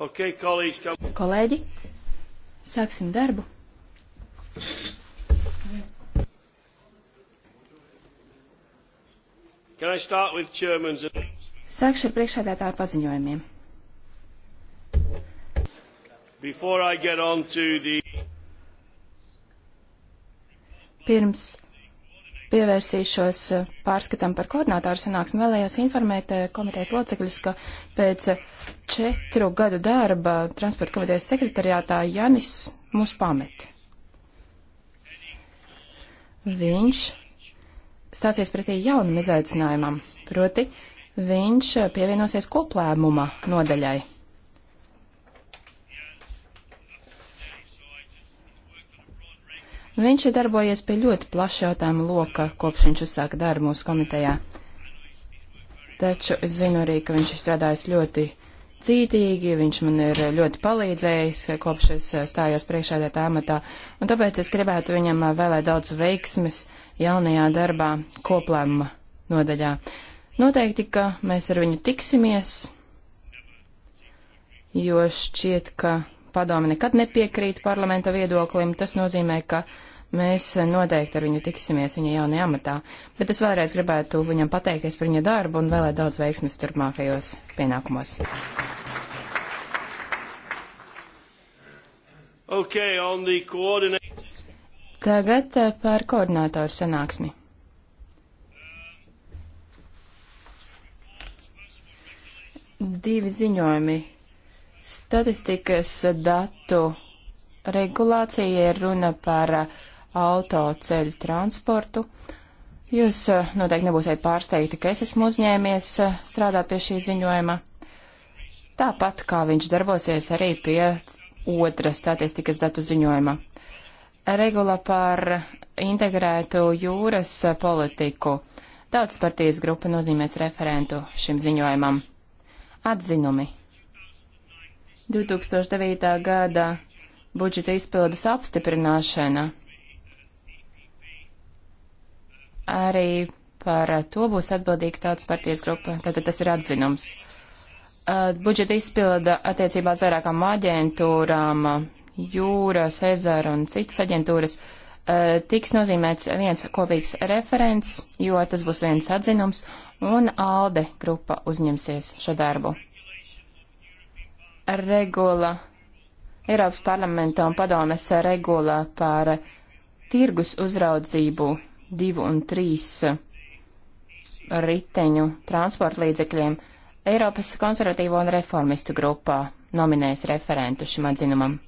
Okay, kolēģis, ka... Kolēģi, sāksim darbu. Sākšu ar priekšādātāju paziņojumiem. The... Pirms pievērsīšos eh, pārskatam par koordinātāru sanāksmi. Vēlējos informēt eh, komitejas locekļus, ka pēc eh, četru gadu darba transporta komitejas sekretariātā Janis mūs pamet. Viņš stāsies pretī jaunam izaicinājumam, proti viņš pievienosies koplēmuma nodaļai. Viņš ir darbojies pie ļoti plaša jautājuma loka, kopš viņš uzsāka darbu mūsu komitejā. Taču es zinu arī, ka viņš ir strādājis ļoti cītīgi, viņš man ir ļoti palīdzējis, eh, kopš es eh, stājos priekšādētā amatā, un tāpēc es gribētu viņam eh, vēlēt daudz veiksmes jaunajā darbā koplēmuma nodaļā. Noteikti, ka mēs ar viņu tiksimies, jo šķiet, ka padome nekad nepiekrīt parlamenta viedoklim, tas nozīmē, ka mēs noteikti ar viņu tiksimies viņa jaunajā amatā. Bet es vēlreiz gribētu viņam pateikties par viņa darbu un vēlēt daudz veiksmes turpmākajos pienākumos. Okay, Tagad eh, par koordinātoru sanāksmi. Divi ziņojumi Statistikas datu regulācija ir runa par autoceļu transportu. Jūs eh, noteikti nebūsiet pārsteigti, ka es esmu uzņēmies eh, strādāt pie šī ziņojuma. Tāpat kā viņš darbosies arī pie otra statistikas datu ziņojuma. Regula par integrētu jūras politiku. Tautas partijas grupa nozīmēs referentu šim ziņojumam. Atzinumi. 2009. gada budžeta izpildes apstiprināšana. Arī par to būs atbildīga tautas partijas grupa, tātad tas ir atzinums. Budžeta izpilda attiecībā uz vairākām aģentūrām, jūra, Cezara un citas aģentūras, tiks nozīmēts viens kopīgs referents, jo tas būs viens atzinums, un ALDE grupa uzņemsies šo darbu regula, Eiropas parlamenta un padomes regula par tirgus uzraudzību divu un trīs riteņu transporta līdzekļiem Eiropas konservatīvo un reformistu grupā nominēs referentu šim atzinumam.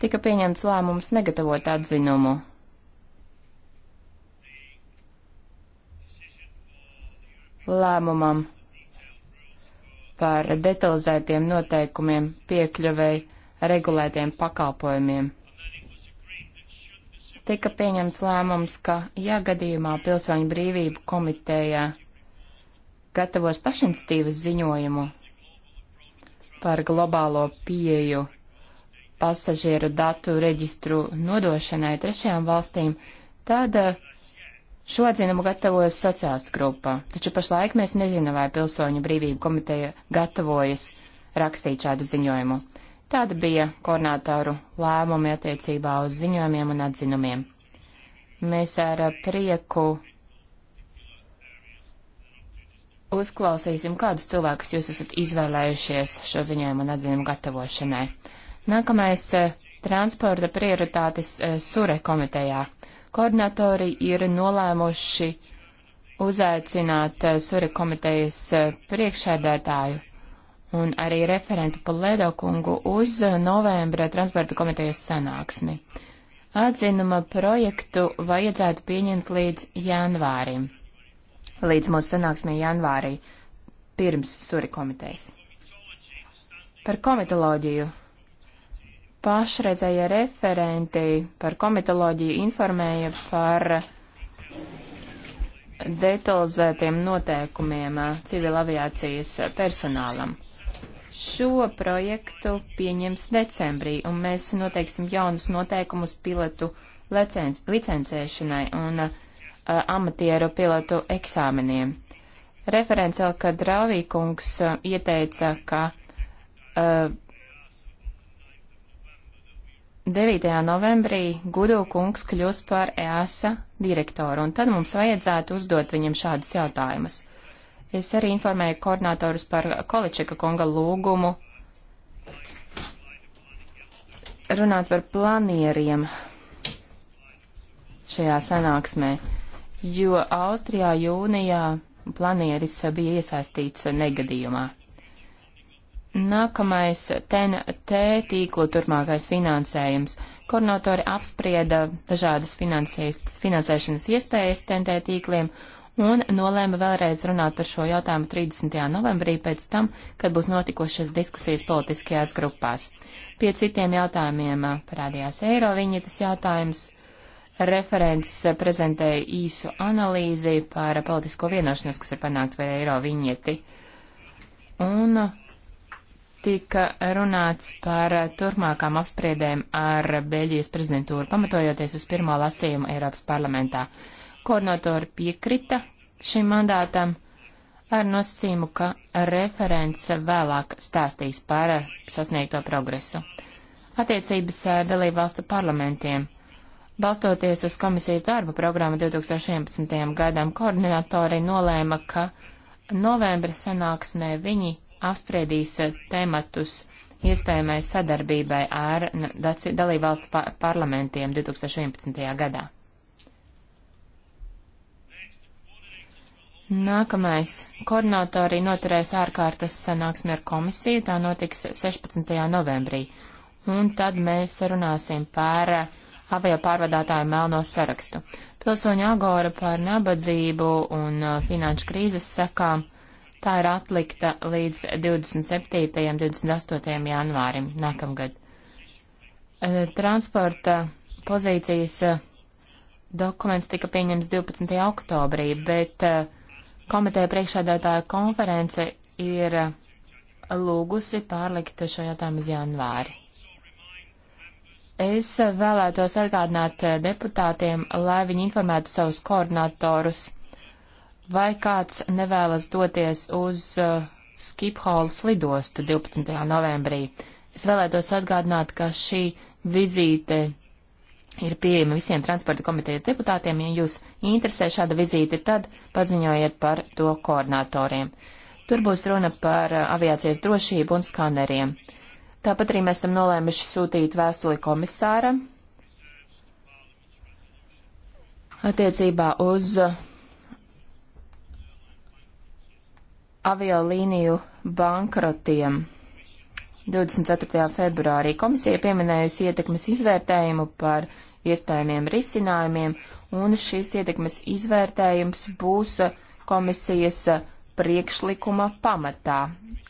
Tika pieņemts lēmums negatavot atzinumu. Lēmumam par detalizētiem noteikumiem piekļuvēji regulētiem pakalpojumiem. Tika pieņemts lēmums, ka, ja gadījumā Pilsoņu brīvību komitejā gatavos pašinstīvas ziņojumu par globālo pieju pasažieru datu reģistru nodošanai trešajām valstīm, tad uh, Šo atzinumu gatavojas sociālistu grupa, taču pašlaik mēs nezinām, vai Pilsoņu brīvību komiteja gatavojas rakstīt šādu ziņojumu. Tāda bija koordinātoru lēmumi attiecībā uz ziņojumiem un atzinumiem. Mēs ar prieku uzklausīsim, kādus cilvēkus jūs esat izvēlējušies šo ziņojumu un atzinumu gatavošanai. Nākamais eh, - transporta prioritātes eh, Sure komitejā. Koordinatori ir nolēmuši uzaicināt eh, Sura komitejas eh, priekšēdētāju un arī referentu Palēdo kungu uz novembra transporta komitejas sanāksmi. Atzinuma projektu vajadzētu pieņemt līdz janvārim, līdz mūsu sanāksmē janvārī, pirms Suri komitejas. Par komitoloģiju pašreizējie referenti par komitoloģiju informēja par detalizētiem noteikumiem civilaviācijas personālam. Šo projektu pieņems decembrī, un mēs noteiksim jaunus noteikumus pilotu licenc licencēšanai un uh, amatieru pilotu eksāmeniem. Referents Elka Drāvīkungs uh, ieteica, ka uh, 9. novembrī Gudu kungs kļūs par EASA direktoru, un tad mums vajadzētu uzdot viņam šādus jautājumus. Es arī informēju koordinatorus par Količeka kunga lūgumu runāt par planieriem šajā sanāksmē, jo Austrijā jūnijā planieris bija iesaistīts negadījumā. Nākamais TNT tīklu turpmākais finansējums. Koordinatori apsprieda dažādas finansēšanas iespējas TNT tīkliem un nolēma vēlreiz runāt par šo jautājumu 30. novembrī pēc tam, kad būs notikušas diskusijas politiskajās grupās. Pie citiem jautājumiem uh, parādījās eiroviņietas jautājums. Referents uh, prezentēja īsu analīzi par politisko vienošanos, kas ir panākt par eiroviņieti. Un uh, tika runāts par eh, turpmākām apspriedēm ar Beļģijas prezidentūru, pamatojoties uz pirmo lasījumu Eiropas parlamentā. Koordinatori piekrita šim mandātam ar nosacījumu, ka referents vēlāk stāstīs par eh, sasniegto progresu. Attiecības ar dalību valstu parlamentiem. Balstoties uz komisijas darba programmu 2011. gadam, koordinatori nolēma, ka novembra sanāksmē viņi apspriedīs eh, tematus iespējamai sadarbībai ar dalībvalstu parlamentiem 2011. gadā. Nākamais. Koordinatori noturēs ārkārtas sanāksmi ar komisiju, tā notiks 16. novembrī. Un tad mēs runāsim par eh, avio pārvadātāju melno sarakstu. Pilsoņu agora par nabadzību un eh, finanšu krīzes sekām. Uh, Tā ir atlikta līdz 27. un 28. janvārim nākamgad. Eh, transporta pozīcijas eh, dokuments tika pieņems 12. oktobrī, bet eh, komiteja priekšādātāja konference ir lūgusi pārlikt šo jautājumu uz janvāri. Es vēlētos atgādināt deputātiem, lai viņi informētu savus koordinatorus Vai kāds nevēlas doties uz uh, Skipholas lidostu 12. novembrī? Es vēlētos atgādināt, ka šī vizīte ir pieejama visiem transporta komitejas deputātiem. Ja jūs interesē šāda vizīte, tad paziņojiet par to koordinatoriem. Tur būs runa par uh, aviācijas drošību un skaneriem. Tāpat arī mēs esam nolēmuši sūtīt vēstuli komisāram attiecībā uz uh, aviolīniju bankrotiem. 24. februārī komisija pieminējusi ietekmes izvērtējumu par iespējamiem risinājumiem, un šīs ietekmes izvērtējums būs komisijas priekšlikuma pamatā,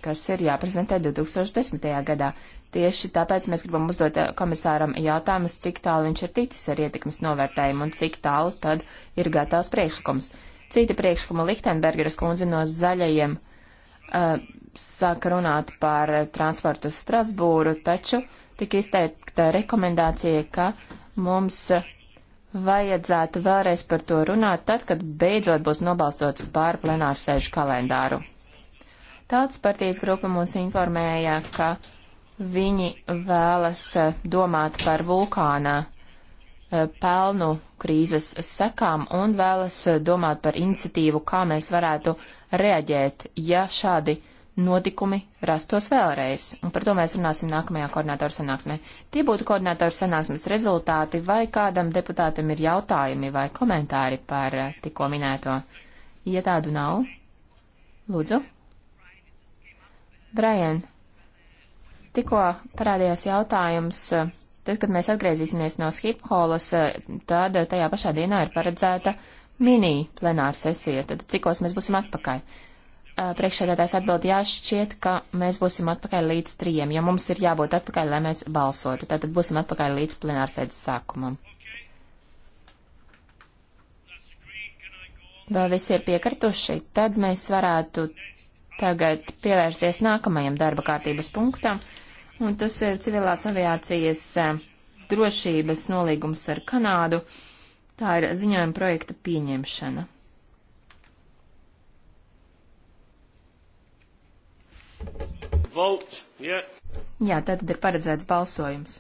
kas ir jāprezentē 2010. gadā. Tieši tāpēc mēs gribam uzdot komisāram jautājumus, cik tālu viņš ir ticis ar ietekmes novērtējumu un cik tālu tad ir gatavs priekšlikums cita priekšlikuma Lichtenbergeras kundze no zaļajiem uh, sāka runāt par transportu Strasbūru, taču tika izteikta rekomendācija, ka mums vajadzētu vēlreiz par to runāt tad, kad beidzot būs nobalsots par plenāru sēžu kalendāru. Tautas partijas grupa mūs informēja, ka viņi vēlas eh, domāt par vulkāna Eh, pelnu krīzes sekām un vēlas eh, domāt par iniciatīvu, kā mēs varētu reaģēt, ja šādi notikumi rastos vēlreiz. Un par to mēs runāsim nākamajā koordinātoru sanāksmē. Tie būtu koordinātoru sanāksmes rezultāti, vai kādam deputātam ir jautājumi vai komentāri par eh, tikko minēto. Ja tādu nav, lūdzu. Brian, tikko parādījās jautājums Tad, kad mēs atgriezīsimies no Schipholas, tad tajā pašā dienā ir paredzēta mini plenāra sesija. Tad cikos mēs būsim atpakaļ? Priekšsēdētājs atbild, jā, šķiet, ka mēs būsim atpakaļ līdz trijiem, jo mums ir jābūt atpakaļ, lai mēs balsotu. Tātad būsim atpakaļ līdz plenāra sēdes sākumam. Vai visi ir piekartuši? Tad mēs varētu tagad pievērsties nākamajam darba kārtības punktam un tas ir civilās aviācijas drošības nolīgums ar Kanādu. Tā ir ziņojuma projekta pieņemšana. Vote, yeah. Jā, tātad ir paredzēts balsojums.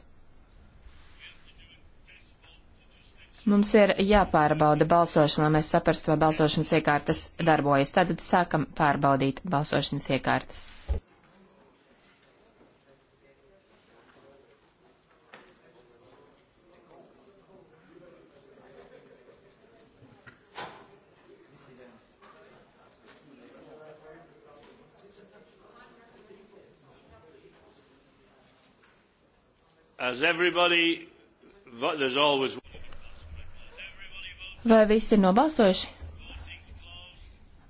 Mums ir jāpārbauda balsošana, lai mēs saprastu, vai balsošanas iekārtas darbojas. Tātad sākam pārbaudīt balsošanas iekārtas. As everybody, there's always... Vai visi ir nobalsojuši?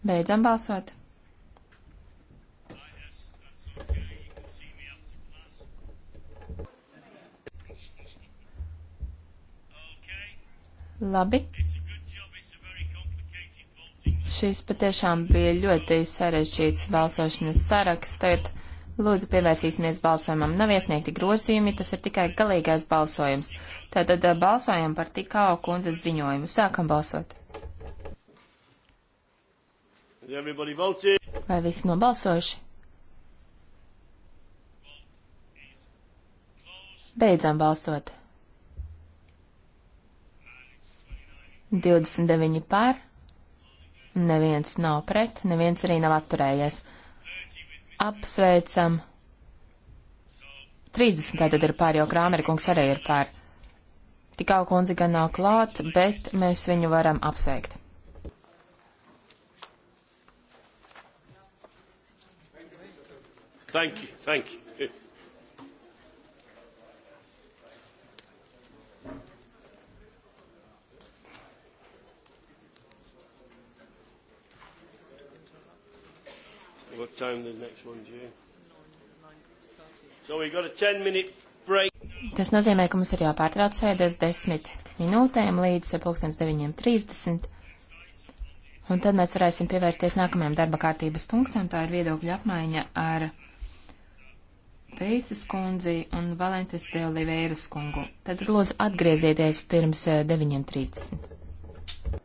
Beidzam balsot. Labi. Šis patiešām bija ļoti sarežģīts balsošanas saraksts. Tagad Lūdzu, pievērsīsimies balsojumam. Nav iesniegti grozījumi, tas ir tikai galīgais balsojums. Tātad balsojam par tikau kundzes ziņojumu. Sākam balsot. Vai visi nobalsojuši? Beidzam balsot. 29 par, neviens nav pret, neviens arī nav atturējies apsveicam. 30. tad ir pār, jo Krāmerkungs arī ir pār. Tikā kundze gan nav klāt, bet mēs viņu varam apsveikt. Thank you, thank you. What time the next one's you? So we've got a 10 minute break. Tas nozīmē, ka mums ir jāpārtrauc sēdes 10 minūtēm līdz pulkstens 9.30. Un tad mēs varēsim pievērsties nākamajam darba kārtības punktam. Tā ir viedokļa apmaiņa ar Peisas kundzi un Valentes de Oliveira skungu. Tad lūdzu atgriezieties pirms 9.30. Eh,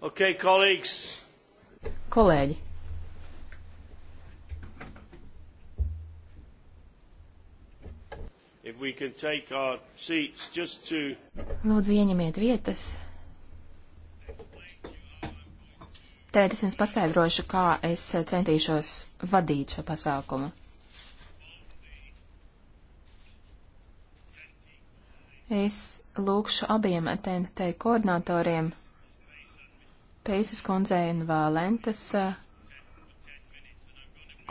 Okay, colleagues. Kolēģi. To... Lūdzu, ieņemiet vietas. Tēt, es jums paskaidrošu, kā es centīšos vadīt šo pasākumu. Es lūkšu abiem TNT koordinatoriem Pēcis kundzei un Valentas eh,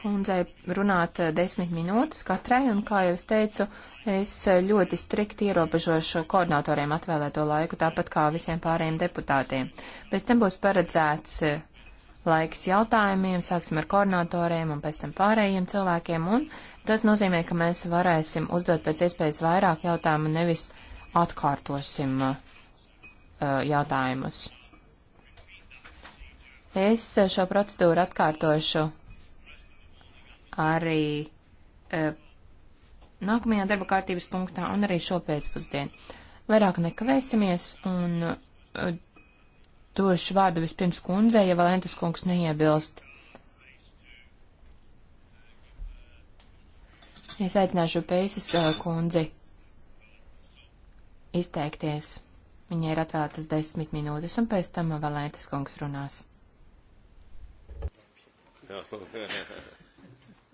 kundzei runāt eh, desmit minūtes katrai, un kā jau es teicu, es eh, ļoti strikti ierobežošu koordinatoriem atvēlēto laiku, tāpat kā visiem pārējiem deputātiem. Pēc tam būs paredzēts laiks jautājumiem, sāksim ar koordinatoriem un pēc tam pārējiem cilvēkiem, un tas nozīmē, ka mēs varēsim uzdot pēc iespējas vairāk jautājumu, nevis atkārtosim uh, jautājumus. Es šo procedūru atkārtošu arī e, nākamajā darba kārtības punktā un arī šo pēcpusdienu. Vairāk nekavēsimies un e, došu vārdu vispirms kundzei, ja Valentas kungs neiebilst. Es aicināšu Pēcis e, kundzi izteikties. Viņai ir atvēlētas desmit minūtes, un pēc tam Valētas kungs runās.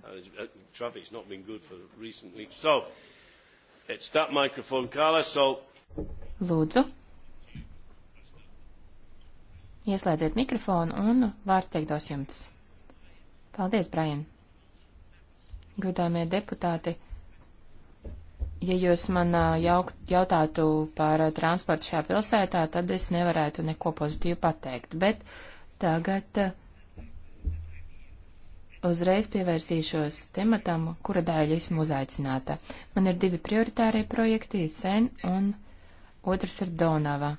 Uh, traffic's not been good for recently. So, it's that microphone, Carla, so... Lūdzu. Ieslēdziet mikrofonu un vārds tiek dos jums. Paldies, Brian. Godāmie deputāti, ja jūs man uh, jauk, jautātu par uh, transportu šajā pilsētā, tad es nevarētu neko pozitīvu pateikt, bet tagad uh, uzreiz pievērsīšos tematam, kura dēļ esmu uzaicināta. Man ir divi prioritārie projekti - sen un otrs ir Donava.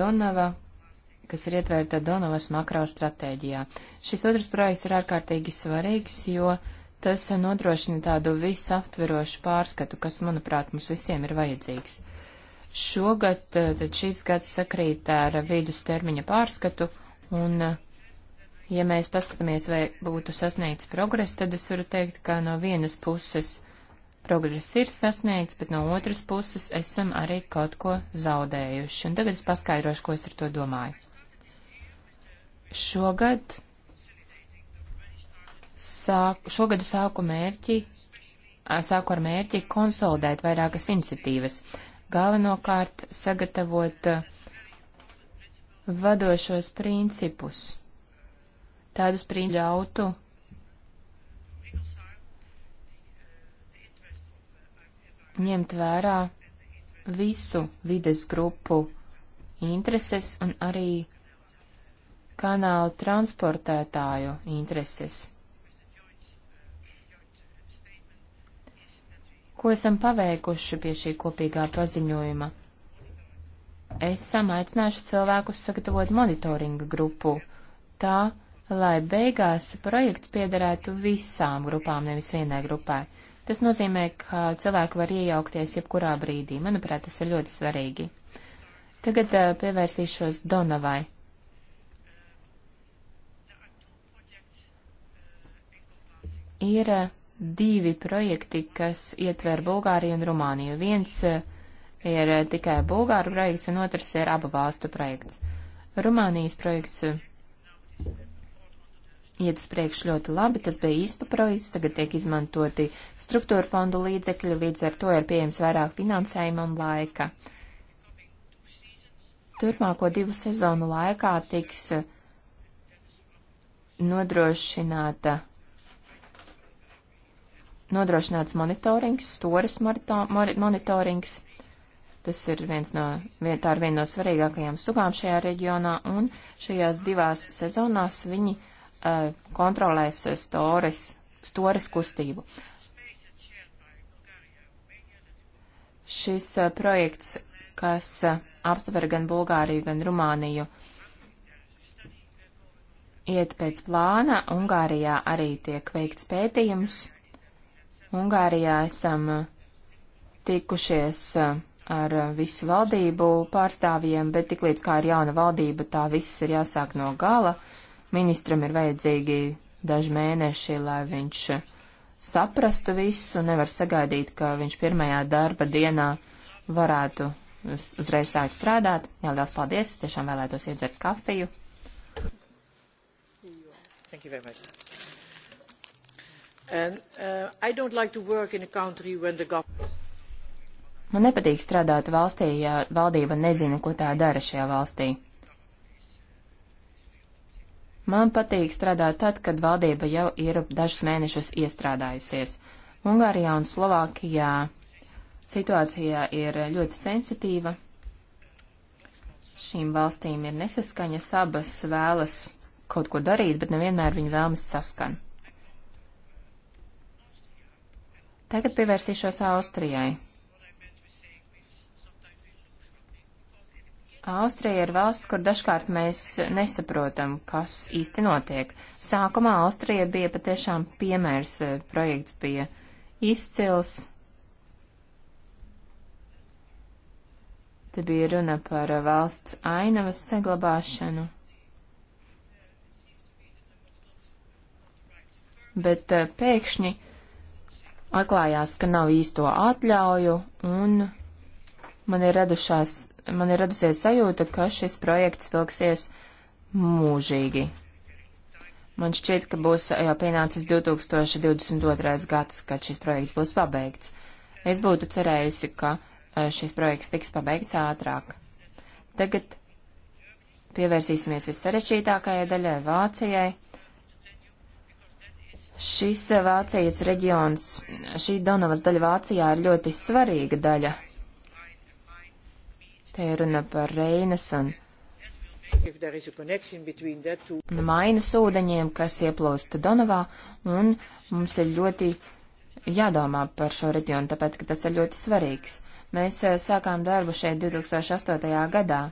Donava, kas ir ietvērta Donavas makro stratēģijā. Šis otrs projekts ir ārkārtīgi svarīgs, jo tas nodrošina tādu visaptverošu pārskatu, kas, manuprāt, mums visiem ir vajadzīgs. Šogad, eh, tad šis gads sakrīt ar vidus termiņa pārskatu, un uh, Ja mēs paskatāmies, vai būtu sasniegts progress, tad es varu teikt, ka no vienas puses progress ir sasniegts, bet no otras puses esam arī kaut ko zaudējuši. Un tagad es paskaidrošu, ko es ar to domāju. Šogad, sāk, šogad sāku mērķi, sāku ar mērķi konsolidēt vairākas iniciatīvas, galvenokārt sagatavot vadošos principus tādus principus ļautu ņemt vērā visu vides grupu intereses un arī kanāla transportētāju intereses. Ko esam paveikuši pie šī kopīgā paziņojuma? Es samaicināšu cilvēkus sagatavot monitoringa grupu. Tā lai beigās projekts piederētu visām grupām, nevis vienai grupai. Tas nozīmē, ka cilvēki var iejaukties jebkurā brīdī. Manuprāt, tas ir ļoti svarīgi. Tagad uh, pievērsīšos Donavai. Ir uh, divi projekti, kas ietver Bulgāriju un Rumāniju. Viens uh, ir tikai Bulgāru projekts, un otrs ir abu valstu projekts. Rumānijas projekts iet uz priekšu ļoti labi, tas bija īsta projekts, tagad tiek izmantoti struktūra fondu līdzekļi, līdz ar to ir pieejams vairāk finansējuma un laika. Turpmāko divu sezonu laikā tiks eh, nodrošināta nodrošināts monitorings, stores marito, mori, monitorings. Tas ir viens no, tā ir viena no svarīgākajām sugām šajā reģionā, un šajās divās sezonās viņi uh, Eh, kontrolēs stores, stores kustību. Šis eh, projekts, kas eh, aptver gan Bulgāriju, gan Rumāniju, iet pēc plāna. Ungārijā arī tiek veikts pētījums. Ungārijā esam tikušies ar visu valdību pārstāvjiem, bet tiklīdz kā ir jauna valdība, tā viss ir jāsāk no gala. Uh, Ministram ir vajadzīgi daži mēneši, lai viņš saprastu visu, nevar sagaidīt, ka viņš pirmajā darba dienā varētu uz, uzreiz sākt strādāt. Jā, liels paldies, es tiešām vēlētos iedzert kafiju. Thank you very much. And, uh, I don't like to work in a country when the government... Man nepatīk strādāt valstī, ja valdība nezina, ko tā dara šajā valstī. Man patīk strādāt tad, kad valdība jau ir dažus mēnešus iestrādājusies. Ungārijā un Slovākijā situācijā ir ļoti sensitīva. Šīm valstīm ir nesaskaņas, abas vēlas kaut ko darīt, bet nevienmēr viņu vēlmes saskan. Tagad pievērsīšos Austrijai. Austrija ir valsts, kur dažkārt mēs nesaprotam, kas īsti notiek. Sākumā Austrija bija patiešām piemērs, eh, projekts bija izcils. Te bija runa par eh, valsts ainavas saglabāšanu. Bet eh, pēkšņi atklājās, ka nav īsto atļauju un man ir, radušās, man ir radusies sajūta, ka šis projekts vilksies mūžīgi. Man šķiet, ka būs jau pienācis 2022. gads, kad šis projekts būs pabeigts. Es būtu cerējusi, ka eh, šis projekts tiks pabeigts ātrāk. Tagad pievērsīsimies vissarežģītākajai daļai - Vācijai. Šis Vācijas reģions, šī Donavas daļa Vācijā ir ļoti svarīga daļa Te ir runa par Reinas un Mainas ūdeņiem, kas ieplūst Donovā, un mums ir ļoti jādomā par šo reģionu, tāpēc, ka tas ir ļoti svarīgs. Mēs eh, sākām darbu šeit 2008. gadā.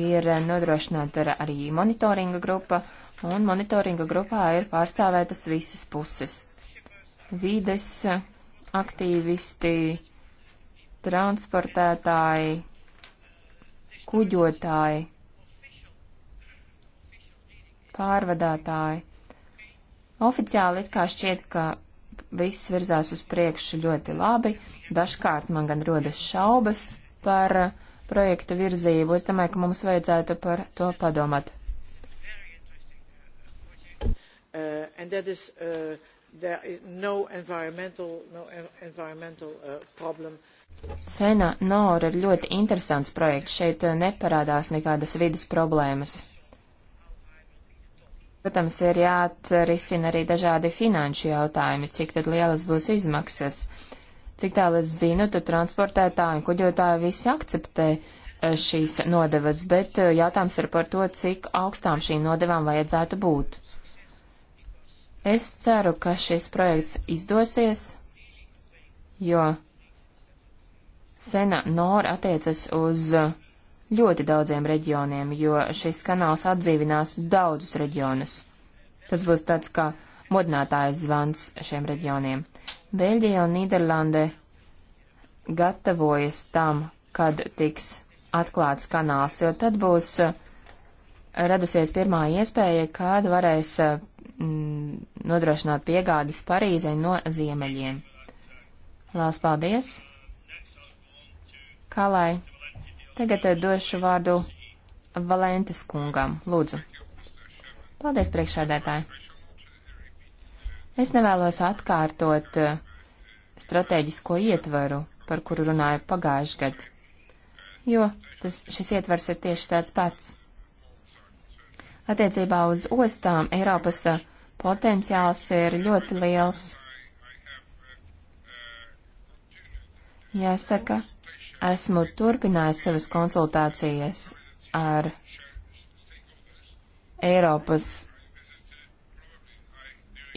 Ir eh, nodrošināta arī monitoringa grupa, un monitoringa grupā ir pārstāvētas visas puses. Vides eh, aktīvisti, transportētāji, kuģotāji, pārvadātāji. Oficiāli it kā šķiet, ka viss virzās uz priekšu ļoti labi, dažkārt man gan rodas šaubas par projekta virzību. Es domāju, ka mums vajadzētu par to padomāt. Uh, is, uh, no environmental, no environmental uh, problem uh, Sena Nora ir ļoti interesants projekts. Šeit eh, neparādās nekādas vidas problēmas. Protams, ir jāatrisina arī dažādi finanšu jautājumi, cik tad lielas būs izmaksas. Cik tālu es zinu, tad transportētāji un kuģotāji visi akceptē eh, šīs nodevas, bet eh, jautājums ir par to, cik augstām šīm nodevām vajadzētu būt. Es ceru, ka šis projekts izdosies, jo Sena Nora attiecas uz ļoti daudziem reģioniem, jo šis kanāls atdzīvinās daudzus reģionus. Tas būs tāds kā modinātājs zvans šiem reģioniem. Beļģija un Nīderlande gatavojas tam, kad tiks atklāts kanāls, jo tad būs eh, radusies pirmā iespēja, kad varēs mm, nodrošināt piegādes Parīzei no ziemeļiem. Lās paldies! Kalai. Tagad eh, došu vārdu Valentes kungam. Lūdzu. Paldies, priekšādētāji. Es nevēlos atkārtot eh, stratēģisko ietvaru, par kuru runāju pagājuši gadu, jo tas, šis ietvars ir tieši tāds pats. Attiecībā uz ostām Eiropas eh, potenciāls ir ļoti liels. Jāsaka, esmu turpinājis savas konsultācijas ar Eiropas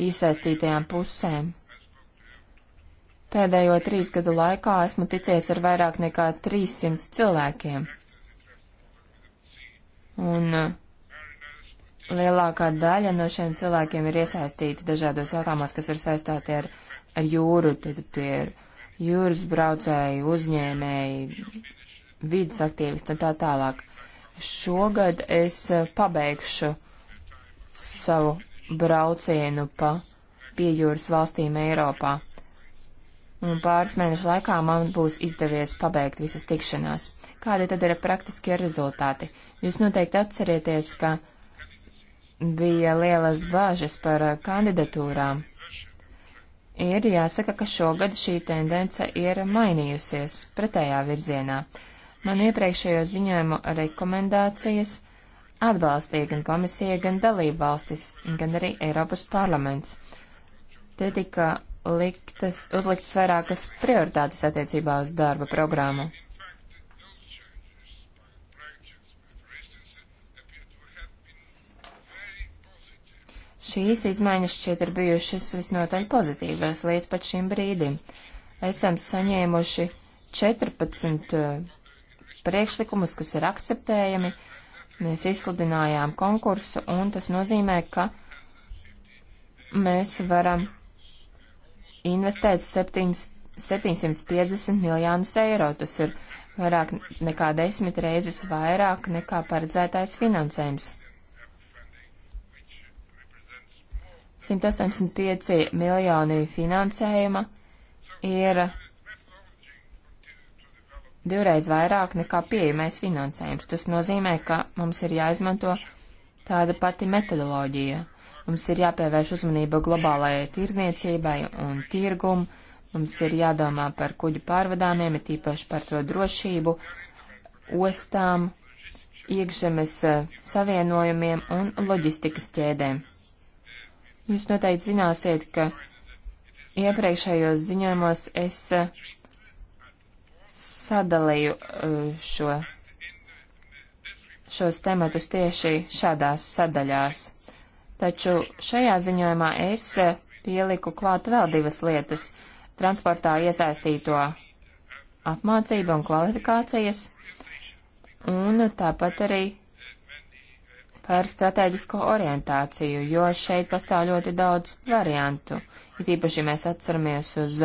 iesaistītajām pusēm. Pēdējo trīs gadu laikā esmu ticies ar vairāk nekā 300 cilvēkiem. Un uh, lielākā daļa no šiem cilvēkiem ir iesaistīti dažādos jautājumos, kas ir saistīti ar, ar jūru, tad tie ir jūras braucēji, uzņēmēji, vidas aktīvisti un tā tālāk. Šogad es eh, pabeigšu savu braucienu pa piejūras valstīm Eiropā. Un pāris mēnešu laikā man būs izdevies pabeigt visas tikšanās. Kādi tad ir praktiskie rezultāti? Jūs noteikti atcerieties, ka bija lielas bāžas par eh, kandidatūrām ir jāsaka, ka šogad šī tendence ir mainījusies pretējā virzienā. Man iepriekšējo ziņojumu rekomendācijas atbalstīja gan komisija, gan dalība valstis, gan arī Eiropas parlaments. Te tika liktas, uzliktas vairākas prioritātes attiecībā uz darba programmu. Šīs izmaiņas šķiet ir bijušas visnotaļ pozitīvas līdz pat šim brīdim. Esam saņēmuši 14 eh, priekšlikumus, kas ir akceptējami. Mēs izsludinājām konkursu, un tas nozīmē, ka mēs varam investēt 7, 750 miljonus eiro. Tas ir vairāk nekā desmit reizes vairāk nekā paredzētais finansējums. 185 miljoni finansējuma ir divreiz vairāk nekā pieejamais finansējums. Tas nozīmē, ka mums ir jāizmanto tāda pati metodoloģija. Mums ir jāpievērš uzmanība globālajai tirzniecībai un tirgumu, mums ir jādomā par kuģu pārvadāmiem, ir tīpaši par to drošību, ostām, iekšzemes eh, savienojumiem un loģistikas ķēdēm. Jūs noteikti zināsiet, ka iepriekšējos ziņojumos es eh, sadalīju eh, šo, šos tematus tieši šādās sadaļās. Taču šajā ziņojumā es eh, pieliku klāt vēl divas lietas - transportā iesaistīto apmācību un kvalifikācijas, un tāpat arī par strateģisko orientāciju, jo šeit pastāv ļoti daudz variantu. It īpaši mēs atceramies uz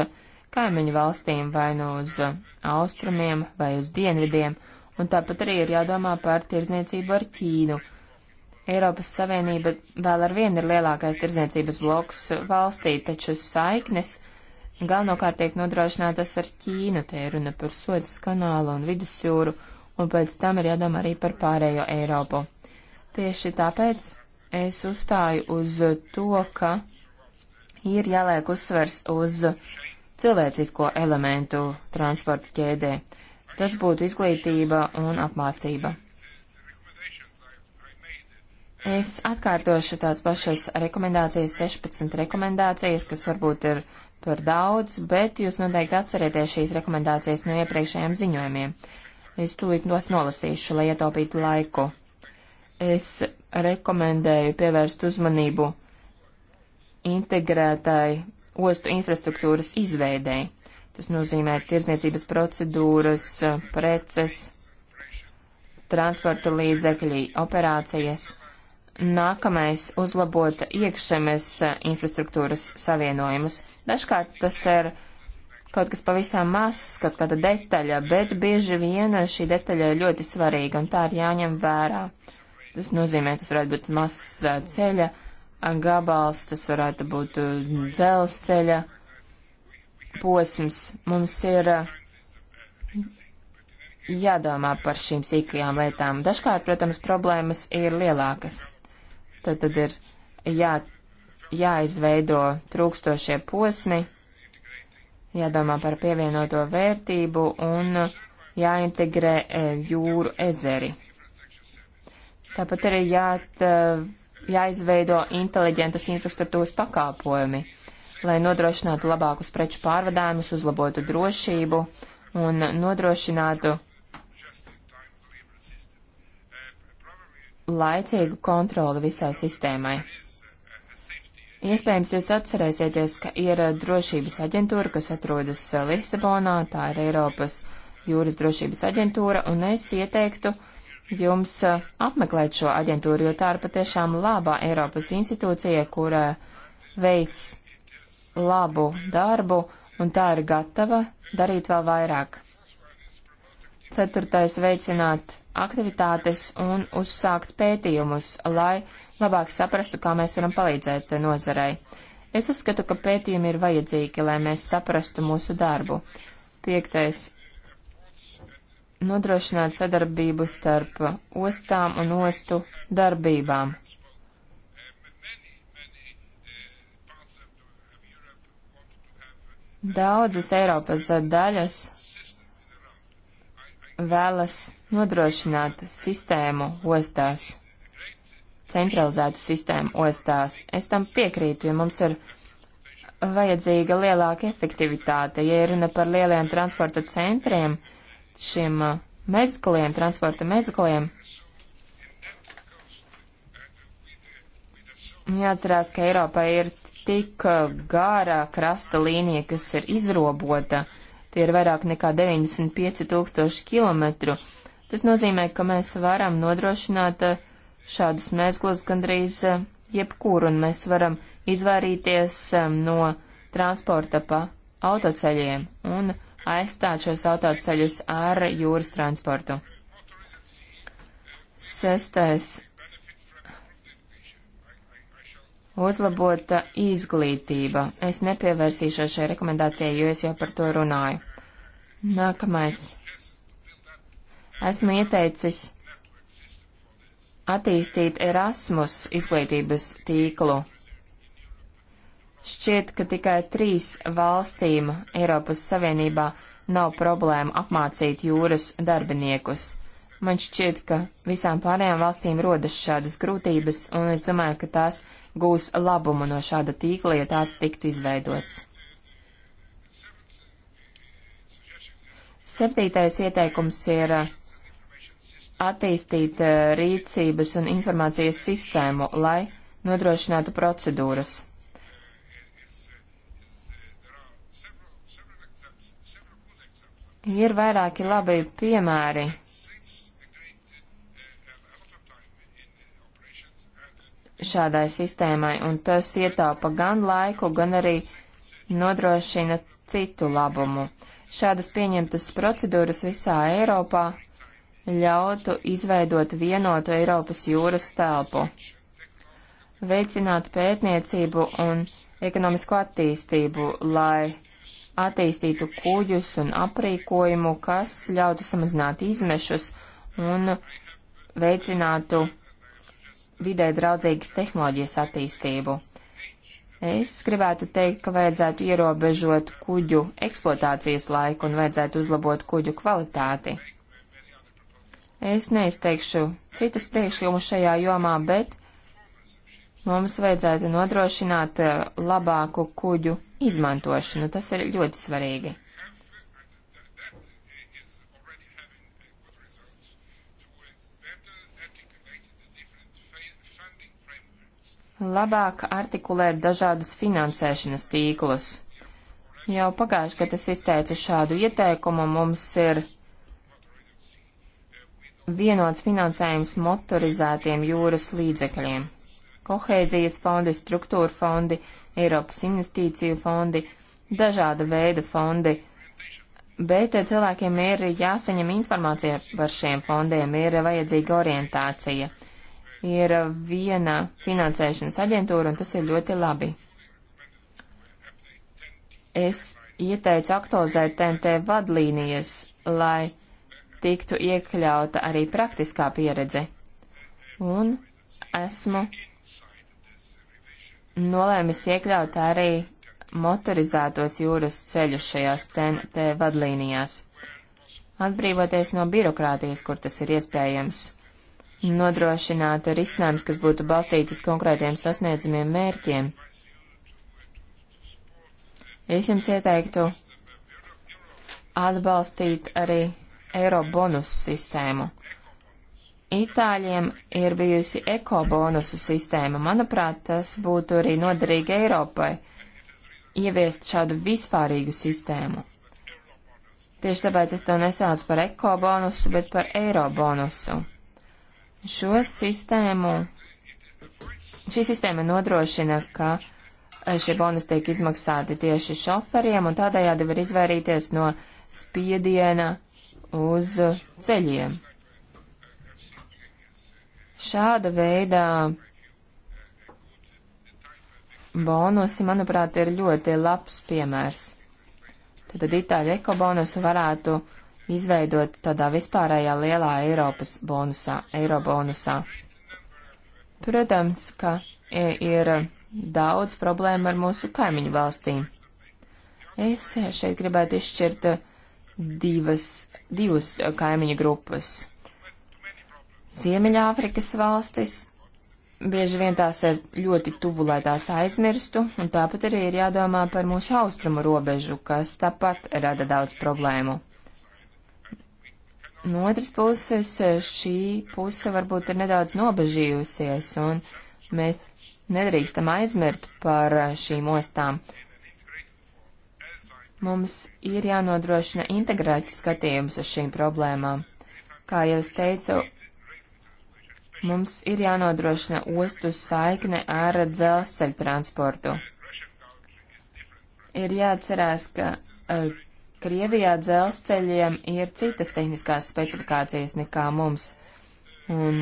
kaimiņu valstīm vai nu uz austrumiem vai uz dienvidiem, un tāpat arī ir jādomā par tirzniecību ar Ķīnu. Eiropas Savienība vēl ar vienu ir lielākais tirzniecības bloks valstī, taču saiknes galvenokārt tiek nodrošinātas ar Ķīnu, te ir runa par Sodas kanālu un Vidusjūru, un pēc tam ir jādomā arī par pārējo Eiropu. Tieši tāpēc es uzstāju uz to, ka ir jāliek uzsvers uz cilvēcisko elementu transporta ķēdē. Tas būtu izglītība un apmācība. Es atkārtošu tās pašas rekomendācijas, 16 rekomendācijas, kas varbūt ir par daudz, bet jūs noteikti atcerieties šīs rekomendācijas no iepriekšējiem ziņojumiem. Es tūlīt tos nolasīšu, lai ietaupītu laiku es rekomendēju pievērst uzmanību integrētai ostu infrastruktūras izveidēji. Tas nozīmē tirzniecības procedūras, preces, transporta līdzekļi, operācijas. Nākamais - uzlabot iekšzemes infrastruktūras savienojumus. Dažkārt tas ir kaut kas pavisam mazs, kaut kāda detaļa, bet bieži vien šī detaļa ir ļoti svarīga un tā ir jāņem vērā. Uh, Tas nozīmē, tas varētu būt mazs ceļa gabals, tas varētu būt dzelzceļa posms. Mums ir jādomā par šīm sīkajām lietām. Dažkārt, protams, problēmas ir lielākas. Tad, tad ir jā, jāizveido trūkstošie posmi, jādomā par pievienoto vērtību un jāintegrē jūru ezeri. Tāpat arī jāt, eh, jāizveido inteliģentas infrastruktūras pakāpojumi, lai nodrošinātu labākus preču pārvadājumus, uzlabotu drošību un nodrošinātu laicīgu kontroli visai sistēmai. Iespējams, jūs atcerēsieties, ka ir drošības aģentūra, kas atrodas Lisabonā, tā ir Eiropas jūras drošības aģentūra, un es ieteiktu uh, jums eh, apmeklēt šo aģentūru, jo tā ir patiešām labā Eiropas institūcija, kura eh, veids labu darbu, un tā ir gatava darīt vēl vairāk. Ceturtais - veicināt aktivitātes un uzsākt pētījumus, lai labāk saprastu, kā mēs varam palīdzēt nozarei. Es uzskatu, ka pētījumi ir vajadzīgi, lai mēs saprastu mūsu darbu. Piektais nodrošināt sadarbību starp ostām un ostu darbībām. Daudzas Eiropas daļas vēlas nodrošināt sistēmu ostās, centralizētu sistēmu ostās. Es tam piekrītu, jo mums ir vajadzīga lielāka efektivitāte. Ja runa par lieliem transporta centriem, uh, šiem uh, mezgliem, transporta mezgliem. Jāatcerās, ka Eiropā ir tik uh, gārā krasta līnija, kas ir izrobota. Tie ir vairāk nekā 95 tūkstoši kilometru. Tas nozīmē, ka mēs varam nodrošināt uh, šādus mezglus gandrīz jebkur, un mēs varam izvairīties um, no transporta pa autoceļiem un autoceļiem aizstāt šos autoceļus ar jūras transportu. Sestais. Uzlabota izglītība. Es nepievērsīšos šai rekomendācijai, jo es jau par to runāju. Nākamais. Esmu ieteicis attīstīt Erasmus izglītības tīklu Šķiet, ka tikai trīs valstīm Eiropas Savienībā nav problēma apmācīt jūras darbiniekus. Man šķiet, ka visām pārējām valstīm rodas šādas grūtības, un es domāju, ka tās gūs labumu no šāda tīkla, ja tāds tiktu izveidots. Septītais ieteikums ir uh, attīstīt uh, rīcības un informācijas sistēmu, lai nodrošinātu procedūras. Ir vairāki labi piemēri. Šādai sistēmai, un tas ietaupa gan laiku, gan arī nodrošina citu labumu. Šādas pieņemtas procedūras visā Eiropā ļautu izveidot vienotu Eiropas jūras telpu, veicināt pētniecību un ekonomisko attīstību, lai attīstītu kuģus un aprīkojumu, kas ļautu samazināt izmešus un veicinātu vidē draudzīgas tehnoloģijas attīstību. Es gribētu teikt, ka vajadzētu ierobežot kuģu eksploatācijas laiku un vajadzētu uzlabot kuģu kvalitāti. Es neizteikšu citus priekšlikumus šajā jomā, bet Mums vajadzētu nodrošināt eh, labāku kuģu izmantošanu. Tas ir ļoti svarīgi. Labāk artikulēt dažādus finansēšanas tīklus. Jau pagājuši, kad es izteicu šādu ieteikumu, mums ir vienots finansējums motorizētiem jūras līdzekļiem kohēzijas fondi, struktūra fondi, Eiropas investīciju fondi, dažāda veida fondi. Bet eh, cilvēkiem ir jāsaņem informācija par šiem fondiem, ir vajadzīga orientācija. Ir viena finansēšanas aģentūra, un tas ir ļoti labi. Es ieteicu aktualizēt TNT vadlīnijas, lai tiktu iekļauta arī praktiskā pieredze. Un esmu nolēmis iekļaut arī motorizētos jūras ceļus šajās TNT vadlīnijās, atbrīvoties no birokrātijas, kur tas ir iespējams, nodrošināt risinājums, kas būtu balstītas konkrētiem sasniedzamiem mērķiem. Es jums ieteiktu atbalstīt arī eiro bonus sistēmu. Itāļiem ir bijusi ekobonusu sistēma. Manuprāt, tas būtu arī noderīgi Eiropai ieviest šādu vispārīgu sistēmu. Tieši tāpēc es to nesaucu par ekobonusu, bet par eirobonusu. Šo sistēmu, šī sistēma nodrošina, ka eh, šie bonusi tiek izmaksāti tieši šoferiem, un tādējādi var izvairīties no spiediena uz ceļiem. Šāda veida bonusi, manuprāt, ir ļoti labs piemērs. Tad itāļu ekobonusu varētu izveidot tādā vispārējā lielā Eiropas bonusā, eirobonusā. Protams, ka ir daudz problēmu ar mūsu kaimiņu valstīm. Es šeit gribētu izšķirt divas, divas kaimiņu grupas. Ziemeļāfrikas valstis. Bieži vien tās ir ļoti tuvu, lai tās aizmirstu, un tāpat arī ir jādomā par mūsu austrumu robežu, kas tāpat rada daudz problēmu. No otras puses, šī puse varbūt ir nedaudz nobežījusies, un mēs nedrīkstam aizmirst par šīm ostām. Mums ir jānodrošina integrēts skatījums uz šīm problēmām. Kā jau es teicu, Mums ir jānodrošina ostu saikne ar dzelzceļu transportu. Ir jāatcerās, ka uh, Krievijā dzelzceļiem ir citas tehniskās specifikācijas nekā mums, un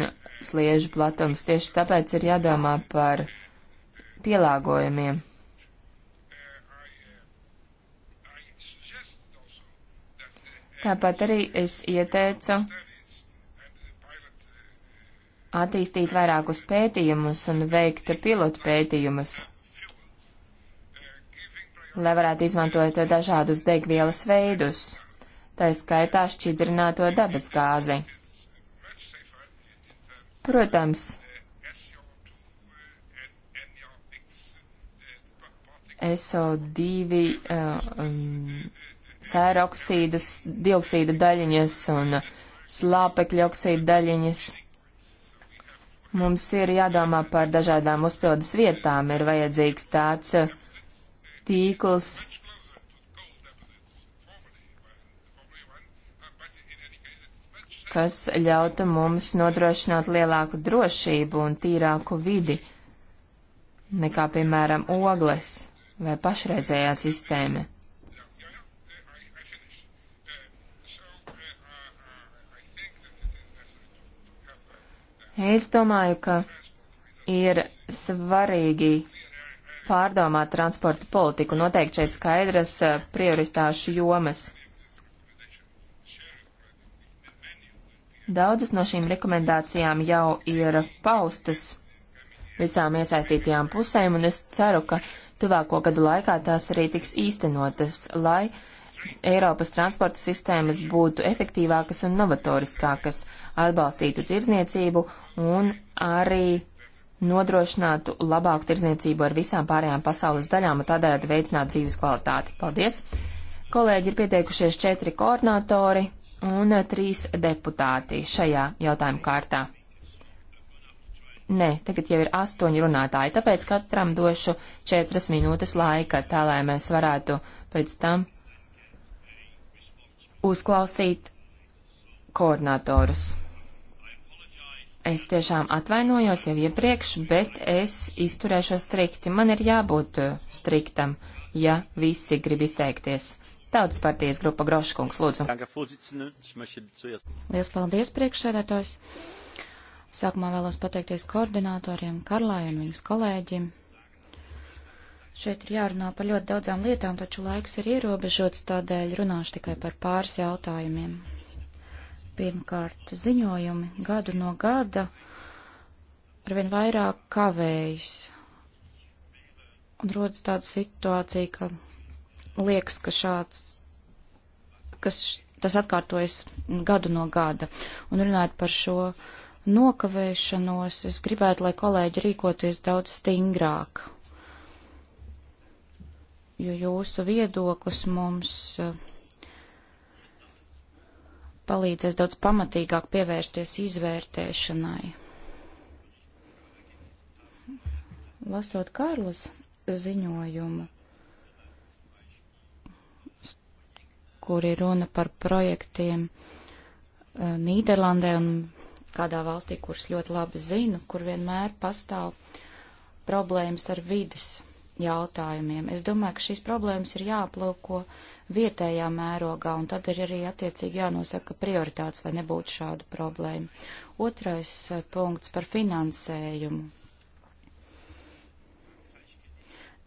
sliežu platums tieši tāpēc ir jādomā par pielāgojumiem. Tāpat arī es ieteicu attīstīt vairākus pētījumus un veikt pilotu pētījumus, lai varētu izmantot dažādus degvielas veidus, tā skaitā šķidrināto dabas gāzi. Protams, SO2 uh, um, sēroksīdas, dioksīda daļiņas un slāpekļa oksīda daļiņas. Mums ir jādomā par dažādām uzpildes vietām, ir vajadzīgs tāds eh, tīkls. kas ļautu mums nodrošināt lielāku drošību un tīrāku vidi nekā, piemēram, ogles vai pašreizējā sistēma. Es domāju, ka ir svarīgi pārdomāt transporta politiku, noteikt šeit skaidras eh, prioritāšu jomas. Daudzas no šīm rekomendācijām jau ir paustas visām iesaistītajām pusēm, un es ceru, ka tuvāko gadu laikā tās arī tiks īstenotas, lai uh, Eiropas transporta sistēmas būtu efektīvākas un novatoriskākas, atbalstītu tirzniecību un arī nodrošinātu labāku tirzniecību ar visām pārējām pasaules daļām un tādējādi veicinātu dzīves kvalitāti. Paldies! Kolēģi ir pieteikušies četri koordinatori un trīs deputāti šajā jautājuma kārtā. Nē, tagad jau ir astoņi runātāji, tāpēc katram došu četras minūtes laika, tā lai mēs varētu pēc tam uzklausīt koordinatorus. Es tiešām atvainojos jau iepriekš, bet es izturēšos strikti. Man ir jābūt eh, striktam, ja visi grib izteikties. Tautas partijas grupa Groškungs, lūdzu. Lielas paldies, priekšsēdētājs. Sākumā vēlos pateikties koordinatoriem Karlai un viņas kolēģim Šeit ir jārunā par ļoti daudzām lietām, taču laiks ir ierobežots, tādēļ runāšu tikai par pāris jautājumiem. Pirmkārt, ziņojumi gadu no gada arvien vairāk kavējas. Un rodas tāda situācija, ka liekas, ka šāds, kas tas atkārtojas gadu no gada. Un runājot par šo nokavēšanos, es gribētu, lai kolēģi rīkoties daudz stingrāk jo jūsu viedoklis mums eh, palīdzēs daudz pamatīgāk pievērsties izvērtēšanai. Lasot Kārlis ziņojumu, kur ir runa par projektiem eh, Nīderlandē un kādā valstī, kuras ļoti labi zinu, kur vienmēr pastāv problēmas ar vidas jautājumiem. Es domāju, ka šīs problēmas ir jāaplūko vietējā mērogā, un tad ir arī attiecīgi jānosaka prioritātes, lai nebūtu šādu problēmu. Otrais eh, punkts par finansējumu.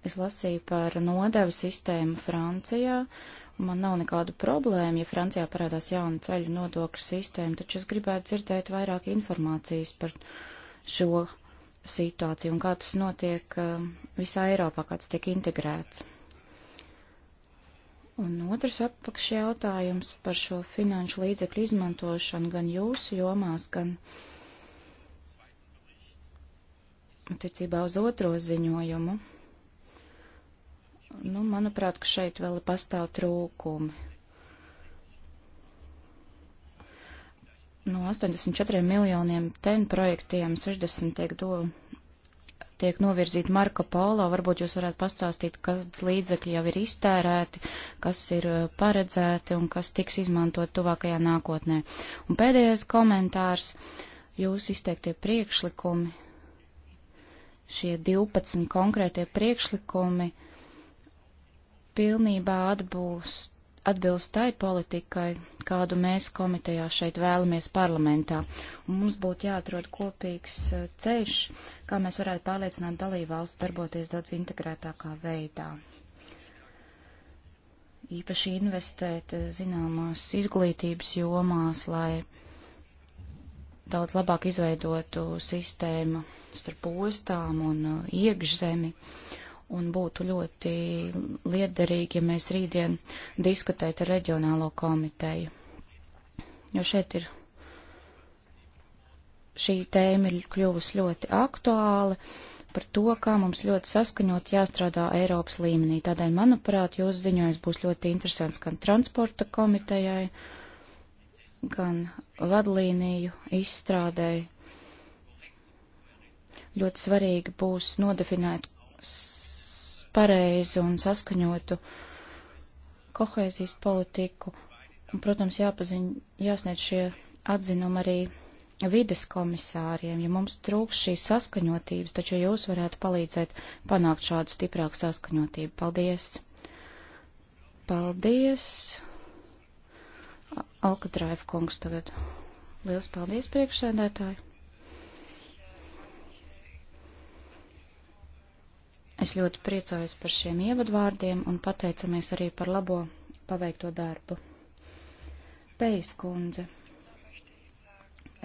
Es lasīju par nodevu sistēmu Francijā, Man nav nekādu problēmu, ja Francijā parādās jauna ceļu nodokļu sistēma, taču es gribētu dzirdēt vairāk informācijas par šo situāciju un kā tas notiek uh, visā Eiropā, kā tas tiek integrēts. Un otrs apakš jautājums par šo finanšu līdzekļu izmantošanu gan jūsu jomās, gan attiecībā uz otro ziņojumu. Nu, manuprāt, ka šeit vēl pastāv trūkumi. no 84 miljoniem ten projektiem 60 tiek, do, tiek novirzīti Marko Polo. Varbūt jūs varētu pastāstīt, kad līdzekļi jau ir iztērēti, kas ir uh, paredzēti un kas tiks izmantot tuvākajā nākotnē. Un pēdējais komentārs, jūs izteiktie priekšlikumi, šie 12 konkrētie priekšlikumi pilnībā atbūst atbilst tai politikai, kādu mēs komitejā šeit vēlamies parlamentā. Un mums būtu jāatrod kopīgs eh, ceļš, kā mēs varētu pārliecināt dalībvalsts darboties daudz integrētākā veidā. Īpaši investēt eh, zināmās izglītības jomās, lai daudz labāk izveidotu sistēmu starp ostām un eh, iekšzemi. Uh, un būtu ļoti liederīgi, ja mēs rītdien diskutētu ar reģionālo komiteju. Jo šeit ir šī tēma ir kļuvusi ļoti aktuāla par to, kā mums ļoti saskaņot jāstrādā Eiropas līmenī. Tādēļ, manuprāt, jūsu ziņojums būs ļoti interesants gan transporta komitejai, gan vadlīniju izstrādēji. Ļoti svarīgi būs nodefinēt pareizu un saskaņotu kohēzijas politiku. Un, protams, jāpaziņ, jāsniedz šie atzinumi arī vides komisāriem, ja mums trūks šīs saskaņotības, taču jūs varētu palīdzēt panākt šādu stiprāku saskaņotību. Paldies! Paldies! Alkatraiva kungs tagad. Liels paldies priekšsēdētāji! Es ļoti priecājos par šiem ievadvārdiem un pateicamies arī par labo paveikto darbu. Pejas kundze,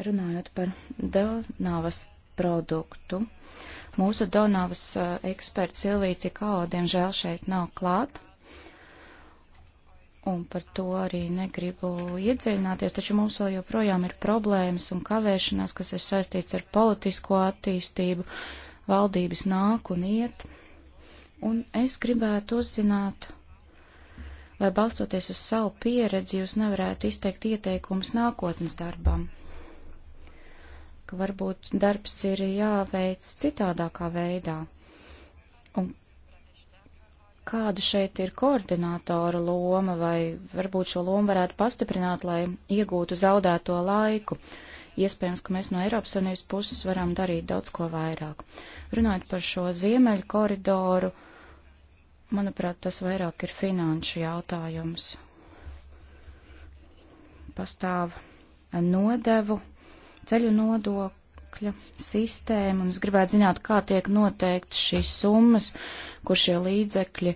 runājot par Donavas produktu, mūsu Donavas eksperts Silvija Cikao, diemžēl šeit nav klāt, un par to arī negribu iedziļināties, taču mums vēl joprojām ir problēmas un kavēšanās, kas ir saistīts ar politisko attīstību, valdības nāk un iet un es gribētu uzzināt, vai balstoties uz savu pieredzi jūs nevarētu izteikt ieteikumus nākotnes darbam, ka varbūt darbs ir jāveic citādākā veidā, un kāda šeit ir koordinātora loma, vai varbūt šo lomu varētu pastiprināt, lai iegūtu zaudēto laiku. Uh, iespējams, ka mēs no Eiropas Savienības puses varam darīt daudz ko vairāk. Runājot par šo ziemeļu koridoru, manuprāt, tas vairāk ir finanšu jautājums. Pastāv nodevu, ceļu nodokļa sistēma, un es gribētu zināt, kā tiek noteikts šīs summas, kur šie līdzekļi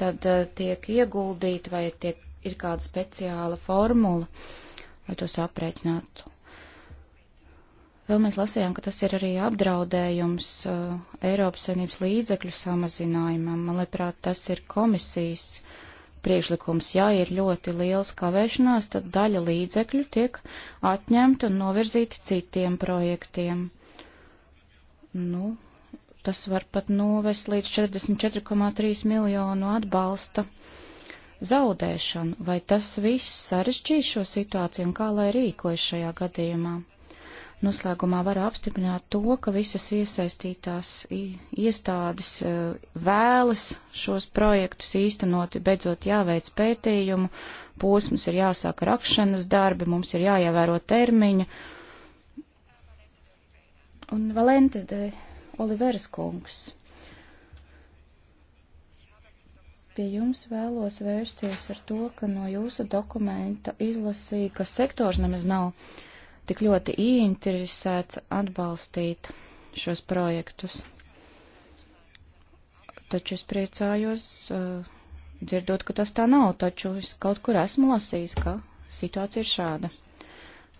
tad eh, tiek ieguldīti vai tiek ir kāda speciāla formula, lai tos aprēķinātu. Vēl mēs lasījām, ka tas ir arī apdraudējums uh, Eiropas Savienības līdzekļu samazinājumam. Man liekas, tas ir komisijas priekšlikums. Ja ir ļoti liels kavēšanās, tad daļa līdzekļu tiek atņemta un novirzīta citiem projektiem. Nu, tas var pat novest līdz 44,3 miljonu atbalsta uh, zaudēšanu, vai tas viss sarežģīs šo situāciju un kā lai rīkojas šajā gadījumā. Noslēgumā var apstiprināt to, ka visas iesaistītās iestādes e, vēlas šos projektus īstenot, beidzot jāveic pētījumu, posms ir jāsāk rakšanas darbi, mums ir jāievēro termiņu. Un Valentes de Oliveras kungs. Pie jums vēlos vērsties ar to, ka no jūsu dokumenta izlasīja, ka sektors nemaz nav tik ļoti ieinteresēts atbalstīt šos projektus. Taču es priecājos uh, dzirdot, ka tas tā nav, taču es kaut kur esmu lasījis, ka situācija ir šāda.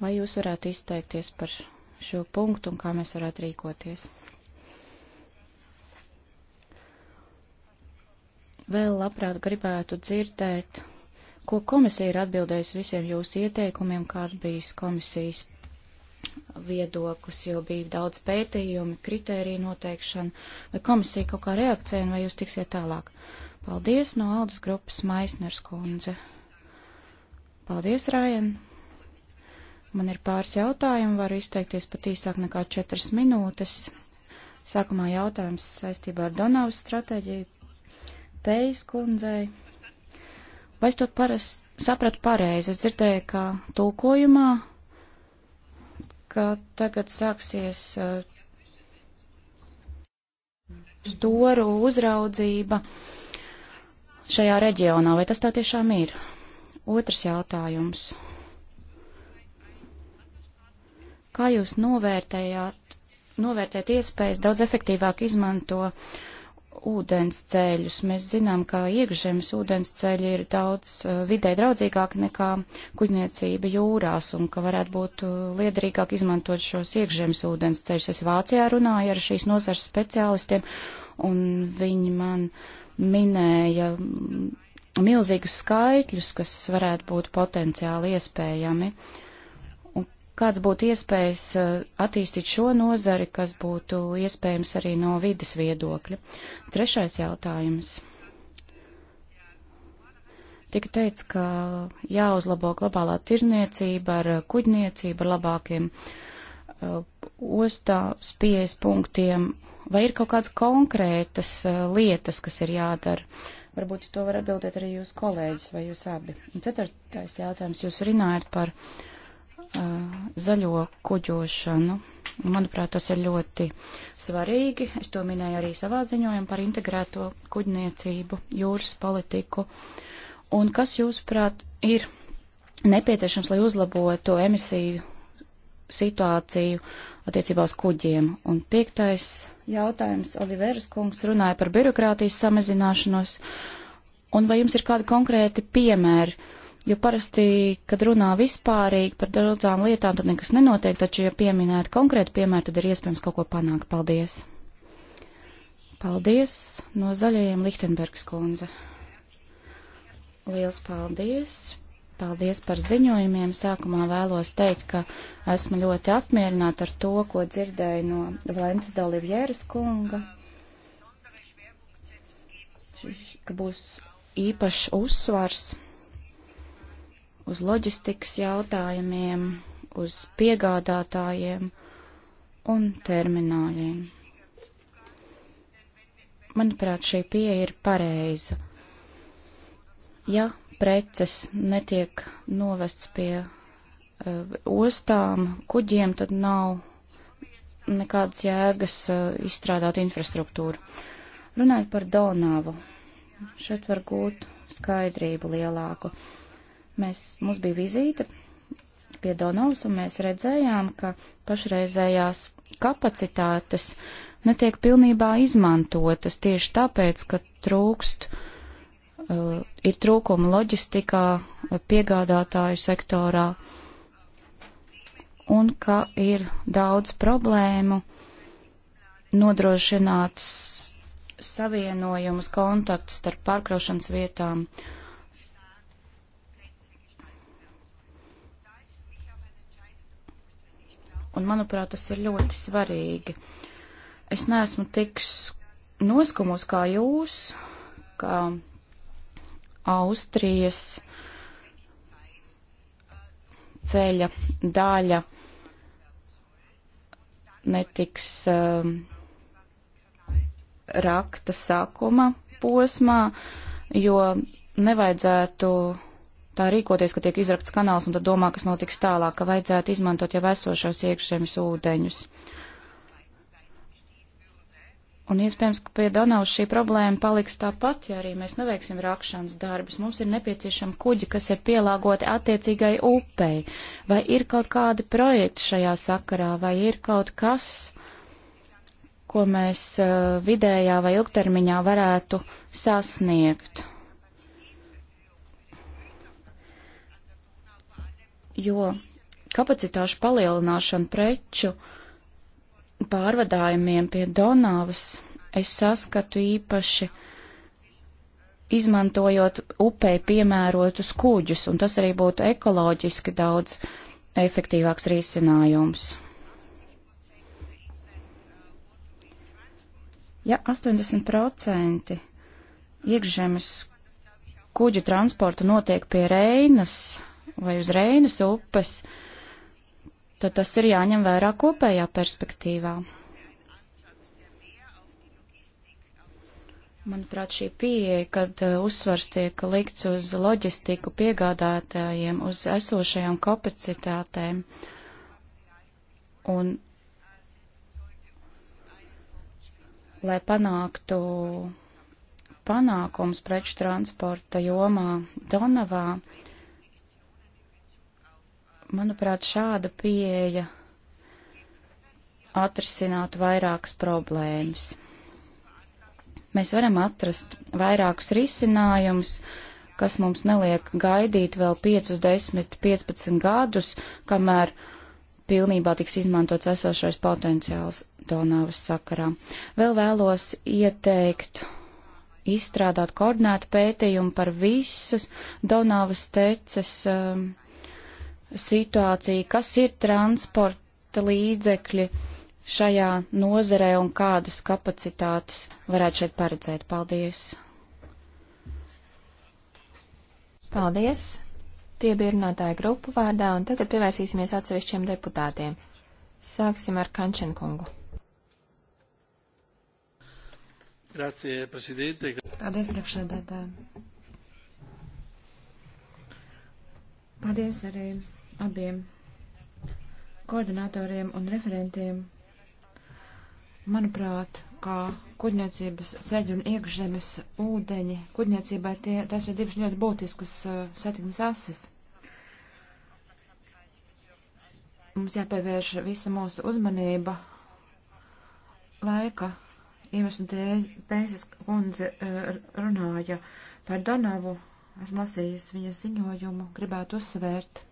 Vai jūs varētu izteikties par šo punktu un kā mēs varētu rīkoties? Vēl labprāt gribētu dzirdēt, ko komisija ir atbildējusi visiem jūsu ieteikumiem, kāds bijis komisijas viedoklis, jo bija daudz pētījumi, kritērija noteikšana, vai komisija kaut kā reakcija, vai jūs tiksiet tālāk. Paldies no Aldus grupas Maisners kundze. Paldies, Rajan. Man ir pāris jautājumu, varu izteikties pat īsāk nekā četras minūtes. Sākumā jautājums saistībā ar Donavas stratēģiju Pejas kundzei. Vai es to paras, sapratu pareizi? Es dzirdēju, ka tulkojumā, ka tagad sāksies uh, storu uzraudzība šajā reģionā. Vai tas tā tiešām ir? Otrs jautājums. Kā jūs novērtējāt, novērtēt iespējas daudz efektīvāk izmanto uh, ūdens ceļus. Mēs zinām, ka iekšzemes ūdens ceļi ir daudz eh, vidē draudzīgāki nekā kuģniecība jūrās un ka varētu būt eh, liederīgāk izmantot šos iekšzemes ūdens ceļus. Es Vācijā runāju ar šīs nozars speciālistiem un viņi man minēja mm, milzīgus skaitļus, kas varētu būt potenciāli iespējami. Uh, kāds būtu iespējas eh, attīstīt šo nozari, kas būtu iespējams arī no vidas viedokļa. Trešais jautājums. Tika teikts, ka jāuzlabo globālā tirniecība ar eh, kuģniecību, ar labākiem uh, eh, ostās pieejas punktiem. Vai ir kaut kādas konkrētas uh, lietas, kas ir jādara? Varbūt to var atbildēt arī jūs kolēģis vai jūs abi. Un ceturtais jautājums. Jūs runājat par uh, zaļo kuģošanu. Manuprāt, tas ir ļoti svarīgi. Es to minēju arī savā ziņojumā par integrēto kuģniecību, jūras politiku. Un kas, jūsuprāt, ir nepieciešams, lai uzlabotu emisiju situāciju attiecībā uz kuģiem? Un piektais jautājums, Oliveras kungs runāja par birokrātijas samazināšanos. Un vai jums ir kādi konkrēti piemēri? Uh, Jo parasti, kad runā vispārīgi par daudzām lietām, tad nekas nenotiek, taču, ja pieminēt konkrētu piemēru, tad ir iespējams kaut ko panākt. Paldies! Paldies no zaļajiem Lichtenbergs kundze. Liels paldies! Paldies par ziņojumiem. Sākumā vēlos teikt, ka esmu ļoti apmierināta ar to, ko dzirdēju no Valences Dalivjēras kunga, ka būs īpašs uzsvars uz loģistikas jautājumiem, uz piegādātājiem un termināliem. Manuprāt, šī pieeja ir pareiza. Ja preces netiek novests pie uh, ostām, kuģiem, tad nav nekādas jēgas uh, izstrādāt infrastruktūru. Runājot par Donavu, šeit var gūt skaidrību lielāku. Uh, Mēs, mums bija vizīte pie Donavas, un mēs redzējām, ka pašreizējās kapacitātes netiek pilnībā izmantotas tieši tāpēc, ka trūkst, uh, ir trūkumi loģistikā, piegādātāju sektorā, un ka ir daudz problēmu nodrošināt savienojumus, kontaktus starp pārkraušanas vietām. Uh, un manuprāt, tas ir ļoti svarīgi. Es neesmu tik noskumus kā jūs, kā Austrijas ceļa daļa netiks um, rakta sākuma posmā, jo nevajadzētu tā rīkoties, ka tiek izrakts kanāls un tad domā, kas notiks tālāk, ka vajadzētu izmantot jau esošos iekšzemes ūdeņus. Un iespējams, ka pie Donavas šī problēma paliks tāpat, ja arī mēs neveiksim rakšanas darbus. Mums ir nepieciešama kuģi, kas ir pielāgoti attiecīgai upei. Vai ir kaut kādi projekti šajā sakarā, vai ir kaut kas, ko mēs uh, vidējā vai ilgtermiņā varētu sasniegt? jo kapacitāšu palielināšana preču pārvadājumiem pie Donavas es saskatu īpaši izmantojot upei piemērotus kuģus, un tas arī būtu ekoloģiski daudz efektīvāks risinājums. Ja 80% iekšzemes kuģu transporta notiek pie Reinas, vai uz Reinas upes, tad tas ir jāņem vērā kopējā perspektīvā. Manuprāt, šī pieeja, kad uh, uzsvars tiek likts uz loģistiku piegādātājiem, uz esošajām kapacitātēm un lai panāktu panākums preču transporta jomā Donavā, uh, Manuprāt, šāda pieeja atrisināt vairākas problēmas. Mēs varam atrast vairākus risinājumus, kas mums neliek gaidīt vēl 5, 10, 15 gadus, kamēr pilnībā tiks izmantots esošais potenciāls Donavas sakarā. Vēl vēlos ieteikt izstrādāt koordinētu pētījumu par visas Donavas teces um, situāciju, kas ir transporta līdzekļi šajā nozarē un kādas kapacitātes varētu šeit paredzēt. Paldies! Paldies! Tie bija runātāja grupu vārdā, un tagad pievērsīsimies atsevišķiem deputātiem. Sāksim ar Kančenkungu. Grazie, prezidente. Paldies, priekšsēdētāji. Paldies arī abiem koordinatoriem un referentiem. Manuprāt, kā kuģniecības ceļi un iekšzemes ūdeņi, kuģniecībai tie, tas ir divas ļoti būtiskas uh, satiknes ases. Mums jāpievērš visa mūsu uzmanība laika iemeslu dēļ. Pēcis kundze uh, runāja par Donavu. Esmu lasījusi viņas ziņojumu, gribētu uzsvērt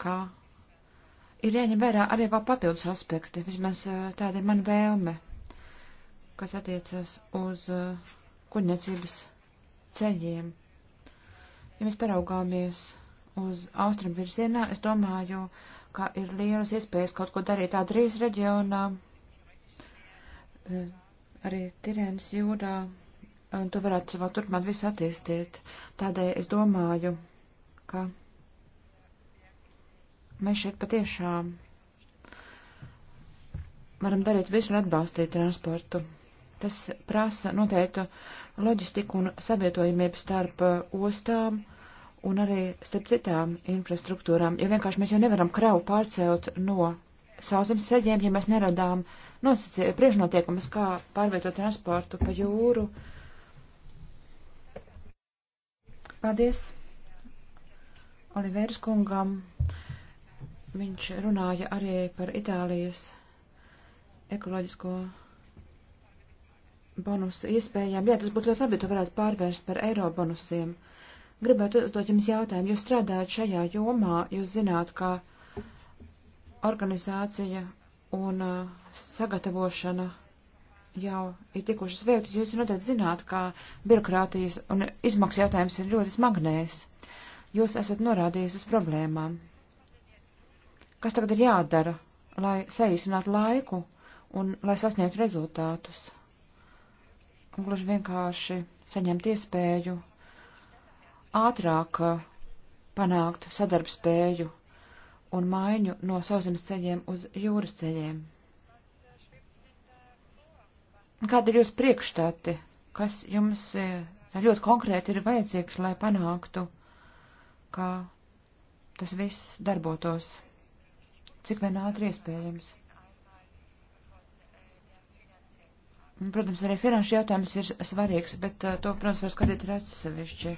ka ir jāņem vērā arī vēl papildus aspekti, vismaz eh, tāda ir mana vēlme, kas attiecas uz eh, kuģniecības ceļiem. Ja mēs paraugāmies uz austrum virzienā, es domāju, ka ir lielas iespējas kaut ko darīt Adrijas reģionā, eh, arī Tirēnas jūrā, un to varētu vēl turpmāk visu attīstīt. Tādēļ es domāju, ka. Mēs šeit patiešām varam darīt visu un atbalstīt transportu. Tas prasa noteiktu loģistiku un savietojamību starp uh, ostām un arī starp citām infrastruktūrām, jo vienkārši mēs jau nevaram kravu pārcelt no sauszemes ceļiem, ja mēs neradām priekšnotiekumus, kā pārvietot transportu pa jūru. Paldies Oliveras kungam. Viņš runāja arī par Itālijas ekoloģisko bonusu iespējām. Jā, tas būtu ļoti labi, to varētu pārvērst par eiro bonusiem. Gribētu uzdot jums jautājumu. Jūs strādājat šajā jomā, jūs zināt, ka organizācija un uh, sagatavošana jau ir tikušas veiktas. Jūs noteikti zināt, ka birokrātijas un izmaksu jautājums ir ļoti smagnējs. Jūs esat norādījis uz problēmām Kas tagad ir jādara, lai saīsinātu laiku un lai sasniegtu rezultātus? Un gluži vienkārši saņemt iespēju ātrāk uh, panākt sadarbspēju un maiņu no sauszemes ceļiem uz jūras ceļiem. Kāda ir jūsu priekšstati, kas jums uh, ļoti konkrēti ir vajadzīgs, lai panāktu, ka tas viss darbotos? cik vien ātri iespējams. Protams, arī finanšu jautājums ir svarīgs, bet to, protams, var skatīt ir atsevišķi.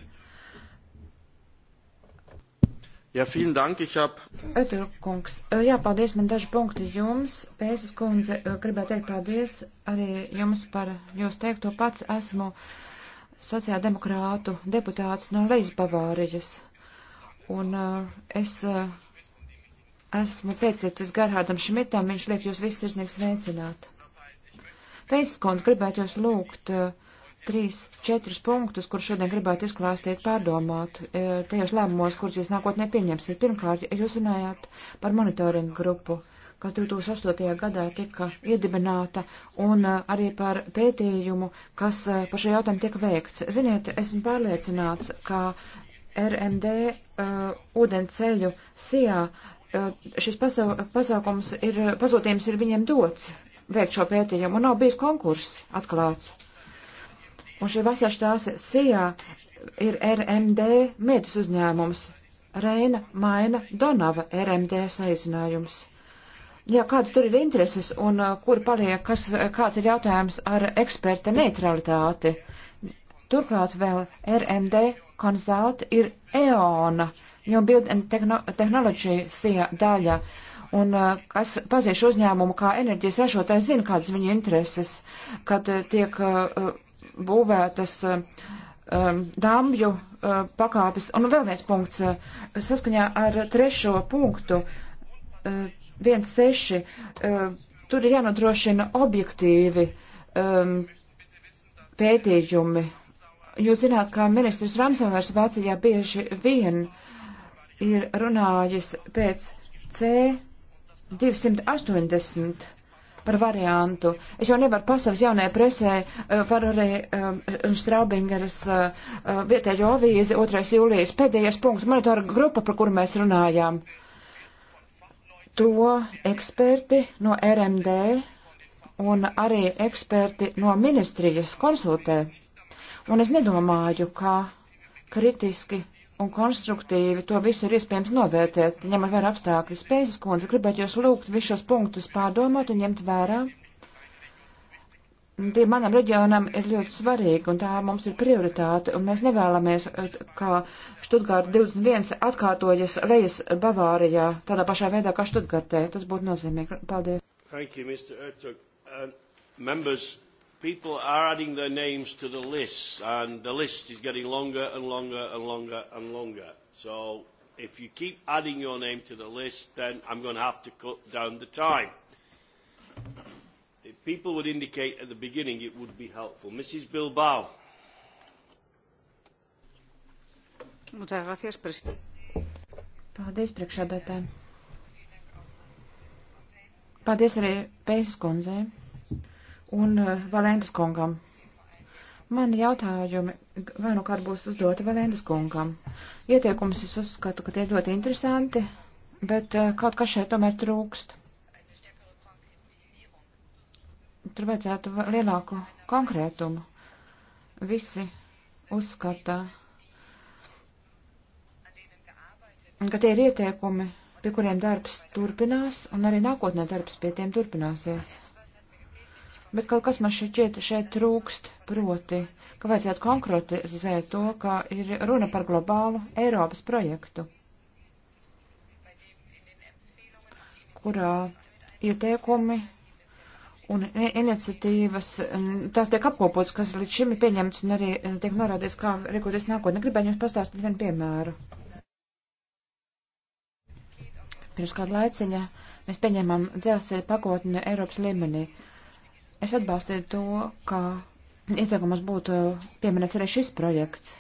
Ja, vielen Dank, ich hab... Ötur kungs, jā, paldies, man daži punkti jums. Pēcis kundze, gribētu teikt paldies arī jums par jūs teikto pats. Esmu sociāldemokrātu deputāts no Leizbavārijas. Un uh, es uh, Esmu piecietis Gerhardam Šmitam, viņš liek jūs visus sirsnīgi sveicināt. Veiskons gribētu jūs lūgt eh, trīs, četrus punktus, kur šodien gribētu izklāstīt, pārdomāt eh, tajos lēmumos, kurus jūs nākotnē pieņemsiet. Pirmkārt, jūs runājāt par monitoringu grupu, kas 2008. gadā tika iedibināta, un eh, arī par pētījumu, kas par šo jautājumu tiek veikts. Ziniet, esmu pārliecināts, ka RMD uh, ūdenceļu sijā uh, Eh, šis pasākums ir, pasūtījums ir viņiem dots veikt šo pētījumu, un nav bijis konkurss atklāts. Un šī vasarštāse Sijā ir RMD medus uzņēmums. Reina maina Donava RMD saizinājums. Jā, kādas tur ir intereses un uh, kur paliek, kas, kāds ir jautājums ar eksperta neutralitāti? Turklāt vēl RMD konsultāti ir EONA. Uh, New Build and Technology sija daļa, un uh, kas pazīšu uzņēmumu kā enerģijas ražotājs, zina, kādas viņa intereses, kad uh, tiek uh, būvētas um, dambju pakāpes. Un vēl viens punkts, saskaņā ar trešo punktu, 1.6, tur ir jānodrošina objektīvi um, pētījumi. Jūs zināt, ka ministrs Ramsavers Vācijā bieži vien uh, ir runājis pēc C280 par variantu. Es jau nevaru pasavas jaunajai presē, varu eh, arī eh, um, Straubingeras uh, eh, vietējo avīzi 2. jūlijas pēdējais punkts, monitora grupa, par kuru mēs runājām. To eksperti no RMD un arī eksperti no ministrijas konsultē. Un es nedomāju, ka kritiski un konstruktīvi to visu ir iespējams novērtēt, ņemot vērā apstākļus. Pēcis kundze, gribētu jūs lūgt visus šos punktus pārdomāt un ņemt vērā. Tie manam reģionam ir ļoti svarīgi, un tā mums ir prioritāte, un mēs nevēlamies, kā Študgārda 21 atkārtojas lejas Bavārijā, tādā pašā veidā kā Študgārtē. Tas būtu nozīmīgi. Paldies. Thank you, Mr. Ertug. Uh, members, people are adding their names to the list, and the list is getting longer and longer and longer and longer. So if you keep adding your name to the list, then I'm going to have to cut down the time. If people would indicate at the beginning, it would be helpful. Mrs. Bilbao. Muchas gracias, presidente. Paldies, priekšādātāji. Paldies arī Pēsas kundzei un eh, Valentas kungam. Mani jautājumi vai nu kād būs uzdoti Valentas kungam. Ieteikumus es uzskatu, ka tie ir ļoti interesanti, bet eh, kaut kas šeit tomēr trūkst. Tur vajadzētu lielāku konkrētumu. Visi uzskata, ka tie ir ieteikumi, pie kuriem darbs turpinās, un arī nākotnē darbs pie tiem turpināsies. Bet kaut kas man šķiet šeit trūkst, proti, ka vajadzētu konkretizēt to, ka ir runa par globālu Eiropas projektu, kurā ieteikumi un iniciatīvas, tās tiek apkopotas, kas līdz šim ir pieņemts un arī tiek norādīts, kā rīkoties nākotnē. Gribēju jums pastāstīt vienu piemēru. Pirms kādu laiciņa mēs pieņēmām dzelzceļa pakotni Eiropas līmenī. Uh, Es atbalstīju to, ka ieteikumos būtu pieminēts arī šis projekts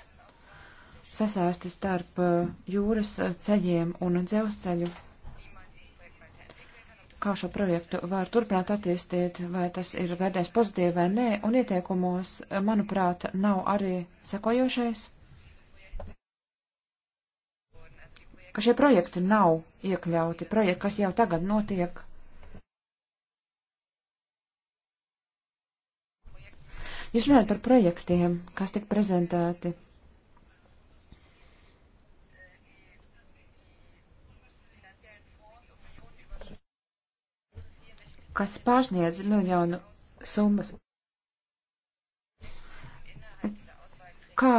sasaisti starp eh, jūras ceļiem un dzelzceļu. Kā šo projektu var turpināt attīstīt, vai tas ir vērtējis pozitīvi vai nē, un ieteikumos, eh, manuprāt, nav arī sekojošais, ka šie projekti nav iekļauti, projekti, kas jau tagad notiek Jūs runājat par projektiem, kas tik prezentēti. kas pārsniedz miljonu summas. Kā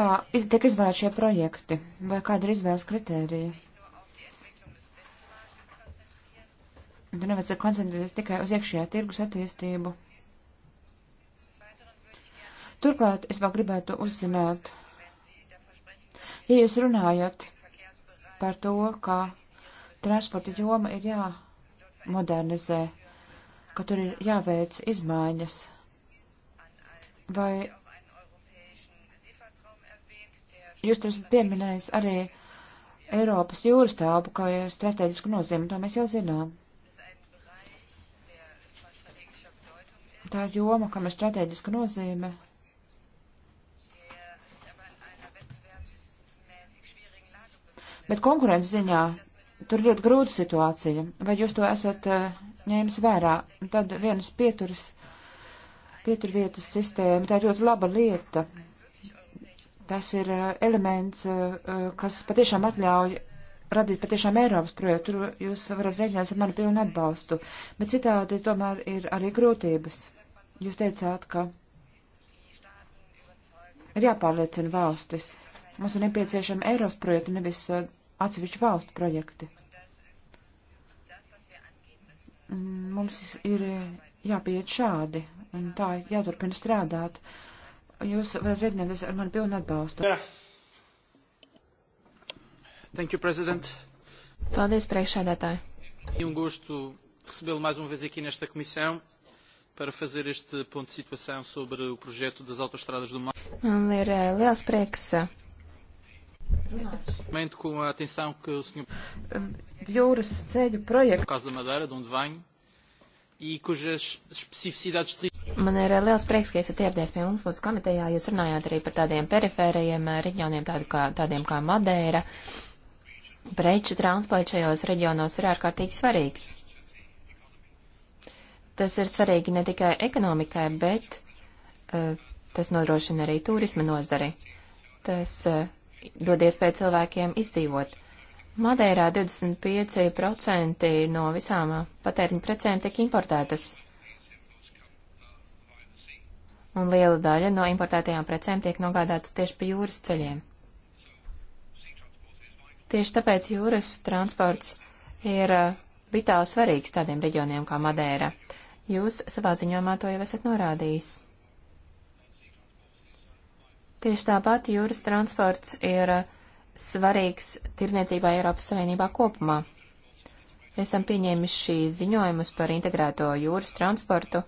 tiek izvēlēti šie projekti vai kāda ir izvēles kritērija? Tur nevajadzētu koncentrēties tikai uz iekšējā tirgus attīstību. Turklāt es vēl gribētu uzzināt, ja jūs runājat par to, ka transporta joma ir jāmodernizē, ka tur ir jāveic izmaiņas, vai jūs tur esat pieminējis arī Eiropas jūras tābu, kā ir strateģisku nozīmi, to mēs jau zinām. Tā joma, kam ir strateģiska nozīme. Bet konkurences ziņā tur ļoti grūta situācija. Vai jūs to esat eh, ņēmis vērā? Tad vienas pieturas, pieturvietas sistēma, tā ir ļoti laba lieta. Tas ir eh, elements, eh, kas patiešām atļauj radīt patiešām Eiropas projektu. Tur jūs varat rēķināt ar manu pilnu atbalstu. Bet citādi tomēr ir arī grūtības. Jūs teicāt, ka ir jāpārliecina valstis Mums ir nepieciešami Eiros projekti, nevis uh, atsevišķu valstu projekti. Mums ir jāpiet šādi, un tā jāturpina strādāt. Jūs varat redzēt, ar mani pilnu atbalstu. Yeah. Thank you, President. Paldies, priekšsēdētāji. E um gosto recebê-lo mais uma vez aqui nesta comissão para fazer este ponto de situação sobre o projeto das autoestradas do Mar. Man ir eh, liels prieks eh, jūras ceļu projektu. Man ir eh, liels prieks, ka esat ieradies pie mums mūsu komitejā. Jūs runājāt arī par tādiem perifērajiem eh, reģioniem, tādu kā, tādiem kā Madeira. Preču transports šajos reģionos ir ārkārtīgi svarīgs. Tas ir svarīgi ne tikai ekonomikai, bet uh, tas nodrošina arī turisma nozari. Tas uh, dod iespēju cilvēkiem izdzīvot. Madeirā 25% no visām patēriņa precēm tiek importētas. Un liela daļa no importētajām precēm tiek nogādātas tieši pa jūras ceļiem. Tieši tāpēc jūras transports ir uh, vitāli svarīgs tādiem reģioniem kā Madeira. Jūs savā ziņojumā to jau esat norādījis. Tieši tāpat jūras transports ir svarīgs tirdzniecībā Eiropas Savienībā kopumā. Esam pieņēmuši šīs ziņojumus par integrēto jūras transportu,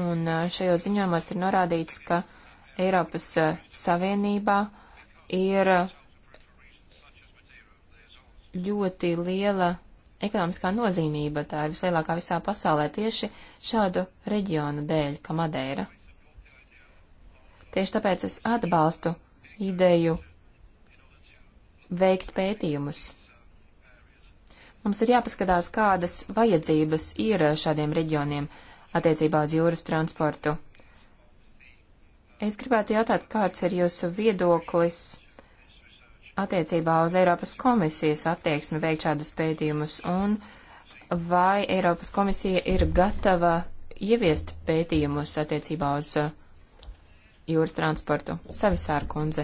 un uh, šajos ziņojumos ir norādīts, ka Eiropas uh, Savienībā ir ļoti liela ekonomiskā nozīmība, tā ir vislielākā visā pasaulē tieši šādu reģionu dēļ, kā Madeira. Tieši tāpēc es atbalstu ideju veikt pētījumus. Mums ir jāpaskatās, kādas vajadzības ir šādiem reģioniem attiecībā uz jūras transportu. Es gribētu jautāt, kāds ir jūsu viedoklis attiecībā uz Eiropas komisijas attieksmi veikt šādus pētījumus un vai Eiropas komisija ir gatava ieviest pētījumus attiecībā uz uh, jūras transportu. Savisāra kundze.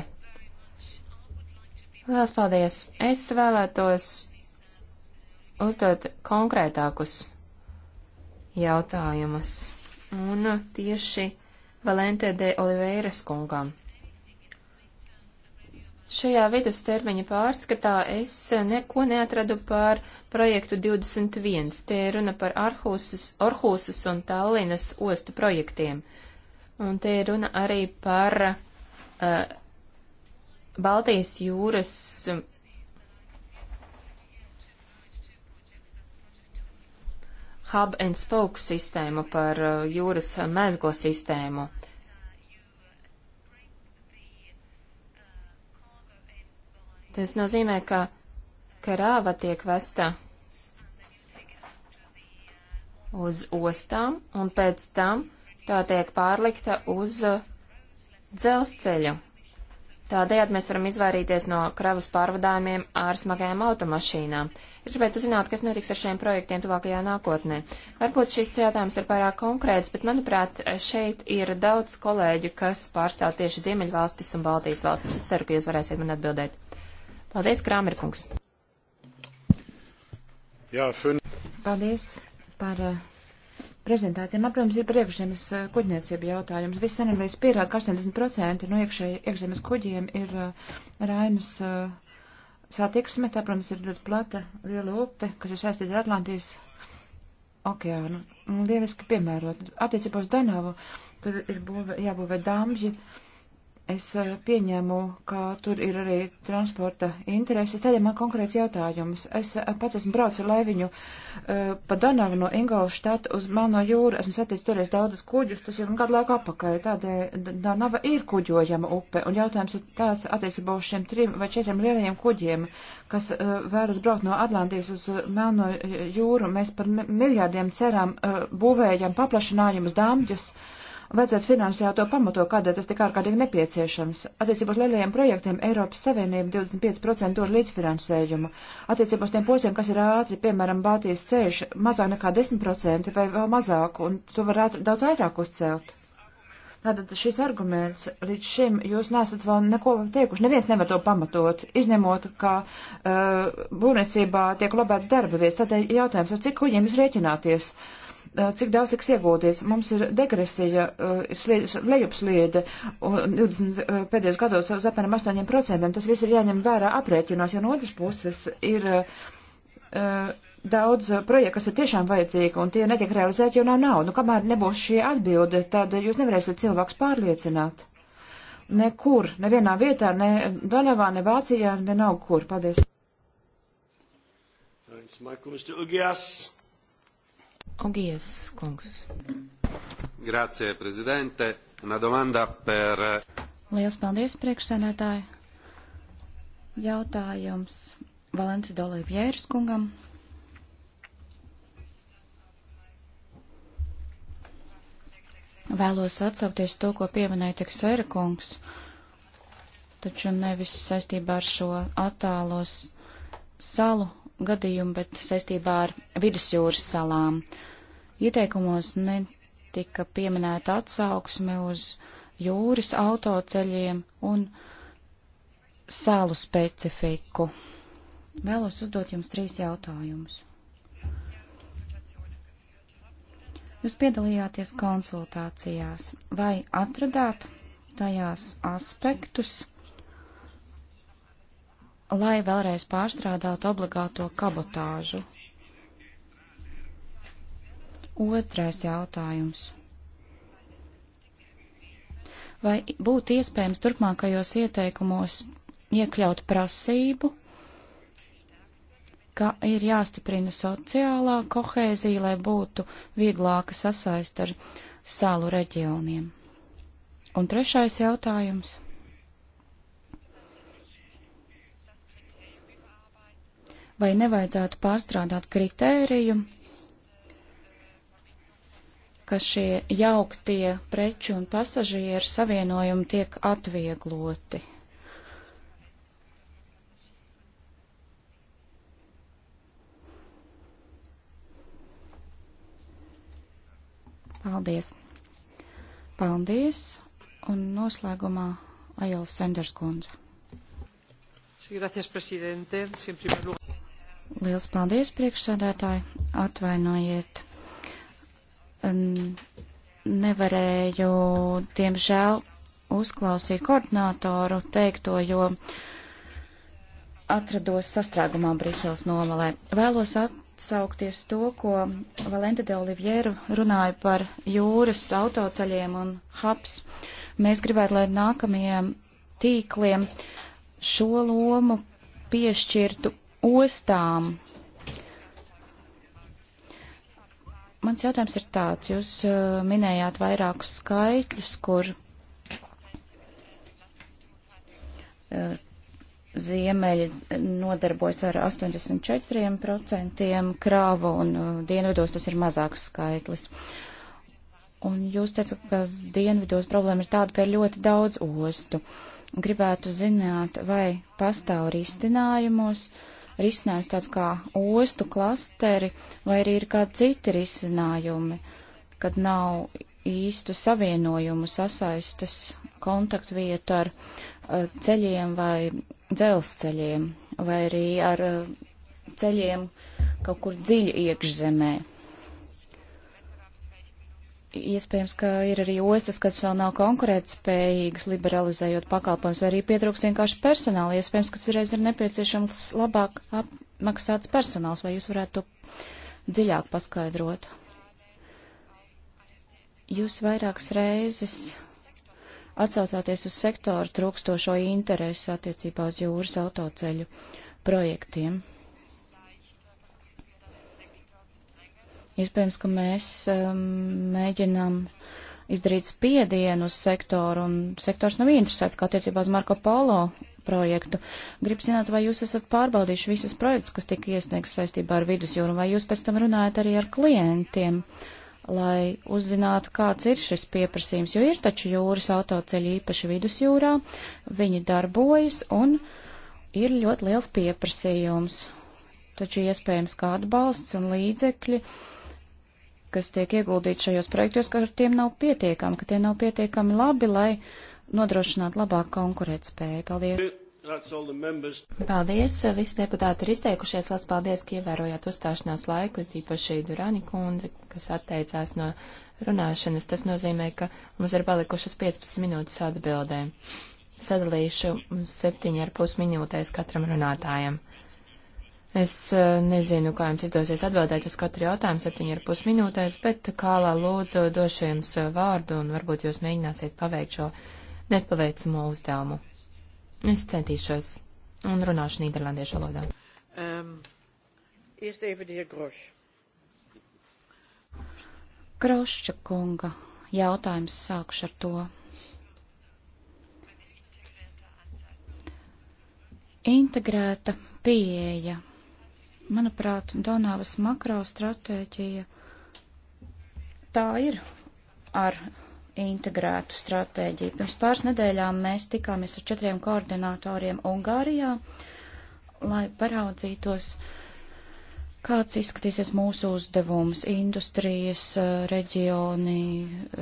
Lielas paldies! Es vēlētos uzdot konkrētākus jautājumus. Un tieši Valentē de Oliveiras kungam. Šajā vidustermiņa pārskatā es neko neatradu par projektu 21. Te ir runa par Arhūsas, Orhūsas un Tallinas ostu projektiem. Uh, Un te ir runa arī par uh, Baltijas jūras hub and spoke sistēmu, par eh, jūras mezgla sistēmu. Tas nozīmē, ka karāva tiek vesta uz ostām un pēc tam tā tiek pārlikta uz dzelzceļu. Tādējādi mēs varam izvairīties no kravas pārvadājumiem ar smagajām automašīnām. Es gribētu zināt, kas notiks ar šiem projektiem tuvākajā nākotnē. Varbūt šis jautājums ir pārāk konkrēts, bet manuprāt, šeit ir daudz kolēģu, kas pārstāv tieši Ziemeļvalstis un Baltijas valstis. Es ceru, ka jūs varēsiet man atbildēt. Paldies, Krāmerkungs! Jā, šun... Paldies par uh, prezentācijām. Apmēram ir priekšzemes eh, kuģniecība jautājums. Viss analīzes pierāda, ka 80% no iekšēji, iekšzemes kuģiem ir uh, Rainas uh, satiksme. Tā, protams, ir ļoti plata liela upe, kas ir saistīta ar Atlantijas okeānu. Lieliski piemērot. Attiecībā uz Danavu, tur ir būvē, jābūvē dambļi. Uh, Es eh, pieņēmu, ka tur ir arī transporta intereses. Tādēļ man konkrēts jautājums. Es eh, pats esmu braucis ar laiviņu uh, eh, pa Danavu no Ingolštata uz Melno jūru. Esmu saticis toreiz daudzas kuģus, tas jau gadu laiku apakaļ. Tādēļ Danava ir kuģojama upe. Un jautājums ir tāds attiecībā uz šiem trim vai četriem lielajiem kuģiem, kas uh, vēlas braukt no Atlantijas uz Melno jūru. Mēs par miljārdiem cerām uh, būvējam paplašinājumus dāmģus. Uh, vajadzētu finansiāli to pamato, kādēļ tas tik ārkārtīgi nepieciešams. Attiecībā uz lielajiem projektiem Eiropas Savienība 25% dod līdzfinansējumu. Attiecībā uz tiem posmiem, kas ir ātri, piemēram, Baltijas ceļš, mazāk nekā 10% vai vēl mazāk, un to var ātri, daudz vairāk uzcelt. Tātad šis arguments līdz šim jūs nesat vēl neko teikuši. Neviens nevar to pamatot, izņemot, ka uh, būvniecībā tiek lobēts darba vietas. Tātad jautājums, ar cik kuģiem jūs rēķināties? Uh, Eh, cik daudz tiks iegūties. Mums ir degresija, eh, ir lejupsliede, un 20 eh, pēdējos gados uz apmēram 8%. Tas viss ir jāņem vērā aprēķinos, jo no otras puses ir daudz projektu, kas ir tiešām vajadzīgi, un tie netiek realizēti, jo nav naudas. Nu, kamēr nebūs šī atbilde, tad jūs nevarēsiet cilvēks pārliecināt. Nekur, nevienā vietā, ne Donavā, ne Vācijā, vienalga kur. Paldies. Thanks, Michael, Mr. Ugias. Ogijas kungs. Grācie, prezidente. Una domanda per. Eh, Liels paldies, priekšsēnētāji. Jautājums Valentis Dolivjēras kungam. Vēlos atsaukties to, ko pieminēja Teksēra kungs, taču nevis saistībā ar šo attālos salu gadījumu, bet saistībā ar vidusjūras salām. Uh, Ieteikumos netika pieminēta atsauksme uz jūras autoceļiem un salu specifiku. Vēlos uzdot jums trīs jautājumus. Jūs piedalījāties konsultācijās, vai atradāt tajās aspektus, lai vēlreiz pārstrādātu obligāto kabotāžu? Otrais jautājums. Vai būtu iespējams turpmākajos ieteikumos iekļaut prasību, ka ir jāstiprina sociālā kohēzija, lai būtu vieglāka sasaist ar salu reģioniem? Un trešais jautājums. Vai nevajadzētu pārstrādāt kritēriju, ka šie jauktie preču un pasažieru savienojumi tiek atviegloti. Paldies! Paldies! Un noslēgumā Aila Sanders kundze. Sí, gracias, presidente. Siempre... Liels paldies, priekšsēdētāji! Atvainojiet! nevarēju, diemžēl, uzklausīt koordinātoru teikto, jo atrados sastrēgumā Briseles novalē. Vēlos atsaukties to, ko Valente de Olivieru runāja par jūras autoceļiem un hubs. Mēs gribētu, lai nākamajiem tīkliem šo lomu piešķirtu ostām, Mans jautājums ir tāds, jūs uh, minējāt vairākus skaitļus, kur uh, ziemeļi nodarbojas ar 84% krāvu un uh, dienvidos tas ir mazāks skaitlis. Un jūs teicat, ka dienvidos problēma ir tāda, ka ir ļoti daudz ostu. Gribētu zināt, vai pastāv risinājumos. Uh, risinājums tāds kā ostu klasteri, vai arī ir kādi citi risinājumi, kad nav īstu savienojumu sasaistas kontaktvietu ar eh, ceļiem vai dzelzceļiem, vai arī ar eh, ceļiem kaut kur dziļi iekšzemē. Iespējams, ka ir arī ostas, kas vēl nav konkurētspējīgas, liberalizējot pakalpojumus, vai arī pietrūkst vienkārši personāla. Iespējams, ka citreiz ir nepieciešams labāk apmaksāts personāls, vai jūs varētu to dziļāk paskaidrot? Jūs vairākas reizes atsaucāties uz sektoru trūkstošo interesi attiecībā uz jūras autoceļu projektiem. Iespējams, ka mēs um, mēģinām izdarīt spiedienu uz sektoru, un sektors nav interesēts, kā attiecībā uz Marko Polo projektu. Gribu zināt, vai jūs esat pārbaudījuši visus projektus, kas tika iesniegts saistībā ar vidusjūru, vai jūs pēc tam runājat arī ar klientiem, lai uzzinātu, kāds ir šis pieprasījums, jo ir taču jūras autoceļi īpaši vidusjūrā, viņi darbojas un ir ļoti liels pieprasījums. Taču iespējams kā atbalsts un līdzekļi. Uh, kas tiek ieguldīti šajos projektos, ka ar tiem nav pietiekami, ka tie nav pietiekami labi, lai nodrošinātu labāku konkurētspēju. Paldies! Paldies! Visi deputāti ir izteikušies. Lās paldies, ka ievērojāt uzstāšanās laiku, tīpaši Durani kundze, kas atteicās no runāšanas. Tas nozīmē, ka mums ir palikušas 15 minūtes atbildēm. Sadalīšu 7,5 minūtēs katram runātājam. Es eh, nezinu, kā jums izdosies atbildēt uz katru jautājumu septiņu ar pus minūtēs, bet kālā lūdzu došu jums eh, vārdu un varbūt jūs mēģināsiet paveikt šo nepaveicamo uzdevumu. Es centīšos un runāšu nīderlandiešu valodā. Um, Grošča kunga jautājums sākšu ar to. Integrēta pieeja Manuprāt, Donavas makrostratēģija tā ir ar integrētu stratēģiju. Pirms pāris nedēļām mēs tikāmies ar četriem koordinatoriem Ungārijā, lai paraudzītos, uh, Kāds izskatīsies mūsu uzdevums? Industrijas eh, reģioni,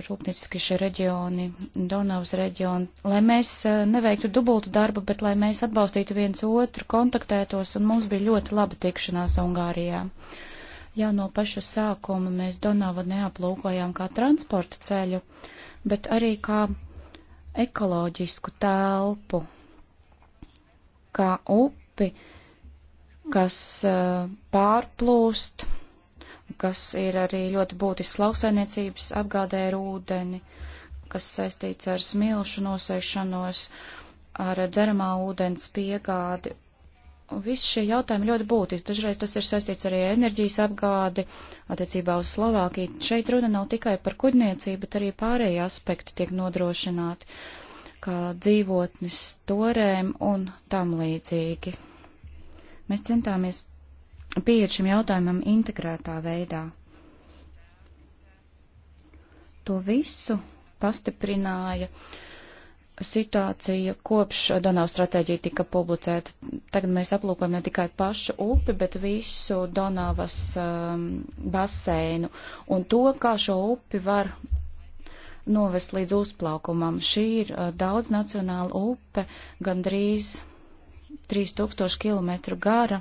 rūpnieciski šie reģioni, Donavas reģioni, lai mēs eh, neveiktu dubultu darbu, bet lai mēs atbalstītu viens otru, kontaktētos, un mums bija ļoti laba tikšanās Ungārijā. Jau no paša sākuma mēs Donavu neaplūkojām kā transporta ceļu, bet arī kā ekoloģisku telpu, kā upi kas eh, pārplūst, kas ir arī ļoti būtisks lauksainiecības apgādē ar ūdeni, kas saistīts ar smilšu nosēšanos, ar dzeramā ūdens piegādi. Visi šie jautājumi ļoti būtiski. Dažreiz tas ir saistīts arī ar enerģijas apgādi attiecībā uz Slovākiju. Šeit runa nav tikai par kuģniecību, bet arī pārējie aspekti tiek nodrošināti, kā dzīvotnes torēm un tam līdzīgi. Mēs centāmies pieiet šim jautājumam integrētā veidā. To visu pastiprināja situācija kopš Donavas stratēģija tika publicēta. Tagad mēs aplūkojam ne tikai pašu upi, bet visu Donavas um, basēnu un to, kā šo upi var novest līdz uzplaukumam. Šī ir uh, daudznacionāla upe, gandrīz 3000 km gara.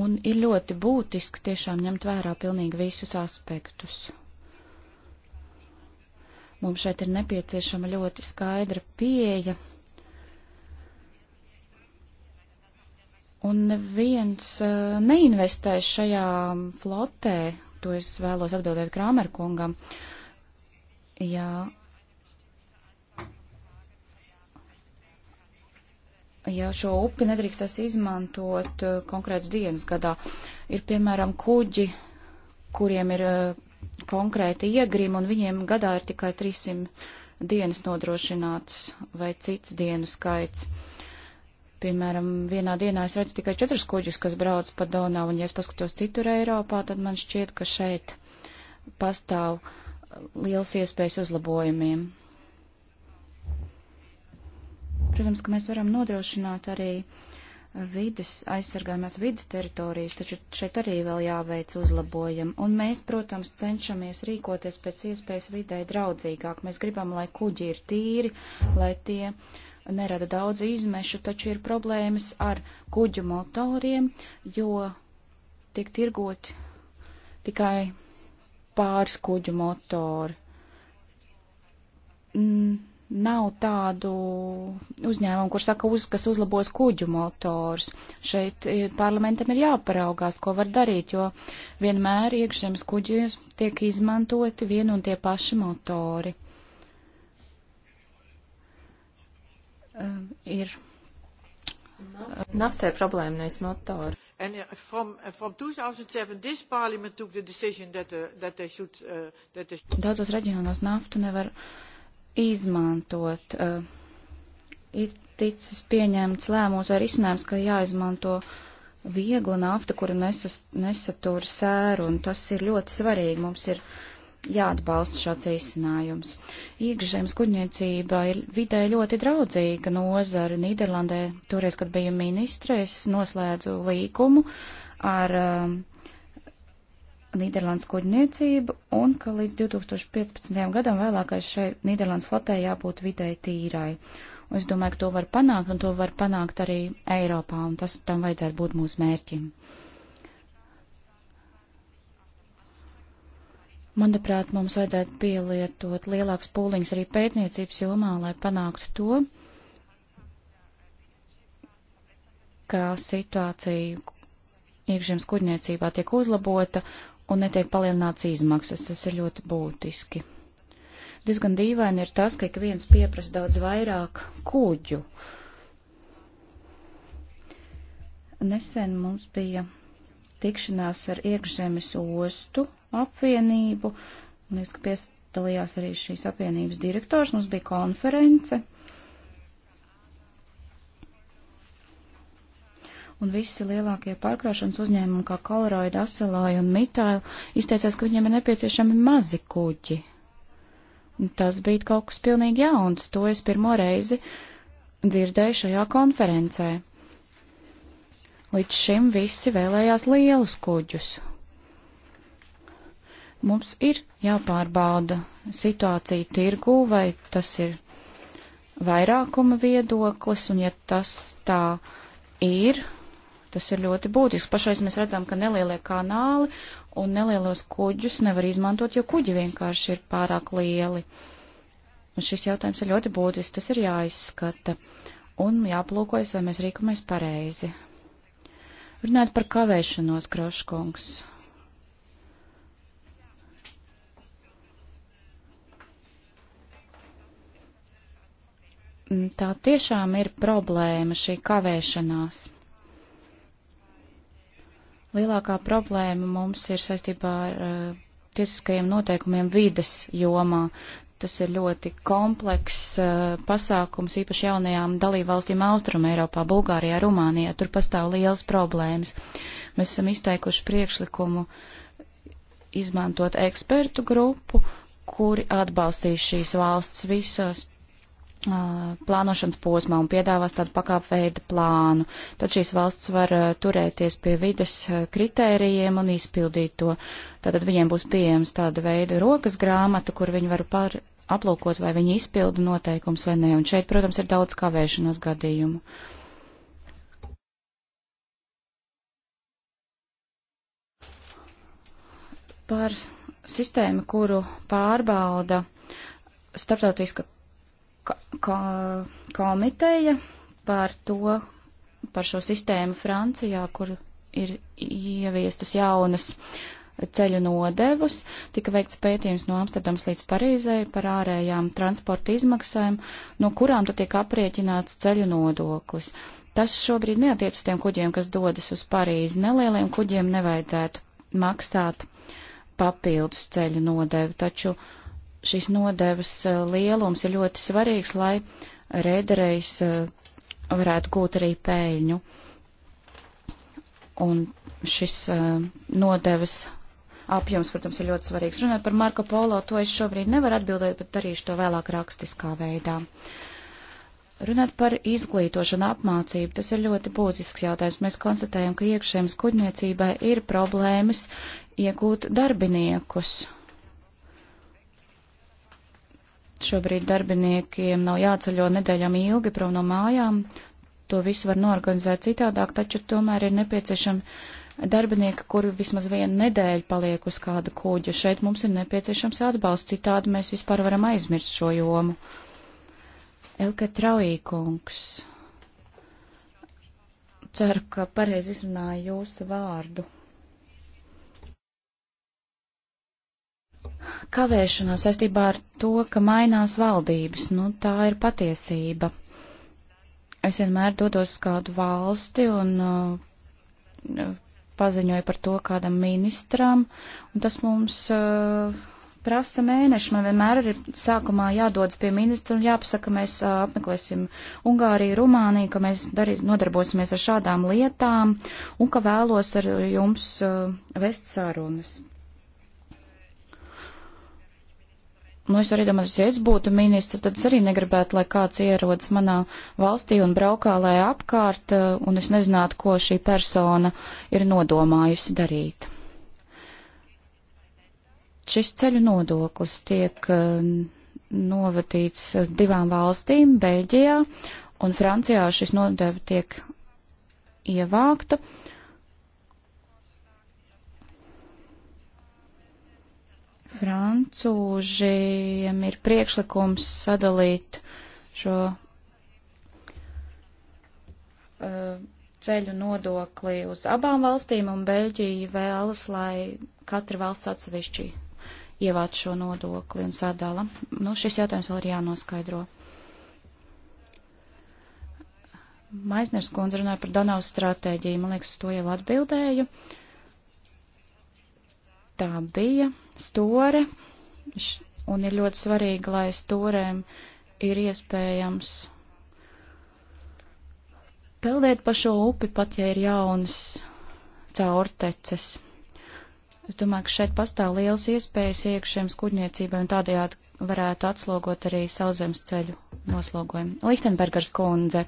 Un ir ļoti būtiski tiešām ņemt vērā pilnīgi visus aspektus. Mums šeit ir nepieciešama ļoti skaidra pieeja. Un neviens uh, eh, neinvestē šajā flotē, to es vēlos atbildēt Krāmerkungam. Jā, ja šo upi nedrīkstēs izmantot eh, konkrēts dienas gadā. Ir, piemēram, kuģi, kuriem ir eh, konkrēti iegrimi, un viņiem gadā ir tikai 300 dienas nodrošināts vai cits dienu skaits. Piemēram, vienā dienā es redzu tikai četrus kuģus, kas brauc pa Donavu, un ja es paskatos citur Eiropā, tad man šķiet, ka šeit pastāv eh, liels iespējas uzlabojumiem. Protams, ka mēs varam nodrošināt arī eh, vidas, aizsargājumās vidas teritorijas, taču šeit arī vēl jāveic uzlabojumi. Un mēs, protams, cenšamies rīkoties pēc iespējas vidē draudzīgāk. Mēs gribam, lai kuģi ir tīri, lai tie nerada daudz izmešu, taču ir problēmas ar kuģu motoriem, jo tiek tirgoti tikai pāris kuģu motori. Mm nav tādu uzņēmumu, kur saka, uz, kas uzlabos kuģu motors. Šeit eh, parlamentam ir jāparaugās, ko var darīt, jo vienmēr iekšzemes kuģies tiek izmantoti vien un tie paši motori. Uh, ir. Naftai problēma nevis motori. And from, from 2007, this parliament took the decision that, uh, that they should... Uh, that they... Daudzos reģionos naftu nevar uh, izmantot. Eh, ir ticis pieņemts lēmums vai risinājums, ka jāizmanto viegla nafta, kura nesas, nesatura sēru, un tas ir ļoti svarīgi. Mums ir jāatbalsta šāds risinājums. Iekšzemes kuģniecība ir vidē ļoti draudzīga nozara Nīderlandē. Toreiz, kad biju ministre, es noslēdzu līgumu ar um, Nīderlandes kuģniecību un ka līdz 2015. gadam vēlākais šai Nīderlandes flotē jābūt vidēji tīrai. Un es domāju, ka to var panākt, un to var panākt arī Eiropā, un tas tam vajadzētu būt mūsu mērķim. Manuprāt, mums vajadzētu pielietot lielāks pūliņš arī pētniecības jomā, lai panāktu to, ka situācija iekšzemes kuģniecībā tiek uzlabota un netiek palielināts izmaksas. Tas ir ļoti būtiski. Diezgan dīvaini ir tas, ka ik viens pieprasa daudz vairāk kuģu. Nesen mums bija tikšanās ar iekšzemes ostu apvienību, un es, ka piedalījās arī šīs apvienības direktors, mums bija konference. un visi lielākie pārkraušanas uzņēmumi, kā Koloroida, Aselāja un Mitāla, izteicās, ka viņiem ir nepieciešami mazi kuģi. Un tas bija kaut kas pilnīgi jauns, to es pirmo reizi dzirdēju šajā konferencē. Līdz šim visi vēlējās lielus kuģus. Mums ir jāpārbauda situācija tirgū, vai tas ir vairākuma viedoklis, un ja tas tā ir, Tas ir ļoti būtisks. Pašais mēs redzam, ka nelielie kanāli un nelielos kuģus nevar izmantot, jo kuģi vienkārši ir pārāk lieli. Un šis jautājums ir ļoti būtisks, tas ir jāizskata un jāplūkojas, vai mēs rīkojamies pareizi. Runājot par kavēšanos, Kroškungs. Tā tiešām ir problēma šī kavēšanās. Lielākā problēma mums ir saistībā ar uh, tiesiskajiem noteikumiem vides jomā. Tas ir ļoti komplekss uh, eh, pasākums, īpaši jaunajām dalībvalstīm Austrum Eiropā, Bulgārijā, Rumānijā. Tur pastāv liels problēmas. Mēs esam izteikuši priekšlikumu izmantot ekspertu grupu, kuri atbalstīs šīs valsts visos plānošanas posmā un piedāvās tādu pakāpveidu plānu, tad šīs valsts var turēties pie vides kritērijiem un izpildīt to. Tātad viņiem būs pieejams tāda veida rokas grāmata, kur viņi var par aplūkot, vai viņi izpilda noteikums vai nē. Un šeit, protams, ir daudz kavēšanos gadījumu. Par sistēmu, kuru pārbauda starptautiska ko komiteja par to, par šo sistēmu Francijā, kur ir ieviestas jaunas ceļu nodevus. Tika veikts pētījums no Amsterdams līdz Parīzei par ārējām transporta izmaksām, no kurām tad tiek aprieķināts ceļu nodoklis. Tas šobrīd neatiec uz tiem kuģiem, kas dodas uz Parīzi. Nelieliem kuģiem nevajadzētu maksāt papildus ceļu nodevu, taču uh, šīs nodevas eh, lielums ir ļoti svarīgs, lai rēderējs eh, varētu gūt arī pēļņu. Un šis eh, nodevas apjoms, protams, ir ļoti svarīgs. Runāt par Marko Polo, to es šobrīd nevaru atbildēt, bet darīšu to vēlāk rakstiskā veidā. Runāt par izglītošanu apmācību, tas ir ļoti būtisks jautājums. Mēs konstatējam, ka iekšējams kuģniecībai ir problēmas iegūt darbiniekus Šobrīd darbiniekiem nav jāceļo nedēļām ilgi prom no mājām. To visu var norganizēt citādāk, taču tomēr ir nepieciešami darbinieki, kuri vismaz vienu nedēļu paliek uz kāda kuģa. Šeit mums ir nepieciešams atbalsts, citādi mēs vispār varam aizmirst šo jomu. Elke Traujīkungs. Ceru, ka pareizi izrunāju jūsu vārdu. kavēšanās saistībā ar to, ka mainās valdības. Nu, tā ir patiesība. Es vienmēr dodos uz kādu valsti un uh, paziņoju par to kādam ministram, un tas mums uh, prasa mēneši. Man vienmēr ir sākumā jādodas pie ministra un jāpasaka, ka mēs uh, apmeklēsim Ungāriju, Rumāniju, ka mēs darī, nodarbosimies ar šādām lietām un ka vēlos ar jums uh, vest sārunas. Nu, es arī domāju, ja es būtu ministra, tad es arī negribētu, lai kāds ierodas manā valstī un braukā lai apkārt, eh, un es nezinātu, ko šī persona ir nodomājusi darīt. Šis ceļu nodoklis tiek eh, novadīts eh, divām valstīm - Beļģijā un Francijā šis nodevi tiek ievākta. Uh, Francūžiem ir priekšlikums sadalīt šo uh, ceļu nodokli uz abām valstīm, un Beļģija vēlas, lai katra valsts atsevišķi ievāc šo nodokli un sadala. Nu, šis jautājums vēl ir jānoskaidro. Maisners kundze runāja par Donavas stratēģiju, man liekas, to jau atbildēju. Uh, tā bija store, un ir ļoti svarīgi, lai storēm ir iespējams peldēt pa šo upi, pat ja ir jaunas caurteces. Es domāju, ka šeit pastāv liels iespējas iekšējiem skuģniecībai un tādējādi varētu atslogot arī sauszemes ceļu noslogojumu. Lichtenbergers kundze.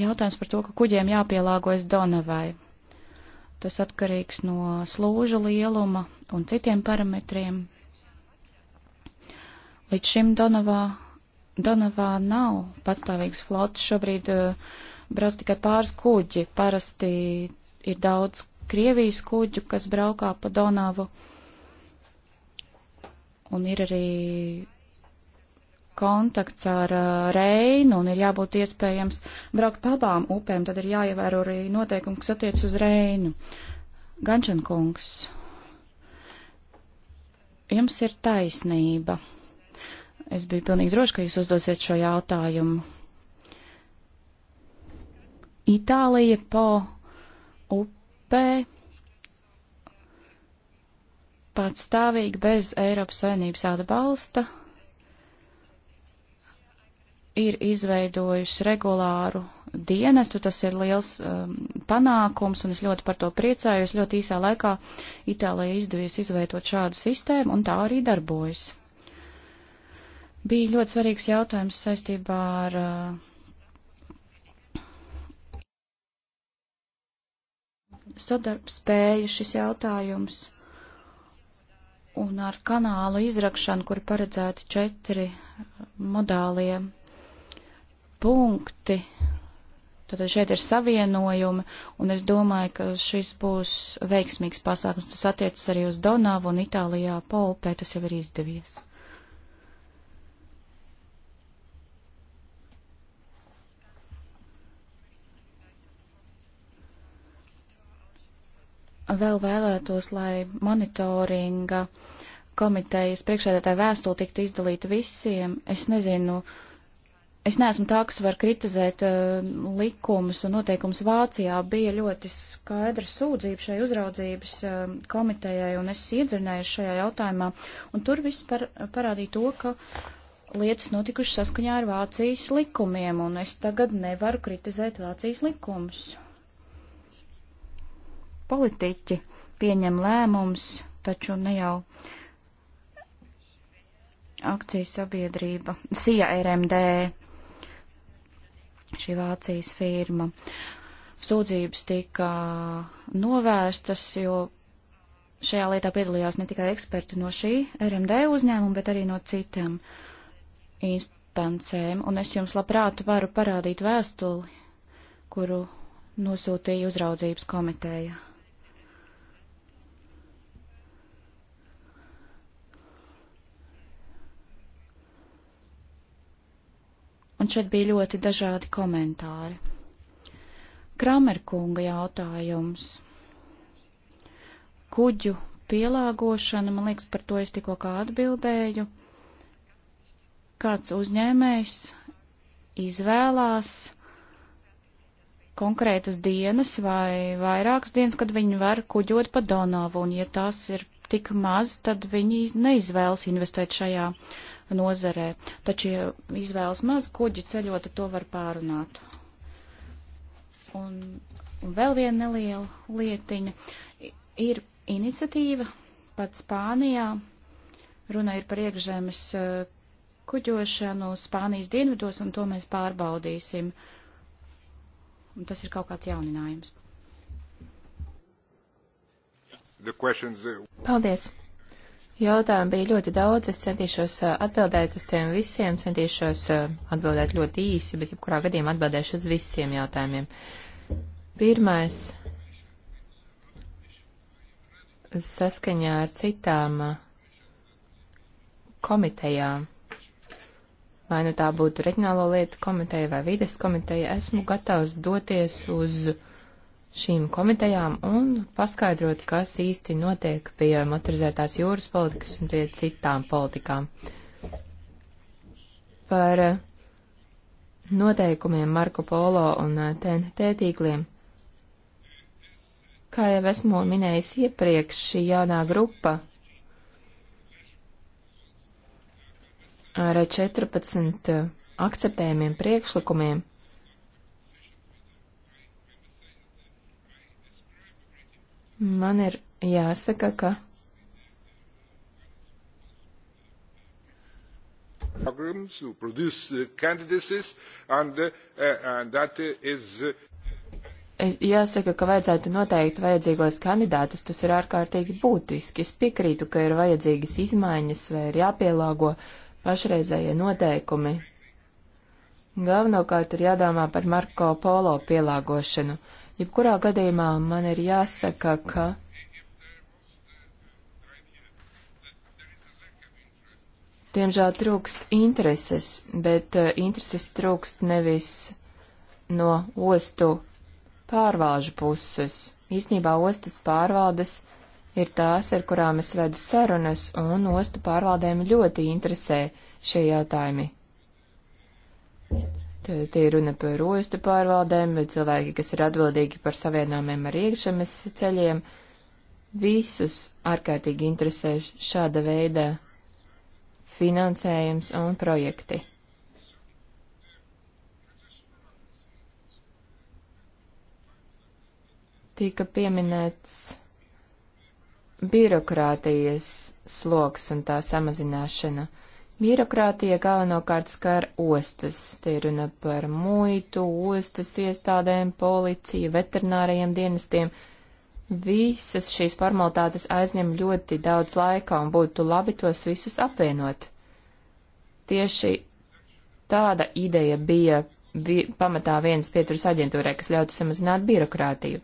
Jautājums par to, ka kuģiem jāpielāgojas Donavai. Tas atkarīgs no slūžu lieluma un citiem parametriem. Līdz šim Donavā, Donavā nav patstāvīgs flots. Šobrīd uh, brauc tikai pāris kuģi. Parasti ir daudz Krievijas kuģu, kas braukā pa Donavu. Un ir arī kontakts ar uh, Reinu un ir jābūt iespējams braukt pa abām upēm, tad ir jāievēro arī noteikumi, kas attiec uz Reinu. Gančankungs, jums ir taisnība. Es biju pilnīgi droši, ka jūs uzdosiet šo jautājumu. Itālija po upē patstāvīgi bez Eiropas Savienības atbalsta ir izveidojusi regulāru dienestu. Tas ir liels um, panākums, un es ļoti par to priecājos. Ļoti īsā laikā Itālijai izdevies izveidot šādu sistēmu, un tā arī darbojas. Bija ļoti svarīgs jautājums saistībā ar uh, sadarbspēju šis jautājums un ar kanālu izrakšanu, kur paredzēti četri uh, modālie punkti. Tātad šeit ir savienojumi, un es domāju, ka šis būs veiksmīgs pasākums. Tas attiecas arī uz Donavu un Itālijā Polpē, tas jau ir izdevies. Vēl vēlētos, lai monitoringa komitejas priekšēdētāja vēstule tiktu izdalīta visiem. Es nezinu, uh, Es neesmu tā, kas var kritizēt uh, likumus un noteikumus Vācijā. Bija ļoti skaidra sūdzība šai uzraudzības uh, komitejai, un es iedzirnēju šajā jautājumā. Un tur viss par, parādīja to, ka lietas notikušas saskaņā ar Vācijas likumiem, un es tagad nevaru kritizēt Vācijas likumus. Politiķi pieņem lēmumus, taču ne jau akcijas sabiedrība, SIA RMD šī Vācijas firma. Sūdzības tika novērstas, jo šajā lietā piedalījās ne tikai eksperti no šī RMD uzņēmuma, bet arī no citām instancēm. Un es jums labprāt varu parādīt vēstuli, kuru nosūtīja uzraudzības komiteja. un šeit bija ļoti dažādi komentāri. Kramerkunga jautājums. Kuģu pielāgošana, man liekas, par to es tikko kā atbildēju. Kāds uzņēmējs izvēlās konkrētas dienas vai vairākas dienas, kad viņi var kuģot pa Donavu, un ja tās ir tik maz, tad viņi neizvēlas investēt šajā uh, nozerē. Taču, ja izvēlas maz kuģi ceļot, to var pārunāt. Un, un vēl viena neliela lietiņa ir iniciatīva pat Spānijā. Runa ir par iekšzemes uh, kuģošanu Spānijas dienvidos, un to mēs pārbaudīsim. Un tas ir kaut kāds jauninājums. Paldies! Jautājumu bija ļoti daudz, es centīšos uh, atbildēt uz tiem visiem, centīšos uh, atbildēt ļoti īsi, bet jebkurā gadījumā atbildēšu uz visiem jautājumiem. Pirmais, saskaņā ar citām uh, komitejām, vai nu tā būtu reģionālo lietu komiteja vai vides komiteja, esmu gatavs doties uz uh, šīm komitejām un paskaidrot, kas īsti notiek pie motorizētās jūras politikas un pie citām politikām. Par eh, noteikumiem Marko Polo un TNT eh, tīkliem. Kā jau esmu minējis iepriekš, šī jaunā grupa ar 14 eh, akceptējumiem priekšlikumiem Man ir jāsaka, ka. programs to produce uh, candidacies and, uh, uh and that is uh, Es jāsaka, ka vajadzētu noteikt vajadzīgos kandidātus, tas ir ārkārtīgi būtiski. Es piekrītu, ka ir vajadzīgas izmaiņas vai ir jāpielāgo pašreizējie noteikumi. Galvenokārt ir jādomā par Marko Polo pielāgošanu. Jebkurā gadījumā man ir jāsaka, ka diemžēl trūkst intereses, bet eh, intereses trūkst nevis no ostu pārvāžu puses. Īsnībā ostas pārvaldes ir tās, ar kurām es vedu sarunas, un ostu pārvaldēm ļoti interesē šie jautājumi. Tad ir runa par ostu pārvaldēm, cilvēki, kas ir atbildīgi par savienojumiem ar iekšzemes ceļiem. Visus ārkārtīgi interesē šāda veida finansējums un projekti. Tika pieminēts birokrātijas sloks un tā samazināšana. Uh, Birokrātija galvenokārt skar ostas. Te ir runa par muitu, ostas iestādēm, policiju, veterinārajiem dienestiem. Visas šīs formalitātes aizņem ļoti daudz laika un būtu labi tos visus apvienot. Tieši tāda ideja bija vi pamatā vienas pieturas aģentūrai, kas ļautu samazināt birokrātiju.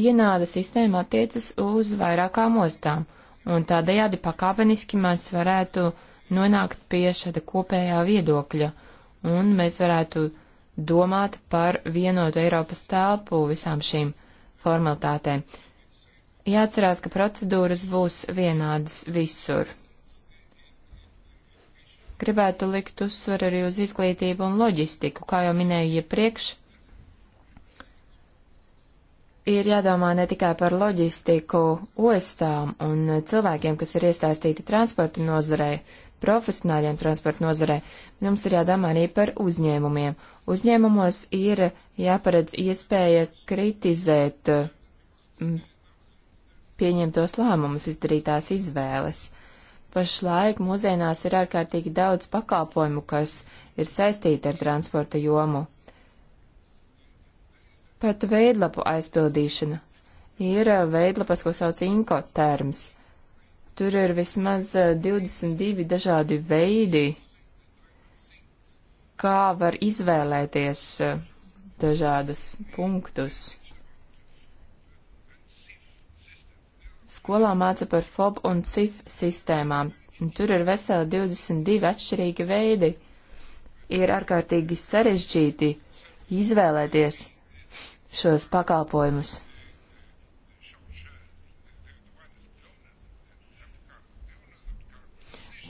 Vienāda sistēma attiecas uz vairākām ostām un tādējādi pakāpeniski mēs varētu nonākt pie šāda kopējā viedokļa, un mēs varētu domāt par vienotu Eiropas telpu visām šīm formalitātēm. Jāatcerās, ka procedūras būs vienādas visur. Gribētu likt uzsvaru arī uz izglītību un loģistiku, kā jau minēju iepriekš. Ja ir jādomā ne tikai par loģistiku ostām un cilvēkiem, kas ir iesaistīti transporta nozarei, profesionāļiem transporta nozarei, mums ir jādomā arī par uzņēmumiem. Uzņēmumos ir jāparedz iespēja kritizēt mm, pieņemtos lēmumus, izdarītās izvēles. Pašlaik mūsdienās ir ārkārtīgi daudz pakalpojumu, kas ir saistīti ar transporta jomu. Pat veidlapu aizpildīšana. Ir veidlapas, ko sauc inkoterms. Tur ir vismaz 22 dažādi veidi, kā var izvēlēties dažādus punktus. Skolā māca par FOB un CIF sistēmām. Tur ir veseli 22 atšķirīgi veidi. Ir ārkārtīgi sarežģīti izvēlēties šos pakalpojumus.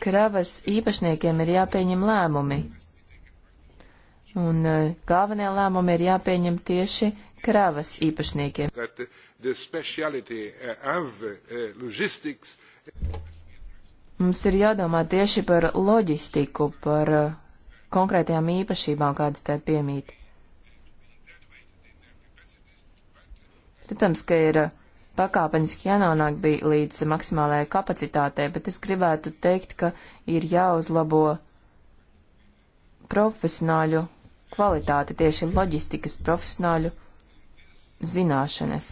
Kravas īpašniekiem ir jāpieņem lēmumi, un eh, galvenie lēmumi ir jāpieņem tieši kravas īpašniekiem. Eh, eh, Mums ir jādomā tieši par loģistiku, par konkrētajām īpašībām, kādas tai piemīt. Protams, ka ir uh, pakāpeniski jānonāk bija līdz maksimālajai kapacitātei, bet es gribētu teikt, ka ir jāuzlabo profesionāļu kvalitāte, tieši loģistikas profesionāļu zināšanas.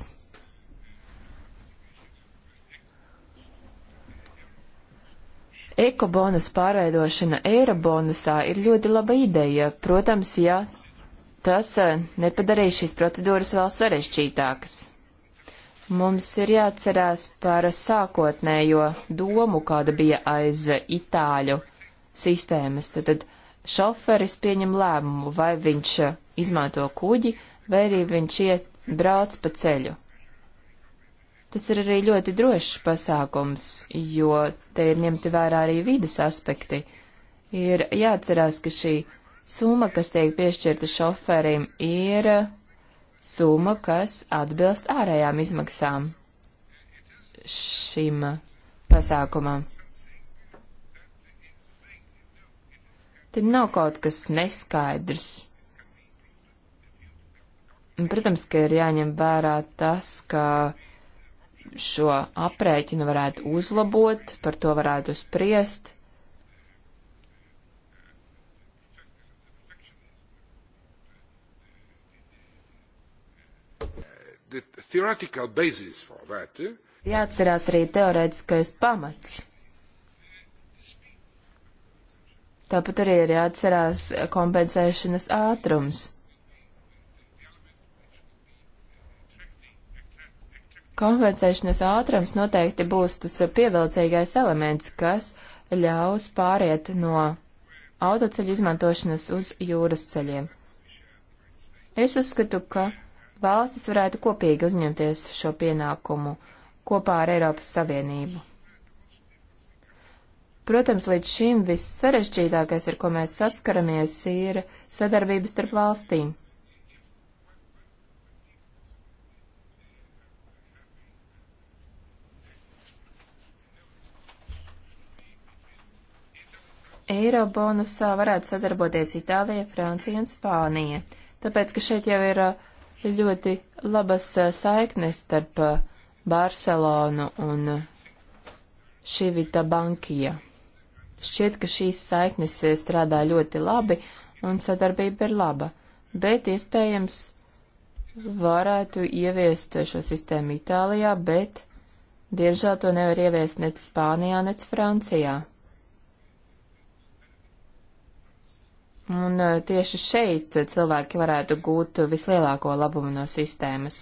Ekobonus pārveidošana eirobonusā ir ļoti laba ideja, protams, ja tas eh, nepadarīs šīs procedūras vēl sarežģītākas. Mums ir jāatcerās par sākotnējo domu, kāda bija aiz itāļu sistēmas. Tad, tad šoferis pieņem lēmumu, vai viņš eh, izmanto kuģi, vai arī viņš iet brauc pa ceļu. Tas ir arī ļoti drošs pasākums, jo te ir ņemti vērā arī vides aspekti. Ir jāatcerās, ka šī Summa, kas tiek piešķirta šoferim, ir summa, kas atbilst ārējām izmaksām šim pasākumam. Te nav kaut kas neskaidrs. Protams, ka ir jāņem vērā tas, ka šo aprēķinu varētu uzlabot, par to varētu spriest. theoretical basis for that. Eh? Jāatcerās arī teorētiskais pamats. Tāpat arī ir jāatcerās kompensēšanas ātrums. Kompensēšanas ātrums noteikti būs tas pievilcīgais elements, kas ļaus pāriet no autoceļu izmantošanas uz jūras ceļiem. Es uzskatu, ka valstis varētu kopīgi uzņemties šo pienākumu kopā ar Eiropas Savienību. Protams, līdz šim viss sarežģītākais, ar ko mēs saskaramies, ir sadarbības starp valstīm. Eirobonusā varētu sadarboties Itālija, Francija un Spānija, tāpēc, ka šeit jau ir uh, ir ļoti labas eh, saiknes starp eh, Barcelonu un Šivita eh, Bankija. Šķiet, ka šīs saiknes strādā ļoti labi un sadarbība ir laba, bet iespējams varētu ieviest šo sistēmu Itālijā, bet diemžēl to nevar ieviest nec Spānijā, nec Francijā. Un eh, tieši šeit cilvēki varētu gūt vislielāko labumu no sistēmas.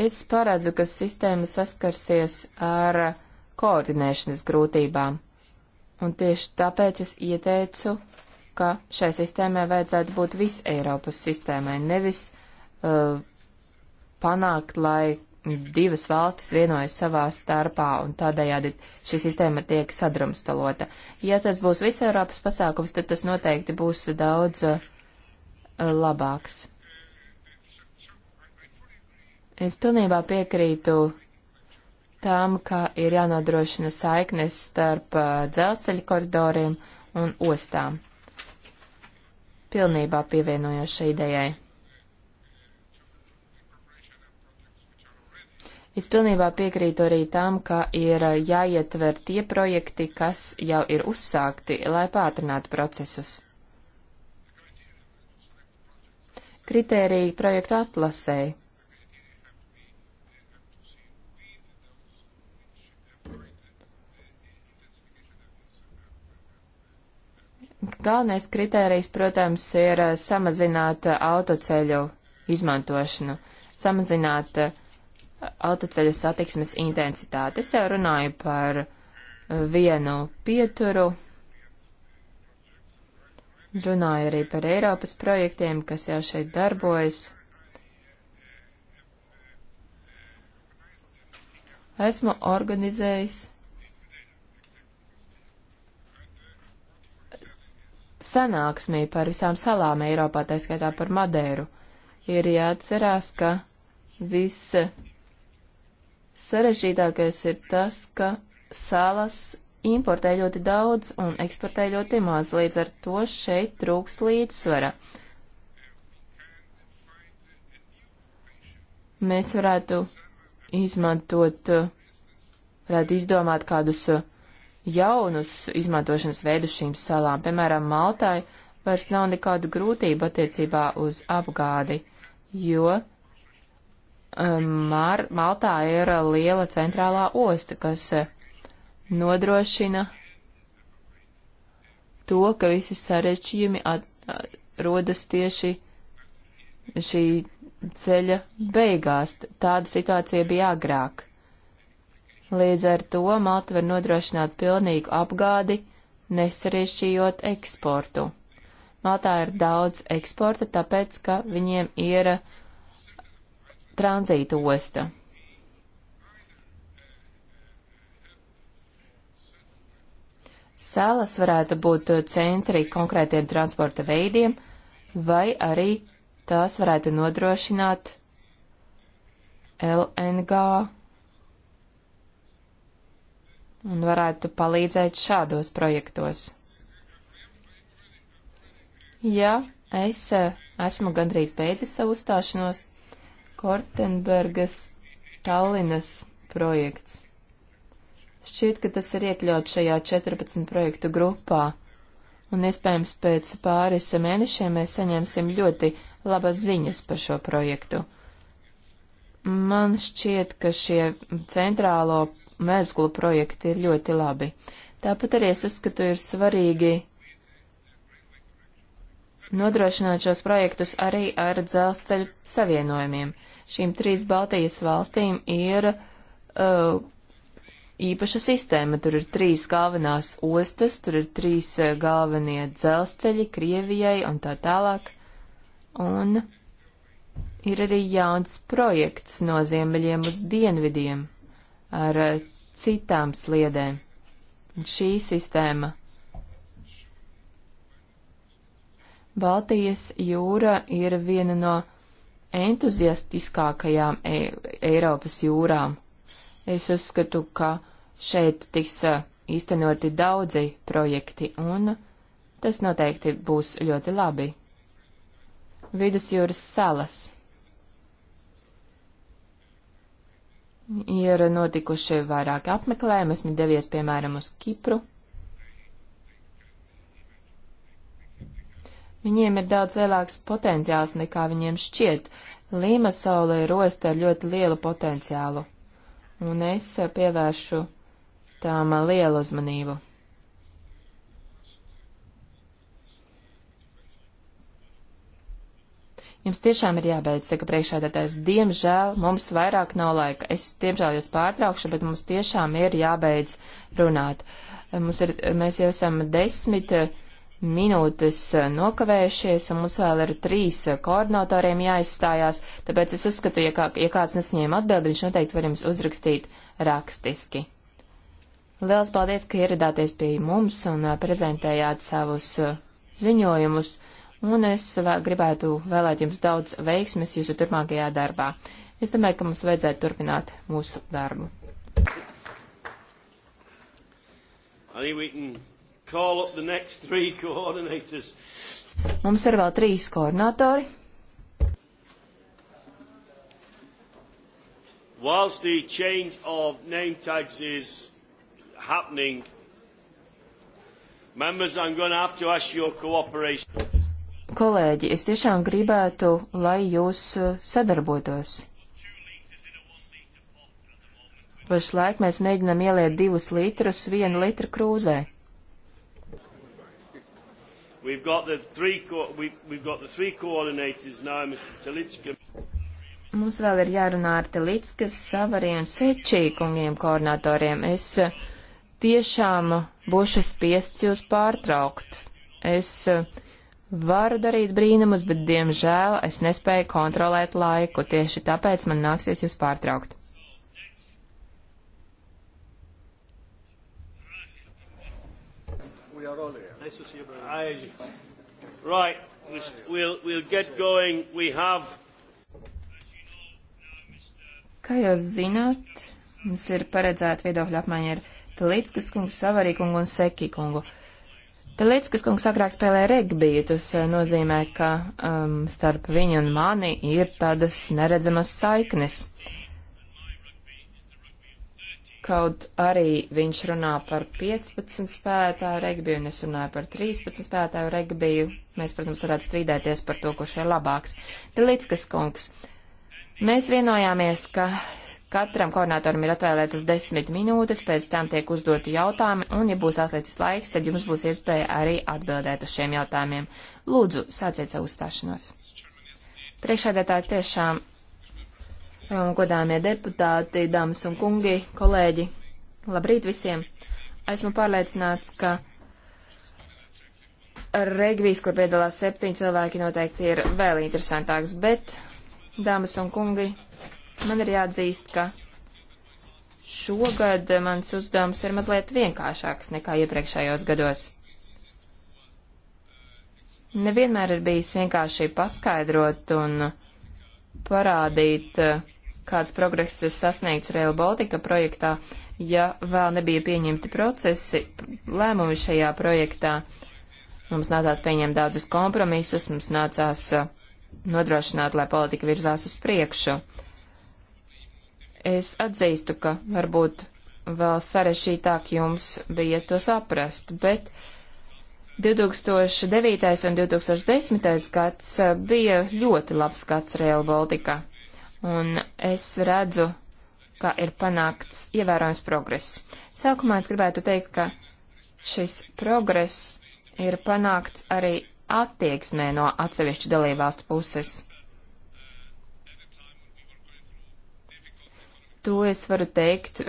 Es paredzu, ka sistēma saskarsies ar koordinēšanas grūtībām, un tieši tāpēc es ieteicu, ka šai sistēmai vajadzētu būt visu Eiropas sistēmai, nevis uh, panākt, lai divas valstis vienojas savā starpā un tādējādi šī sistēma tiek sadrumstalota. Ja tas būs visai Eiropas pasākums, tad tas noteikti būs daudz uh, labāks. Es pilnībā piekrītu tam, ka ir jānodrošina saiknes starp uh, dzelzceļa koridoriem un ostām. Pilnībā pievienojošai idejai. Es pilnībā piekrītu arī tam, ka ir uh, jāietver tie projekti, kas jau ir uzsākti, lai pātrinātu procesus. Kritērija projektu atlasē. Galvenais kritērijs, protams, ir uh, samazināt uh, autoceļu izmantošanu, samazināt uh, autoceļu satiksmes intensitāti. Es jau runāju par uh, vienu pieturu, runāju arī par Eiropas projektiem, kas jau šeit darbojas. Esmu organizējis sanāksmī par visām salām Eiropā, tā skaitā par Madeiru. Ir jāatcerās, ka viss Sarežģītākais ir tas, ka salas importē ļoti daudz un eksportē ļoti maz, līdz ar to šeit trūkst līdzsvara. Mēs varētu izmantot, varētu izdomāt kādus jaunus izmantošanas veidus šīm salām. Piemēram, Maltai vairs nav nekādu grūtību attiecībā uz apgādi, jo Um, Mar Maltā ir liela centrālā osta, kas uh, nodrošina to, ka visi sarežģījumi rodas tieši šī ceļa beigās. Tāda situācija bija agrāk. Līdz ar to Malta var nodrošināt pilnīgu apgādi, nesarešķījot eksportu. Maltā ir daudz eksporta, tāpēc, ka viņiem ir uh, tranzītu ostu. Salas varētu būt centri konkrētiem transporta veidiem, vai arī tās varētu nodrošināt LNG un varētu palīdzēt šādos projektos. Ja es eh, esmu gandrīz beidzis savu uzstāšanos, Kortenbergas Tallinas projekts. Šķiet, ka tas ir iekļauts šajā 14 projektu grupā, un iespējams pēc pāris mēnešiem mēs saņemsim ļoti labas ziņas par šo projektu. Man šķiet, ka šie centrālo mezglu projekti ir ļoti labi. Tāpat arī es uzskatu, ir svarīgi nodrošinot šos projektus arī ar dzelzceļu savienojumiem. Šīm trīs Baltijas valstīm ir uh, īpaša sistēma. Tur ir trīs galvenās ostas, tur ir trīs uh, galvenie dzelzceļi Krievijai un tā tālāk. Un ir arī jauns projekts no ziemeļiem uz dienvidiem ar uh, citām sliedēm. Un šī sistēma Baltijas jūra ir viena no entuziastiskākajām e Eiropas jūrām. Es uzskatu, ka šeit tiks uh, īstenoti daudzi projekti, un tas noteikti būs ļoti labi. Vidusjūras salas ir notikuši vairāki apmeklējumi, esmu devies piemēram uz Kipru. Viņiem ir daudz lielāks potenciāls nekā viņiem šķiet. Līmasaule ir osta ar ļoti lielu potenciālu, un es pievēršu tām lielu uzmanību. Jums tiešām ir jābeidz, saka priekšādātājs. Diemžēl mums vairāk nav laika. Es tiemžēl jūs pārtraukšu, bet mums tiešām ir jābeidz runāt. Mums ir, mēs jau esam desmit uh, minūtes eh, nokavējušies, un mums vēl ir trīs eh, koordinatoriem jāizstājās, tāpēc es uzskatu, ja, kā, ja kāds nesaņēma atbildi, viņš noteikti var jums uzrakstīt rakstiski. Liels paldies, ka ieradāties pie mums un eh, prezentējāt savus ziņojumus, un es vēl gribētu vēlēt jums daudz veiksmes jūsu turpmākajā darbā. Es domāju, ka mums vajadzētu turpināt mūsu darbu. I think we can Mums ir vēl trīs koordinatori. Whilst the change of name tags is happening, members, I'm going to have to ask your cooperation. Kolēģi, es tiešām gribētu, lai jūs uh, sadarbotos. Pašlaik mēs mēģinam ieliet divus litrus vienu litru krūzē. We've got the three, co we've, we've got the three coordinators now, Mr. Talitska. Mums vēl ir jārunā ar Telitskas, Savariem, Sečīkungiem koordinatoriem. Es eh, tiešām būšu spiests jūs pārtraukt. Es eh, varu darīt brīnumus, bet diemžēl es nespēju kontrolēt laiku. Tieši tāpēc man nāksies jūs pārtraukt. I... Right, we'll, we'll get going. We have. Kā jūs zināt, mums ir paredzēta viedokļa apmaiņa ar Telītskas kungu, Savarī kungu un Seki kungu. Telītskas kungs agrāk spēlēja regbiju, tas eh, nozīmē, ka um, starp viņu un mani ir tādas neredzamas saiknes. Uh, kaut arī viņš runā par 15 spēlētāju regbiju, un es runāju par 13 spēlētāju regbiju. Mēs, protams, varētu strīdēties par to, kurš ir labāks. Delītskas kungs, mēs vienojāmies, ka katram koordinatoram ir atvēlētas 10 minūtes, pēc tam tiek uzdoti jautājumi, un, ja būs atlicis laiks, tad jums būs iespēja arī atbildēt uz šiem jautājumiem. Lūdzu, sāciet savu uzstāšanos. Priekšādētāji tiešām Um, godāmie deputāti, dāmas un kungi, kolēģi. Labrīt visiem! Esmu pārliecināts, ka regbijs, kur piedalās septiņi cilvēki, noteikti ir vēl interesantāks, bet, dāmas un kungi, man ir jāatzīst, ka šogad mans uzdevums ir mazliet vienkāršāks nekā iepriekšējos gados. Nevienmēr ir bijis vienkārši paskaidrot un parādīt uh, kāds progress ir sasniegts Rail Baltica projektā, ja vēl nebija pieņemti procesi, lēmumi šajā projektā. Mums nācās pieņemt daudzus kompromisus, mums nācās uh, nodrošināt, lai politika virzās uz priekšu. Es atzīstu, ka varbūt vēl sarešķītāk jums bija to saprast, bet 2009. un 2010. gads uh, bija ļoti labs gads Real Baltica un es redzu, ka ir panākts ievērojams progress. Sākumā es gribētu teikt, ka šis progress ir panākts arī attieksmē no atsevišķu dalībvalstu puses. To es varu teikt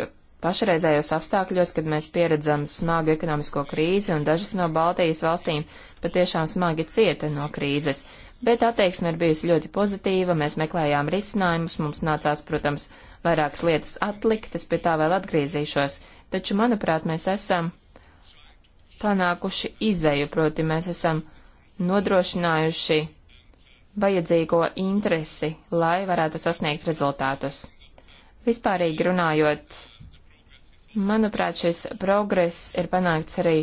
pašreizējos apstākļos, kad mēs pieredzam smagu ekonomisko krīzi un dažas no Baltijas valstīm patiešām smagi cieta no krīzes bet attieksme ir bijusi ļoti pozitīva, mēs meklējām risinājumus, mums nācās, protams, vairākas lietas atlikt, es pie tā vēl atgriezīšos, taču, manuprāt, mēs esam panākuši izēju, proti mēs esam nodrošinājuši vajadzīgo interesi, lai varētu sasniegt rezultātus. Vispārīgi runājot, manuprāt, šis progress ir panākts arī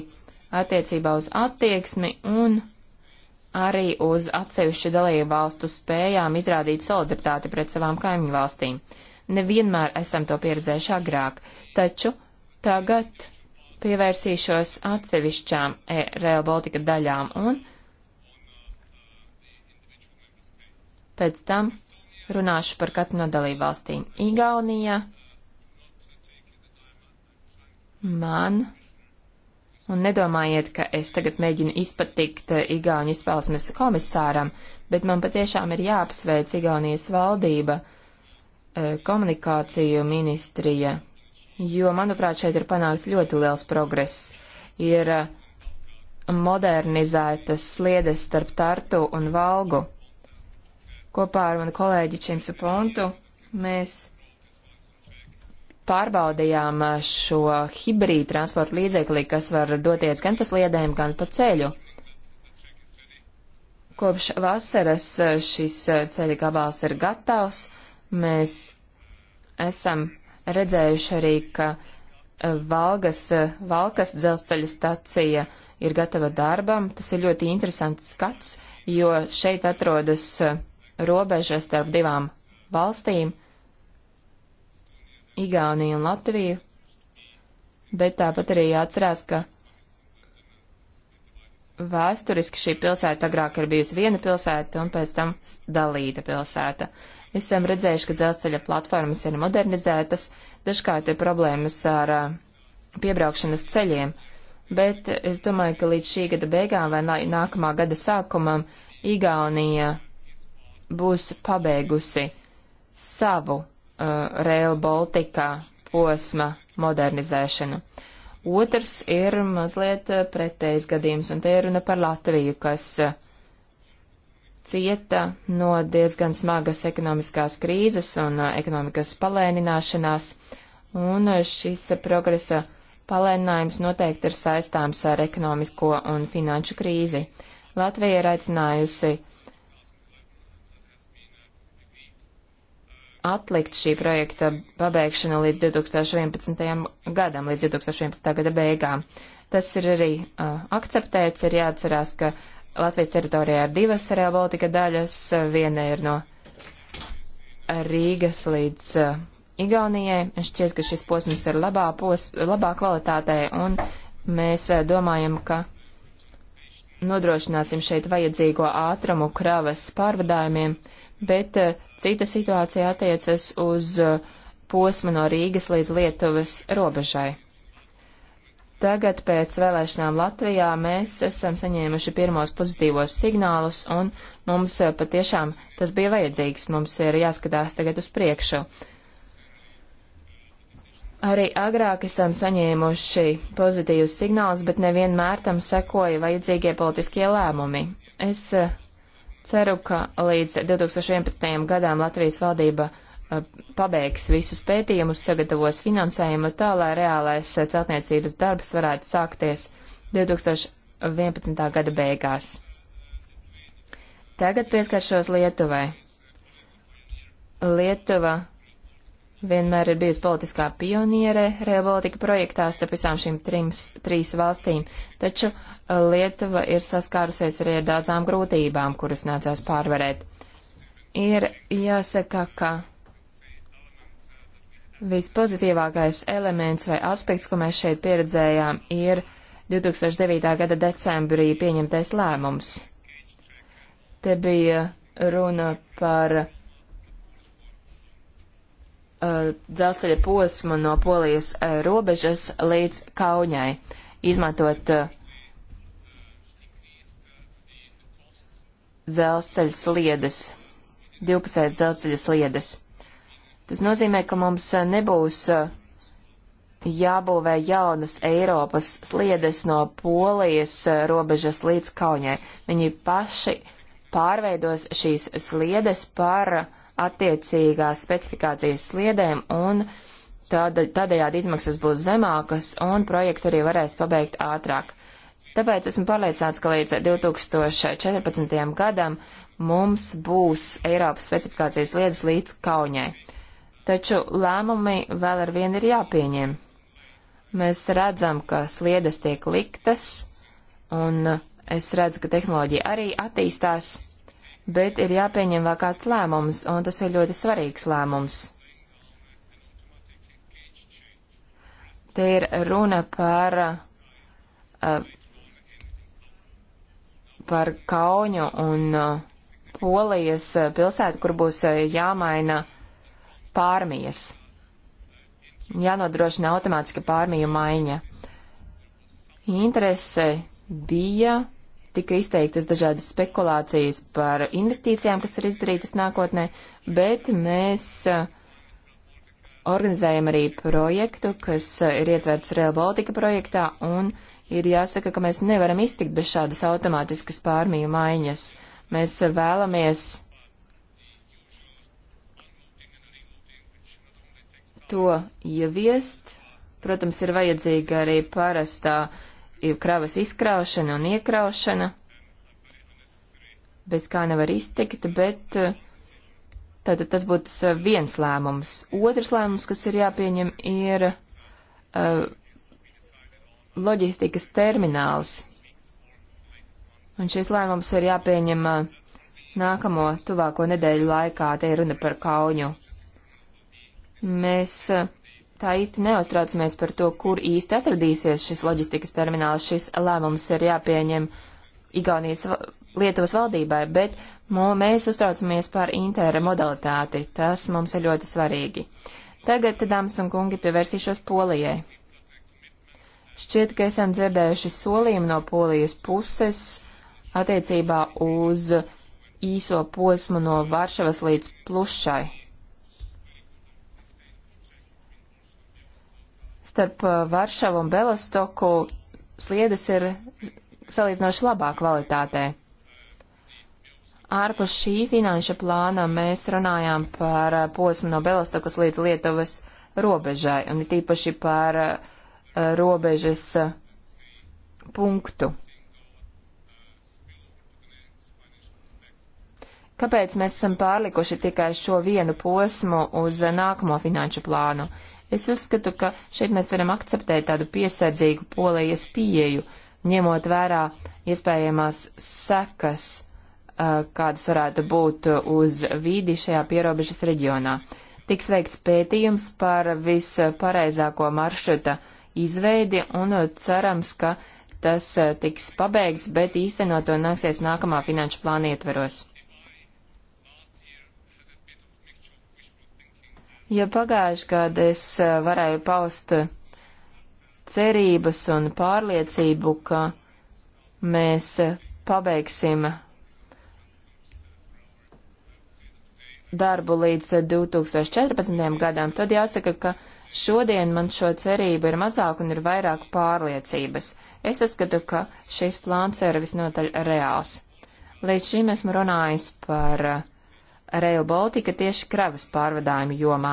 attiecībā uz attieksmi un arī uz atsevišķu dalību valstu spējām izrādīt solidaritāti pret savām kaimiņu valstīm. Nevienmēr esam to pieredzējuši agrāk, taču tagad pievērsīšos atsevišķām e Rail Baltica daļām un pēc tam runāšu par katru no dalību valstīm. Igaunija man Un nedomājiet, ka es tagad mēģinu izpatikt eh, Igaunijas izpausmes komisāram, bet man patiešām ir jāapsveic Igaunijas valdība, eh, komunikāciju ministrija, jo, manuprāt, šeit ir panāks ļoti liels progress. Ir eh, modernizētas sliedes starp Tartu un Valgu. Kopā ar manu kolēģi Čimsu Pontu mēs pārbaudījām šo hibrīdu transporta līdzekli, kas var doties gan pa sliedēm, gan pa ceļu. Kopš vasaras šis ceļa gabals ir gatavs. Mēs esam redzējuši arī, ka Valgas, Valkas dzelzceļa stacija ir gatava darbam. Tas ir ļoti interesants skats, jo šeit atrodas robeža starp divām valstīm Igauniju un Latviju, bet tāpat arī jāatcerās, ka vēsturiski šī pilsēta agrāk ir bijusi viena pilsēta un pēc tam dalīta pilsēta. Esam redzējuši, ka dzelzceļa platformas ir modernizētas, dažkārt ir problēmas ar uh, piebraukšanas ceļiem, bet es domāju, ka līdz šī gada beigām vai nākamā gada sākumam Igaunija būs pabeigusi savu uh, Rail Baltica posma modernizēšanu. Otrs ir mazliet uh, pretējs gadījums, un te ir runa par Latviju, kas uh, cieta no diezgan smagas ekonomiskās krīzes un uh, ekonomikas palēnināšanās, un šis progresa palēninājums noteikti ir saistāms ar ekonomisko un finanšu krīzi. Latvija ir aicinājusi atlikt šī projekta pabeigšanu līdz 2011. gadam, līdz 2011. gada beigām. Tas ir arī uh, akceptēts, ir jāatcerās, ka Latvijas teritorijā ir divas realpolitika daļas, uh, viena ir no Rīgas līdz uh, Igaunijai, un šķiet, ka šis posms ir labā, pos, labā kvalitātē, un mēs uh, domājam, ka nodrošināsim šeit vajadzīgo ātrumu kravas pārvadājumiem. Uh, bet eh, cita situācija attiecas uz eh, posmu no Rīgas līdz Lietuvas robežai. Tagad pēc vēlēšanām Latvijā mēs esam saņēmuši pirmos pozitīvos signālus, un mums eh, patiešām tas bija vajadzīgs. Mums ir jāskatās tagad uz priekšu. Arī agrāk esam saņēmuši pozitīvus signālus, bet nevienmēr tam sekoja vajadzīgie politiskie lēmumi. Es Ceru, ka līdz 2011. gadam Latvijas valdība eh, pabeigs visus pētījumus, sagatavos finansējumu tā, lai reālais eh, celtniecības darbs varētu sākties 2011. gada beigās. Tagad pieskaršos Lietuvai. Lietuva vienmēr ir bijusi politiskā pioniere realpolitika projektās starp visām šīm trims, trīs valstīm, taču eh, Lietuva ir saskārusies arī ar daudzām grūtībām, kuras nācās pārvarēt. Ir jāsaka, ka vispozitīvākais elements vai aspekts, ko mēs šeit pieredzējām, ir 2009. gada decembrī pieņemtais lēmums. Te bija runa par Uh, dzelzceļa posmu no Polijas uh, robežas līdz Kaunai, izmantot uh, dzelzceļa sliedes, divpusējas dzelzceļa sliedes. Tas nozīmē, ka mums nebūs jābūvē jaunas Eiropas sliedes no Polijas robežas līdz Kaunai. Viņi paši pārveidos šīs sliedes par uh, attiecīgās specifikācijas sliedēm un tāda, tādējādi izmaksas būs zemākas un projektu arī varēs pabeigt ātrāk. Tāpēc esmu pārliecināts, ka līdz 2014. gadam mums būs Eiropas specifikācijas lietas līdz Kaunijai. Taču lēmumi vēl ar vienu ir jāpieņem. Mēs redzam, ka sliedes tiek liktas, un es redzu, ka tehnoloģija arī attīstās bet ir jāpieņem vēl kāds lēmums, un tas ir ļoti svarīgs lēmums. Te ir runa par, eh, par Kauņu un eh, Polijas pilsētu, kur būs eh, jāmaina pārmijas. Jānodrošina automātiska pārmiju maiņa. Interese bija tika izteiktas dažādas spekulācijas par investīcijām, kas ir izdarītas nākotnē, bet mēs organizējam arī projektu, kas ir ietverts Real Baltica projektā, un ir jāsaka, ka mēs nevaram iztikt bez šādas automātiskas pārmiju maiņas. Mēs vēlamies to ieviest. Protams, ir vajadzīga arī parastā uh, kravas izkraušana un iekraušana. Bez kā nevar iztikt, bet eh, tātad tas būtu eh, viens lēmums. Otrs lēmums, kas ir jāpieņem, ir uh, loģistikas termināls. Un šis lēmums ir jāpieņem uh, nākamo tuvāko nedēļu laikā, te ir runa par kauņu. Mēs uh, tā īsti neuztraucamies par to, kur īsti atradīsies šis loģistikas termināls. Šis lēmums ir jāpieņem Igaunijas Lietuvas valdībai, bet mū, mēs uztraucamies par intermodalitāti. Tas mums ir ļoti svarīgi. Tagad, dāmas un kungi, pievērsīšos Polijai. Šķiet, ka esam dzirdējuši solījumu no Polijas puses attiecībā uz īso posmu no Varšavas līdz Plušai. starp uh, Varšavu un Belostoku sliedes ir salīdzinoši labā kvalitātē. Ārpus šī finanša plāna mēs runājām par uh, posmu no Belostokas līdz Lietuvas robežai, un it īpaši par uh, robežas punktu. Kāpēc mēs esam pārlikuši tikai šo vienu posmu uz nākamo finanšu plānu? Uh, Es uzskatu, ka šeit mēs varam akceptēt tādu piesardzīgu polējas pieeju, ņemot vērā iespējamās sekas, kādas varētu būt uz vīdi šajā pierobežas reģionā. Tiks veikts pētījums par vispareizāko maršruta izveidi un cerams, ka tas tiks pabeigts, bet īstenot to nāksies nākamā finanšu plāna ietveros. Ja pagājuši gadu es eh, varēju paust eh, cerības un pārliecību, ka mēs eh, pabeigsim darbu līdz 2014. gadam, tad jāsaka, ka šodien man šo cerību ir mazāk un ir vairāk pārliecības. Es uzskatu, ka šis plāns ir visnotaļ reāls. Līdz šim esmu runājis par uh, Rail Baltica tieši kravas pārvadājumu jomā.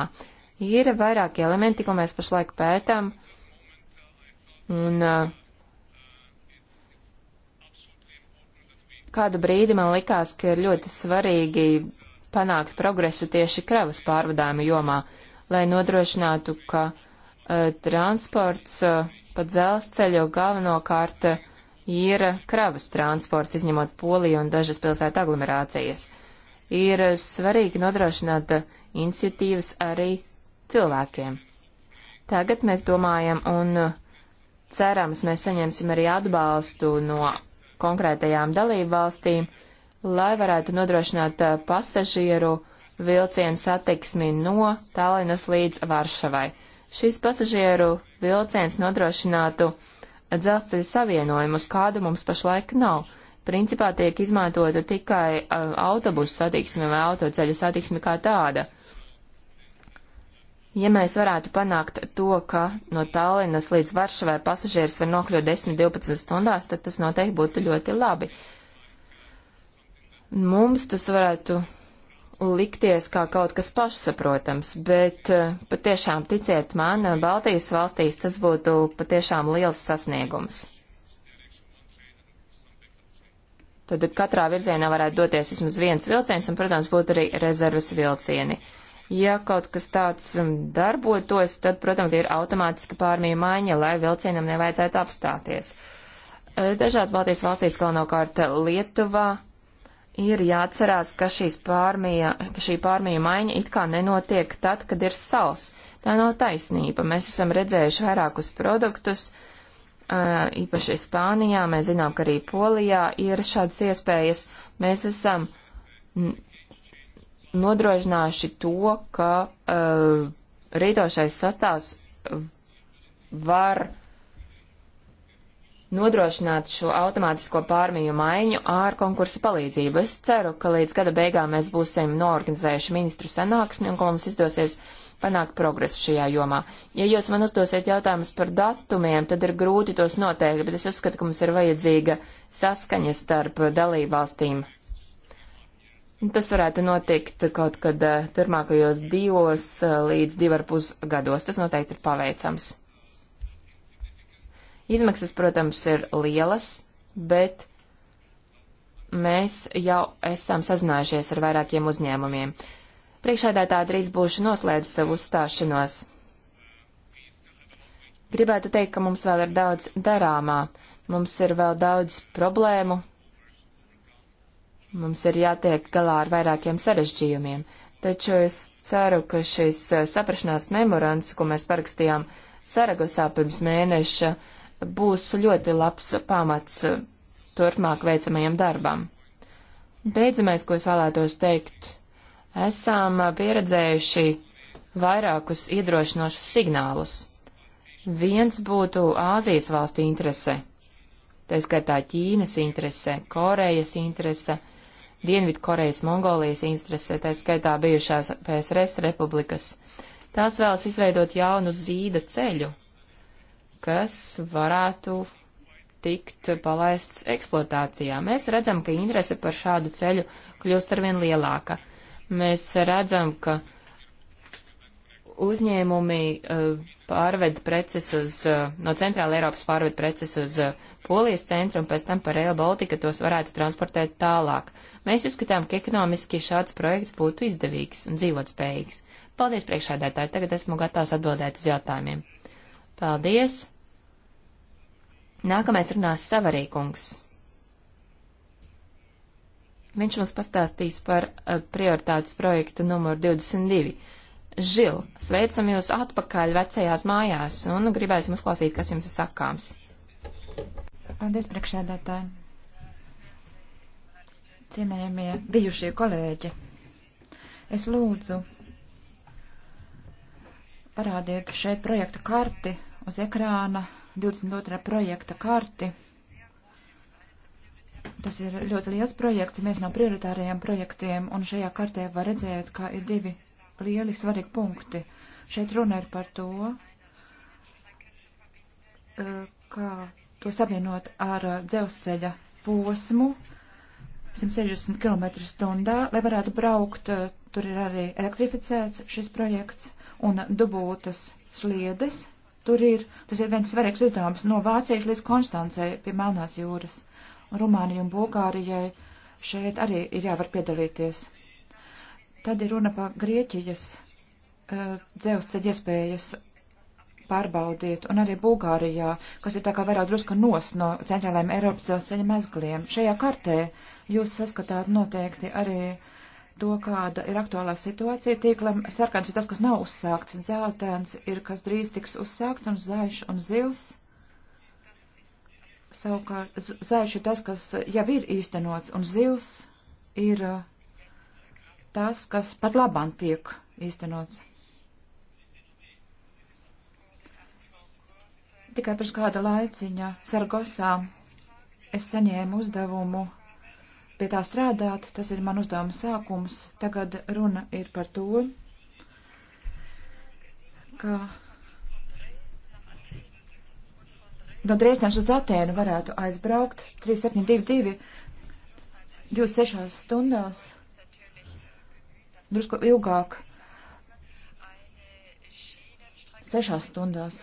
Ir vairāki elementi, ko mēs pašlaik pētām, un eh, kādu brīdi man likās, ka ir ļoti svarīgi panākt progresu tieši kravas pārvadājumu jomā, lai nodrošinātu, ka uh, transports uh, pa dzelzceļu galvenokārt ir kravas transports, izņemot Poliju un dažas pilsētu aglomerācijas. Uh, ir svarīgi nodrošināt iniciatīvas arī cilvēkiem. Tagad mēs domājam un cerams, mēs saņemsim arī atbalstu no konkrētajām dalību valstīm, lai varētu nodrošināt pasažieru vilcienu satiksmi no Tallinas līdz Varšavai. Šis pasažieru vilciens nodrošinātu dzelzceļa savienojumus, kādu mums pašlaik nav principā tiek izmantota tikai uh, autobusu satiksme vai autoceļu satiksme kā tāda. Ja mēs varētu panākt to, ka no Tallinas līdz Varšavai pasažieris var nokļūt 10-12 stundās, tad tas noteikti būtu ļoti labi. Mums tas varētu likties kā kaut kas pašsaprotams, bet uh, patiešām ticiet man, Baltijas valstīs tas būtu patiešām liels sasniegums. Tad katrā virzienā varētu doties vismaz viens vilciens, un, protams, būtu arī rezerves vilcieni. Ja kaut kas tāds um, darbotos, tad, protams, ir automātiska pārmīja maiņa, lai vilcienam nevajadzētu apstāties. E, dažās Baltijas valstīs, galvenokārt Lietuvā, ir jāatcerās, ka, pārmija, ka šī pārmija maiņa it kā nenotiek tad, kad ir sals. Tā nav taisnība. Mēs esam redzējuši vairākus produktus, uh, īpaši Spānijā, mēs zinām, ka arī Polijā ir šādas iespējas. Mēs esam nodrošinājuši to, ka rītošais sastāvs var nodrošināt šo automātisko pārmiju maiņu ar konkursa palīdzību. Es ceru, ka līdz gada beigām mēs būsim noorganizējuši ministru sanāksmi un ka mums izdosies panākt progresu šajā jomā. Ja jūs man uzdosiet jautājumus par datumiem, tad ir grūti tos noteikt, bet es uzskatu, ka mums ir vajadzīga saskaņa starp dalībvalstīm. Tas varētu notikt kaut kad eh, turmākajos divos eh, līdz divarpus gados. Tas noteikti ir paveicams. Izmaksas, protams, ir lielas, bet mēs jau esam sazinājušies ar vairākiem uzņēmumiem. Priekšādētā drīz būšu noslēdzis savu uzstāšanos. Gribētu teikt, ka mums vēl ir daudz darāmā, mums ir vēl daudz problēmu, mums ir jātiek galā ar vairākiem sarežģījumiem, taču es ceru, ka šis eh, saprašanās memorands, ko mēs parakstījām Saragosā pirms mēneša, uh, būs ļoti labs pamats turpmāk veicamajam darbam. Beidzamais, ko es vēlētos teikt, esam pieredzējuši vairākus iedrošinošus signālus. Viens būtu Āzijas valstu interese, tā skaitā Ķīnas interese, Korejas interese, Dienvidkorejas, Mongolijas interese, tā skaitā bijušās PSRS republikas. Tās vēlas izveidot jaunu zīda ceļu kas varētu tikt palaists eksploatācijā. Mēs redzam, ka interese par šādu ceļu kļūst arvien lielāka. Mēs redzam, ka uzņēmumi uh, pārved preces uz, uh, no centrāla Eiropas pārved preces uz uh, Polijas centru un pēc tam par Rail Baltica tos varētu transportēt tālāk. Mēs uzskatām, ka ekonomiski šāds projekts būtu izdevīgs un dzīvotspējīgs. Paldies priekšādētāji, tagad esmu gatavs atbildēt uz jautājumiem. Paldies! Nākamais runās Savarīkungs. Viņš mums pastāstīs par eh, prioritātes projektu numuru 22. Žil, sveicam jūs atpakaļ vecajās mājās un gribēsim uzklausīt, kas jums ir sakāms. Paldies, priekšsēdētāji. Cienējamie bijušie kolēģi, es lūdzu parādiet šeit projektu karti uz ekrāna 22. projekta karti. Tas ir ļoti liels projekts, viens no prioritārajiem projektiem, un šajā kartē var redzēt, ka ir divi lieli svarīgi punkti. Šeit runa ir par to, eh, kā to savienot ar dzelzceļa posmu 160 km stundā, lai varētu braukt. Eh, tur ir arī elektrificēts šis projekts un dubūtas sliedes Tur ir, tas ir viens svarīgs uzdevums no Vācijas līdz Konstancei pie Melnās jūras. Un Rumānija un Bulgārijai šeit arī ir jāvar piedalīties. Tad ir runa par Grieķijas uh, dzelzceļa iespējas pārbaudiet, un arī Bulgārijā, kas ir tā kā vairāk drusku nos no centrālajiem Eiropas dzelzceļa mezgliem. Šajā kartē jūs saskatāt noteikti arī uh, to, kāda ir aktuālā situācija. Tīklam sarkans ir tas, kas nav uzsākts, dzeltēns ir, kas drīz tiks uzsākts, un zaļš un zils. Savukārt zaļš ir tas, kas jau ir īstenots, un zils ir uh, tas, kas pat labāk tiek īstenots. Tikai pirms kāda laiciņa Sargosā es saņēmu uzdevumu pie tā strādāt. Tas ir man uzdevuma sākums. Tagad runa ir par to, ka no Dresdenes uz Atēnu varētu aizbraukt 3722 26 stundās, drusku ilgāk sešās stundās.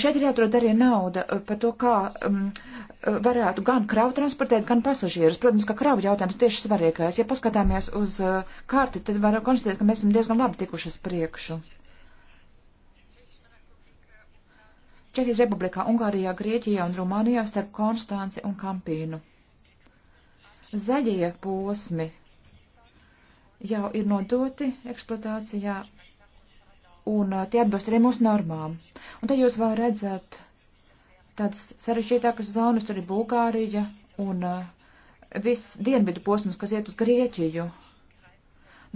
Šeit ir jāatrod arī nauda uh, par to, kā um, uh, varētu gan kravu transportēt, gan pasažierus. Protams, ka kravu jautājums tieši svarīgais. Ja paskatāmies uz uh, karti, tad varam konstatēt, ka mēs esam diezgan labi tikušas priekšu. Čehijas republikā, Ungārijā, Grieķijā un Rumānijā starp Konstanci un Kampīnu. Zaļie posmi jau ir nodoti eksploatācijā un eh, tie atbilst arī mūsu normām. Un te jūs vēl redzat tādas sarežģītākas zonas, tur ir Bulgārija un eh, viss dienvidu posms, kas iet uz Grieķiju.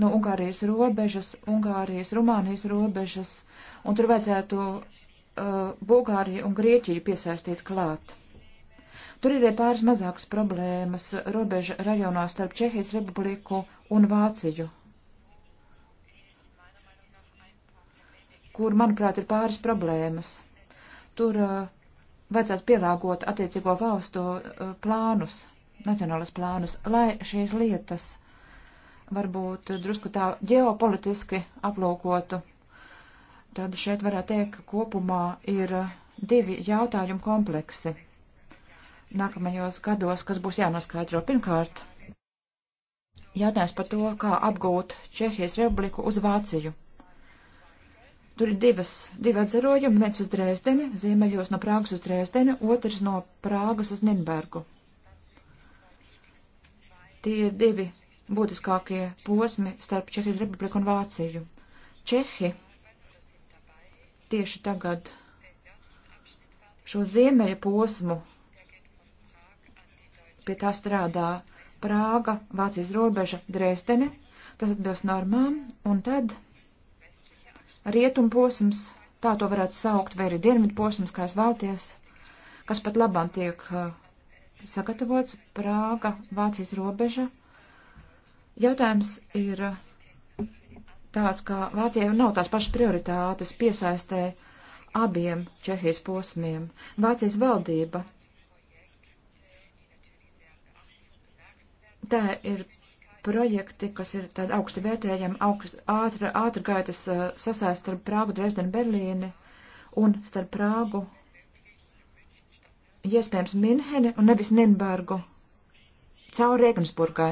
No nu, Ungārijas robežas, Ungārijas, Rumānijas robežas, un tur vajadzētu uh, Bulgāriju un Grieķiju piesaistīt klāt. Tur ir arī pāris mazākas problēmas robeža rajonā starp Čehijas republiku un Vāciju kur, manuprāt, ir pāris problēmas. Tur uh, vajadzētu pielāgot attiecīgo valstu uh, plānus, nacionālas plānus, lai šīs lietas varbūt drusku tā ģeopolitiski aplūkotu. Tad šeit varētu teikt, ka kopumā ir uh, divi jautājumu kompleksi nākamajos gados, kas būs jānoskaidro. Pirmkārt, jautājums par to, kā apgūt Čehijas republiku uz Vāciju. Tur ir divas, divi atzarojumi, viens uz Dresdeni, ziemeļos no Prāgas uz Dresdeni, otrs no Prāgas uz Nirnbergu. Tie ir divi būtiskākie posmi starp Čehijas Republiku un Vāciju. Čehi tieši tagad šo ziemeļa posmu pie tā strādā Prāga, Vācijas robeža, Dresdene, tas atbilst normām, un tad rietumu posms, tā to varētu saukt, vai arī dienvidu posms, kā es vēlties, kas pat labam tiek uh, sagatavots Prāga, Vācijas robeža. Jautājums ir uh, tāds, ka Vācijai nav tās pašas prioritātes piesaistē abiem Čehijas posmiem. Vācijas valdība. Tā ir projekti, kas ir tādi augsti vērtējami, augst, ātra, ātra gaitas uh, sasēst starp Prāgu, Dresdenu, Berlīni un starp Prāgu, iespējams, Minheni un nevis Ninbergu, caur Regensburgai.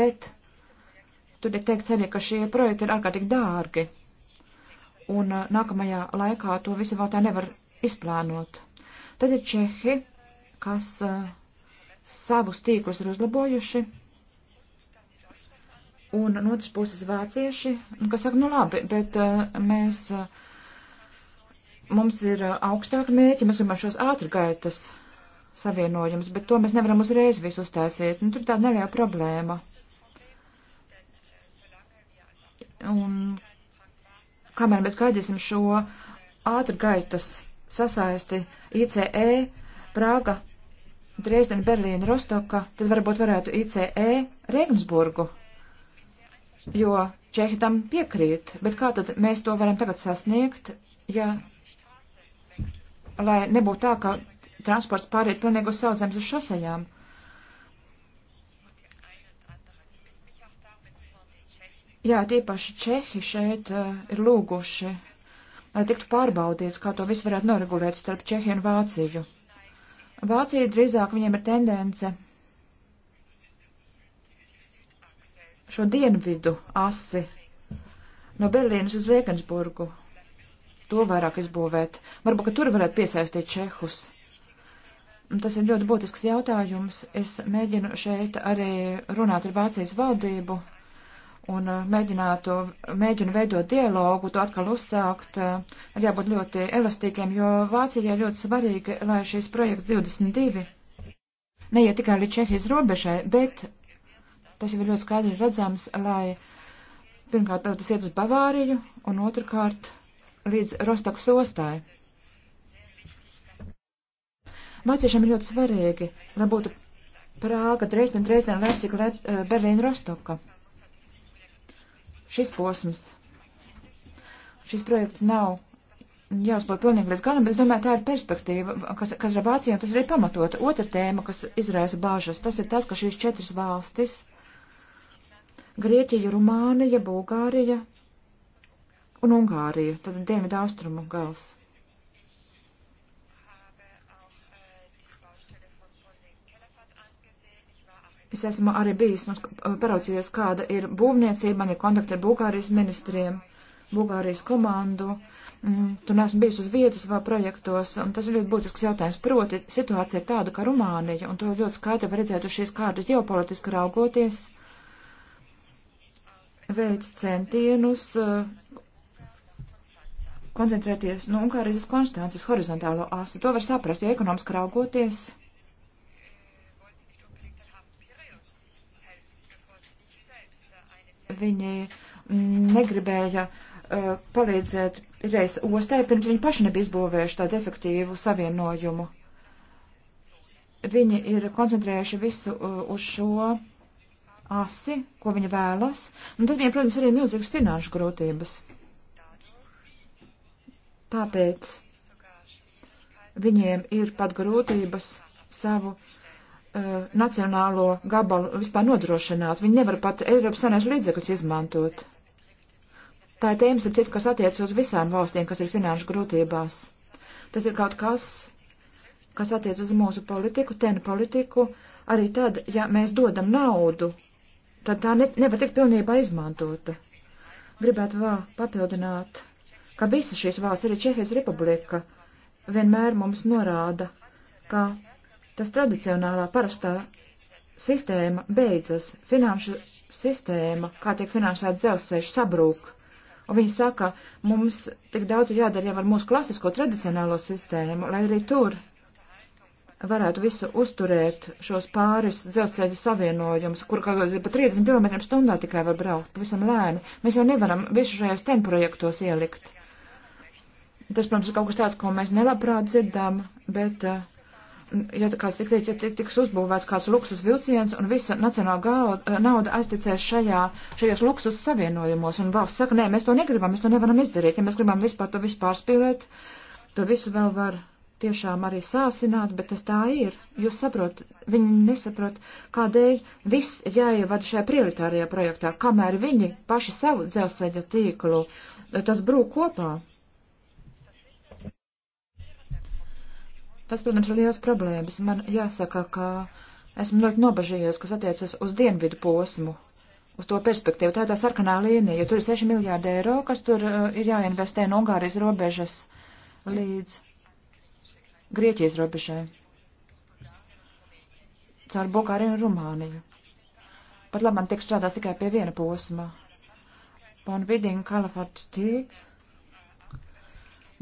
Bet tur tiek teikts arī, ka šie projekti ir ārkārtīgi dārgi, un uh, nākamajā laikā to visu vēl tā nevar izplānot. Tad ir Čehi, kas uh, savus tīklus ir uzlabojuši Un no otras puses vācieši, nu, kas saka, nu labi, bet uh, mēs, uh, mums ir uh, eh, augstāka mērķa, mēs gribam šos ātrgaitas savienojums, bet to mēs nevaram uzreiz visu uztaisīt. Nu, tur tāda neliela problēma. Un kamēr mēs gaidīsim šo ātrgaitas sasaisti ICE, Prāga, Dresden, Berlīna, Rostoka, tad varbūt varētu ICE Regensburgu jo Čehi tam piekrīt, bet kā tad mēs to varam tagad sasniegt, ja, lai nebūtu tā, ka transports pāriet pilnīgi uz sauszemes uz šosejām? Jā, tīpaši Čehi šeit uh, ir lūguši, lai tiktu pārbaudīts, kā to visu varētu noregulēt starp Čehiju un Vāciju. Vācija drīzāk viņiem ir tendence šo dienvidu asi no Berlīnas uz Viekensburgu. To vairāk izbūvēt. Varbūt, ka tur varētu piesaistīt čehus. Tas ir ļoti būtisks jautājums. Es mēģinu šeit arī runāt ar Vācijas valdību un uh, mēģinātu, mēģinu veidot dialogu, to atkal uzsākt. Uh, ir jābūt ļoti elastīgiem, jo Vācijai ļoti svarīgi, lai šīs projekts 22 neiet tikai līdz Čehijas robežai, bet tas jau ir ļoti skaidri redzams, lai pirmkārt tas iet uz Bavāriju un otrkārt līdz Rostokas ostāju. Vāciešiem ir ļoti svarīgi, lai būtu Prāga, Dresden, Dresden, Leipzika, eh, Berlīna, Rostoka. Šis posms. Šis projekts nav jāuzpauj pilnīgi līdz galam, bet es domāju, tā ir perspektīva, kas, kas ir Vācijā, tas ir pamatota. Otra tēma, kas izraisa bāžas, tas ir tas, ka šīs četras valstis Grieķija, Rumānija, Bulgārija un Ungārija, tad dienvidu austrumu gals. Es esmu arī bijis un paraucījies, kāda ir būvniecība, man ir kontakti ar Bulgārijas ministriem, Bulgārijas komandu. Mm, Tur neesmu bijis uz vietas vai projektos, un tas ir ļoti būtisks jautājums. Proti, situācija ir tāda, ka Rumānija, un to ļoti skaidri var redzēt uz šīs kārtas ģeopolitiski raugoties, uh, veic centienus uh, koncentrēties no nu, Ungārijas uz Konstantas horizontālo asti. To var saprast, jo ekonomiski raugoties. Viņi negribēja uh, palīdzēt reiz ostai, pirms viņi paši nebija izbūvējuši tādu efektīvu savienojumu. Viņi ir koncentrējuši visu uh, uz šo asi, ko viņa vēlas, un tad viņiem, protams, arī milzīgas finanšu grūtības. Tāpēc viņiem ir pat grūtības savu uh, nacionālo gabalu vispār nodrošināt. Viņi nevar pat Eiropas Sanēšu līdzekļus izmantot. Tā ir tēmas, citu, kas attiec uz visām valstīm, kas ir finanšu grūtībās. Tas ir kaut kas, kas attiec uz mūsu politiku, tenu politiku, arī tad, ja mēs dodam naudu tad tā ne, nevar tikt pilnībā izmantota. Gribētu vēl papildināt, ka visa šīs valsts, arī Čehijas republika, vienmēr mums norāda, ka tas tradicionālā parastā sistēma beidzas, finanšu sistēma, kā tiek finansēta dzelzceļš, sabrūk. Un viņi saka, mums tik daudz ir jādara jau ar mūsu klasisko tradicionālo sistēmu, lai arī tur varētu visu uzturēt šos pāris dzelzceļa savienojumus, kur kaut kādā pa 30 km stundā tikai var braukt, pavisam lēni. Mēs jau nevaram visu šajos ten projektos ielikt. Tas, protams, ir kaut kas tāds, ko mēs nelabprāt dzirdām, bet, eh, ja kāds tik tiek, ja tik, tiks uzbūvēts kāds luksus vilciens un visa nacionāla eh, nauda aizticēs šajā, šajos luksus savienojumos, un valsts saka, nē, mēs to negribam, mēs to nevaram izdarīt, ja mēs gribam vispār to vispār spīlēt, to visu vēl var tiešām arī sāsināt, bet tas tā ir. Jūs saprot, viņi nesaprot, kādēļ viss ir jāievada šajā prioritārajā projektā, kamēr viņi paši savu dzelzceļa tīklu tas brūk kopā. Tas, protams, ir liels problēmas. Man jāsaka, ka esmu ļoti nobažījies, kas attiecas uz dienvidu posmu, uz to perspektīvu. Tā ir tā sarkanā līnija, jo tur ir 6 miljārdi eiro, kas tur uh, ir jāinvestē no Ungārijas robežas līdz. Jā Grieķijas robežai, caur Bulgāriju un Rumāniju. Pat labam tiek strādās tikai pie viena posma. Pon Vidinga Kalafatas tīks.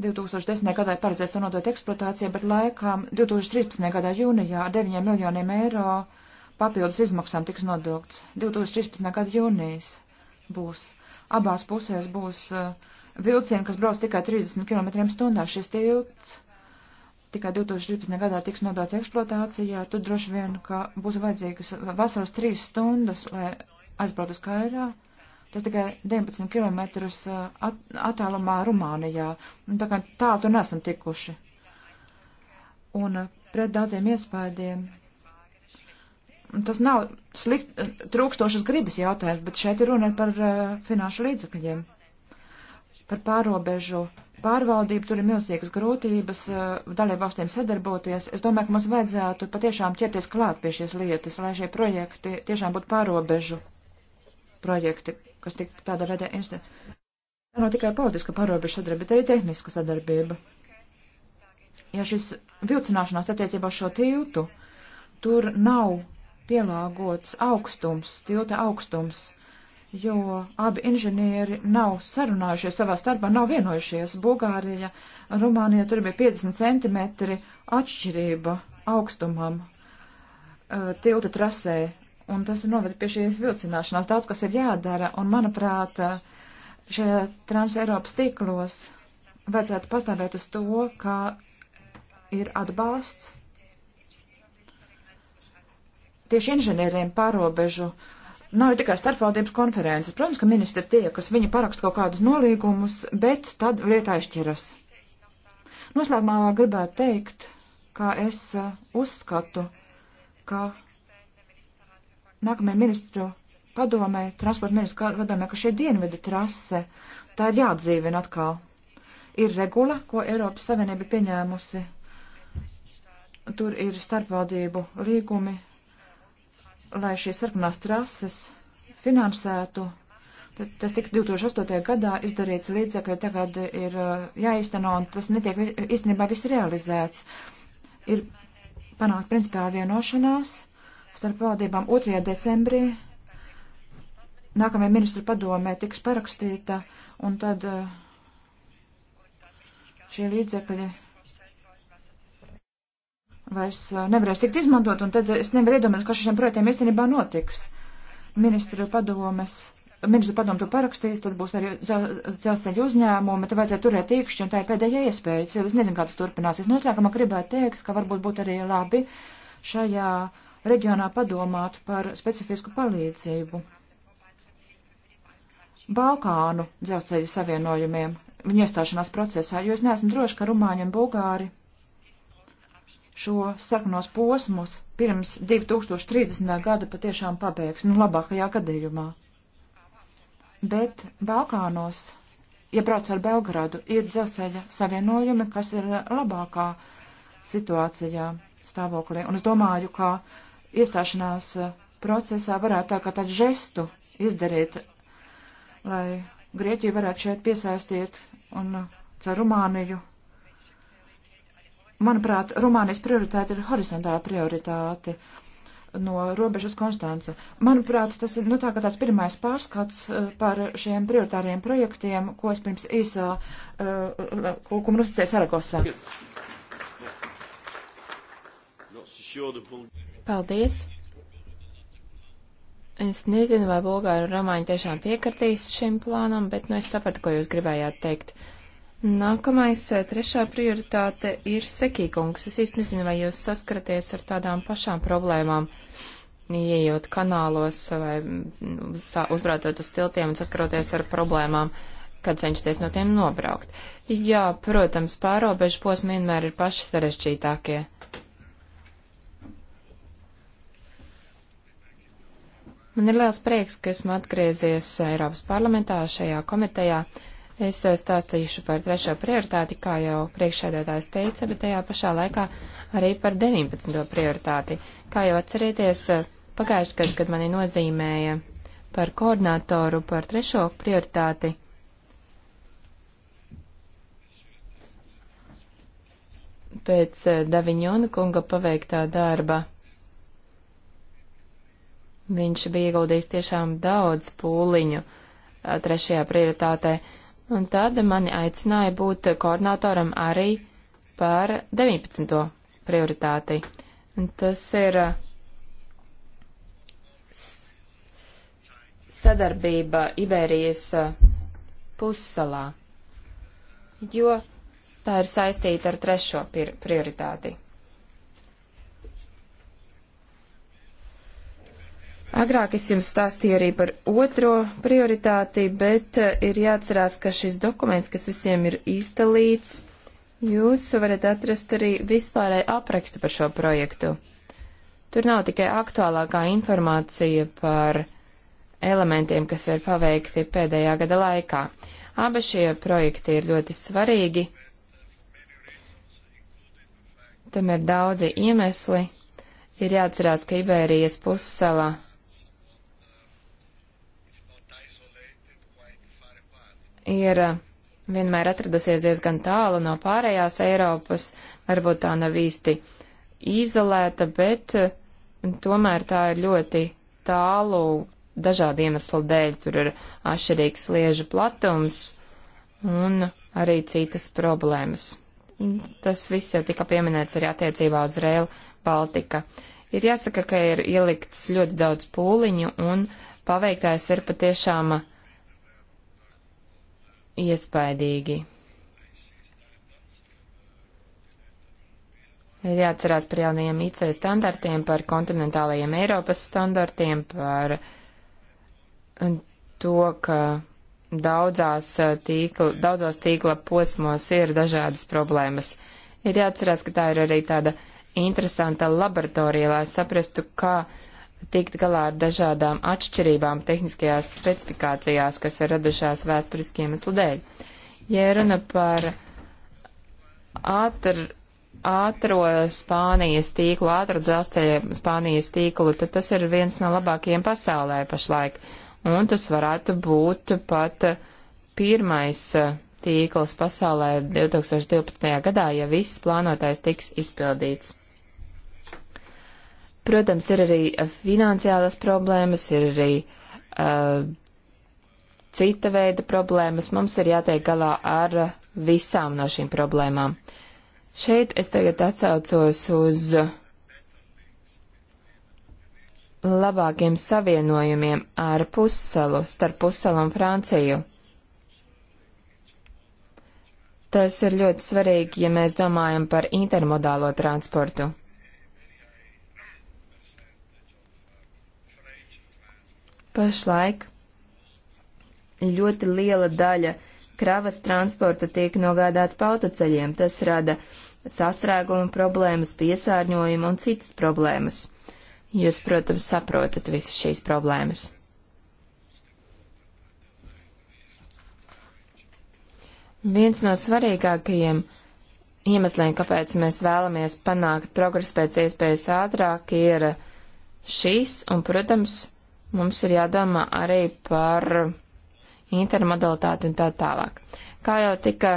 2010. gadā ir paredzēts to nodot eksploatācijai, bet laikam 2013. gadā jūnijā ar 9 miljoniem eiro papildus izmaksām tiks nodokts. 2013. gada jūnijas būs. Abās pusēs būs uh, vilcieni, kas brauc tikai 30 km stundā. Šis tilts tikai 2012. gadā tiks nodots eksploatācijā, tad droši vien, ka būs vajadzīgas vasaras trīs stundas, lai aizbraukt uz Kairā. Tas tikai 19 km uh, at, attālumā Rumānijā. Un tā kā tālu tur nesam tikuši. Un uh, pret daudziem iespējiem. Tas nav slikt, uh, trūkstošas gribas jautājums, bet šeit ir runa par uh, finanšu līdzakļiem, par pārobežu uh, pārvaldība, tur ir milzīgas grūtības eh, dalību valstīm sadarboties. Es domāju, ka mums vajadzētu patiešām ķerties klāt pie šīs lietas, lai šie projekti tiešām būtu pārobežu projekti, kas tik tādā veidā institūta. Tā nav tikai politiska pārobežu sadarbība, bet arī tehniska sadarbība. Ja šis vilcināšanās attiecībā uz šo tiltu, tur nav pielāgots augstums, tilta augstums jo abi inženieri nav sarunājušies savā starpā, nav vienojušies. Bulgārija, Rumānija tur bija 50 centimetri atšķirība augstumam uh, tilta trasē, un tas ir noved pie šīs vilcināšanās. Daudz kas ir jādara, un manuprāt, uh, šajā Trans-Eiropas tīklos vajadzētu pastāvēt uz to, ka ir atbalsts tieši inženieriem pārobežu uh, Nav tikai starpvaldības konferences. Protams, ka ministri tie, kas viņi parakst kaut kādus nolīgumus, bet tad lieta aizšķiras. Noslēgumā gribētu teikt, ka es eh, uzskatu, ka nākamajā ministru padomē, transporta ministru padomē, ka šī dienvidu trase, tā ir jāatdzīvina atkal. Ir regula, ko Eiropas Savienība pieņēmusi. Tur ir starpvaldību līgumi lai šīs sarkanās trases finansētu. Tad, tas tika 2008. gadā izdarīts līdzekļi, tagad ir uh, jāizteno, un tas netiek īstenībā viss realizēts. Ir panākt principā vienošanās starp valdībām 2. decembrī. Nākamajā ministru padomē tiks parakstīta, un tad uh, šie līdzekļi vairs eh, nevarēs tikt izmantot, un tad es nevaru iedomāties, kas šiem projektiem īstenībā notiks. Ministru padomes. Ministru padomu to parakstīs, tad būs arī dzelzceļa uzņēmumi, tad vajadzēja turēt īkšķi, un tā ir pēdējā iespēja. Es nezinu, kā tas turpināsies. Noslēgumā nu, gribētu teikt, ka varbūt būtu arī labi šajā reģionā padomāt par specifisku palīdzību. Balkānu dzelzceļa savienojumiem viņa iestāšanās procesā, jo es neesmu droši, ka Rumāņi un Bulgāri šo sarkanos posmus pirms 2030. gada patiešām pabeigs, nu labākajā gadījumā. Bet Balkānos, ja brauc ar Belgradu, ir dzelzceļa savienojumi, kas ir labākā situācijā stāvoklī. Un es domāju, ka iestāšanās procesā varētu tā kā tādu žestu izdarīt, lai Grieķiju varētu šeit piesaistīt un caur Rumāniju manuprāt, Rumānijas prioritāte ir horizontāla prioritāte no robežas Konstance. Manuprāt, tas ir nu, tā, tāds pirmais pārskats eh, par šiem prioritāriem projektiem, ko es pirms īsā uh, eh, kūkuma uzticēju Saragosā. Paldies! Es nezinu, vai bulgāri un romāņi tiešām piekartīs šim plānam, bet nu es sapratu, ko jūs gribējāt teikt. Uh, Nākamais, eh, trešā prioritāte ir sekīkungs. Es īsti nezinu, vai jūs saskaraties ar tādām pašām problēmām, ieejot kanālos vai mm, uzbraucot uz tiltiem un saskaroties ar problēmām, kad cenšaties no tiem nobraukt. Jā, protams, pārobežu posmi vienmēr ir paši sarežģītākie. Man ir liels prieks, ka esmu atgriezies Eiropas parlamentā šajā komitejā. Uh, Es eh, stāstīšu par trešo prioritāti, kā jau priekšēdētājs teica, bet tajā pašā laikā arī par 19. prioritāti. Kā jau atcerieties, eh, pagājuši gadu, kad mani nozīmēja par koordinātoru par trešo prioritāti, pēc eh, Daviņona kunga paveiktā darba, viņš bija ieguldījis tiešām daudz pūliņu trešajā prioritātē Un tad mani aicināja būt koordinatoram arī par 19. prioritāti. Un tas ir uh, sadarbība Iberijas uh, pussalā, jo tā ir saistīta ar trešo prioritāti. Agrāk es jums stāstīju arī par otro prioritāti, bet eh, ir jāatcerās, ka šis dokuments, kas visiem ir īstalīts, jūs varat atrast arī vispārēju aprakstu par šo projektu. Tur nav tikai aktuālākā informācija par elementiem, kas ir paveikti pēdējā gada laikā. Abi šie projekti ir ļoti svarīgi. Tam ir daudzi iemesli. Ir jāatcerās, ka Iberijas pussalā ir uh, vienmēr atradusies diezgan tālu no pārējās Eiropas, varbūt tā nav īsti izolēta, bet uh, tomēr tā ir ļoti tālu dažādu iemeslu dēļ. Tur ir atšķirīgs liežu platums un arī citas problēmas. Tas viss jau tika pieminēts arī attiecībā uz Rail Baltica. Ir jāsaka, ka ir ielikts ļoti daudz pūliņu un paveiktais ir patiešām iespaidīgi. Ir jāatcerās par jaunajiem IC standartiem, par kontinentālajiem Eiropas standartiem, par to, ka daudzās tīkla, daudzos tīkla posmos ir dažādas problēmas. Ir jāatcerās, ka tā ir arī tāda interesanta laboratorija, lai saprastu, kā tikt galā ar dažādām atšķirībām tehniskajās specifikācijās, kas ir radušās vēsturiski iemeslu dēļ. Ja runa par ātru ātro Spānijas tīklu, ātru dzelzceļa Spānijas tīklu, tad tas ir viens no labākajiem pasaulē pašlaik. Un tas varētu būt pat pirmais uh, tīkls pasaulē 2012. gadā, ja viss plānotais tiks izpildīts. Protams, ir arī eh, finansiālas problēmas, ir arī uh, cita veida problēmas. Mums ir jātiek galā ar visām no šīm problēmām. Šeit es tagad atsaucos uz labākiem savienojumiem ar pussalu, starp pussalu un Franciju. Tas ir ļoti svarīgi, ja mēs domājam par intermodālo transportu. Pašlaik ļoti liela daļa kravas transporta tiek nogādāts pa autoceļiem. Tas rada sastrēguma problēmas, piesārņojumu un citas problēmas. Jūs, protams, saprotat visas šīs problēmas. Viens no svarīgākajiem iemesliem, kāpēc mēs vēlamies panākt progresu pēc iespējas ātrāk, ir šīs un, protams, mums ir jādomā arī par intermodalitāti un tā tālāk. Kā jau tika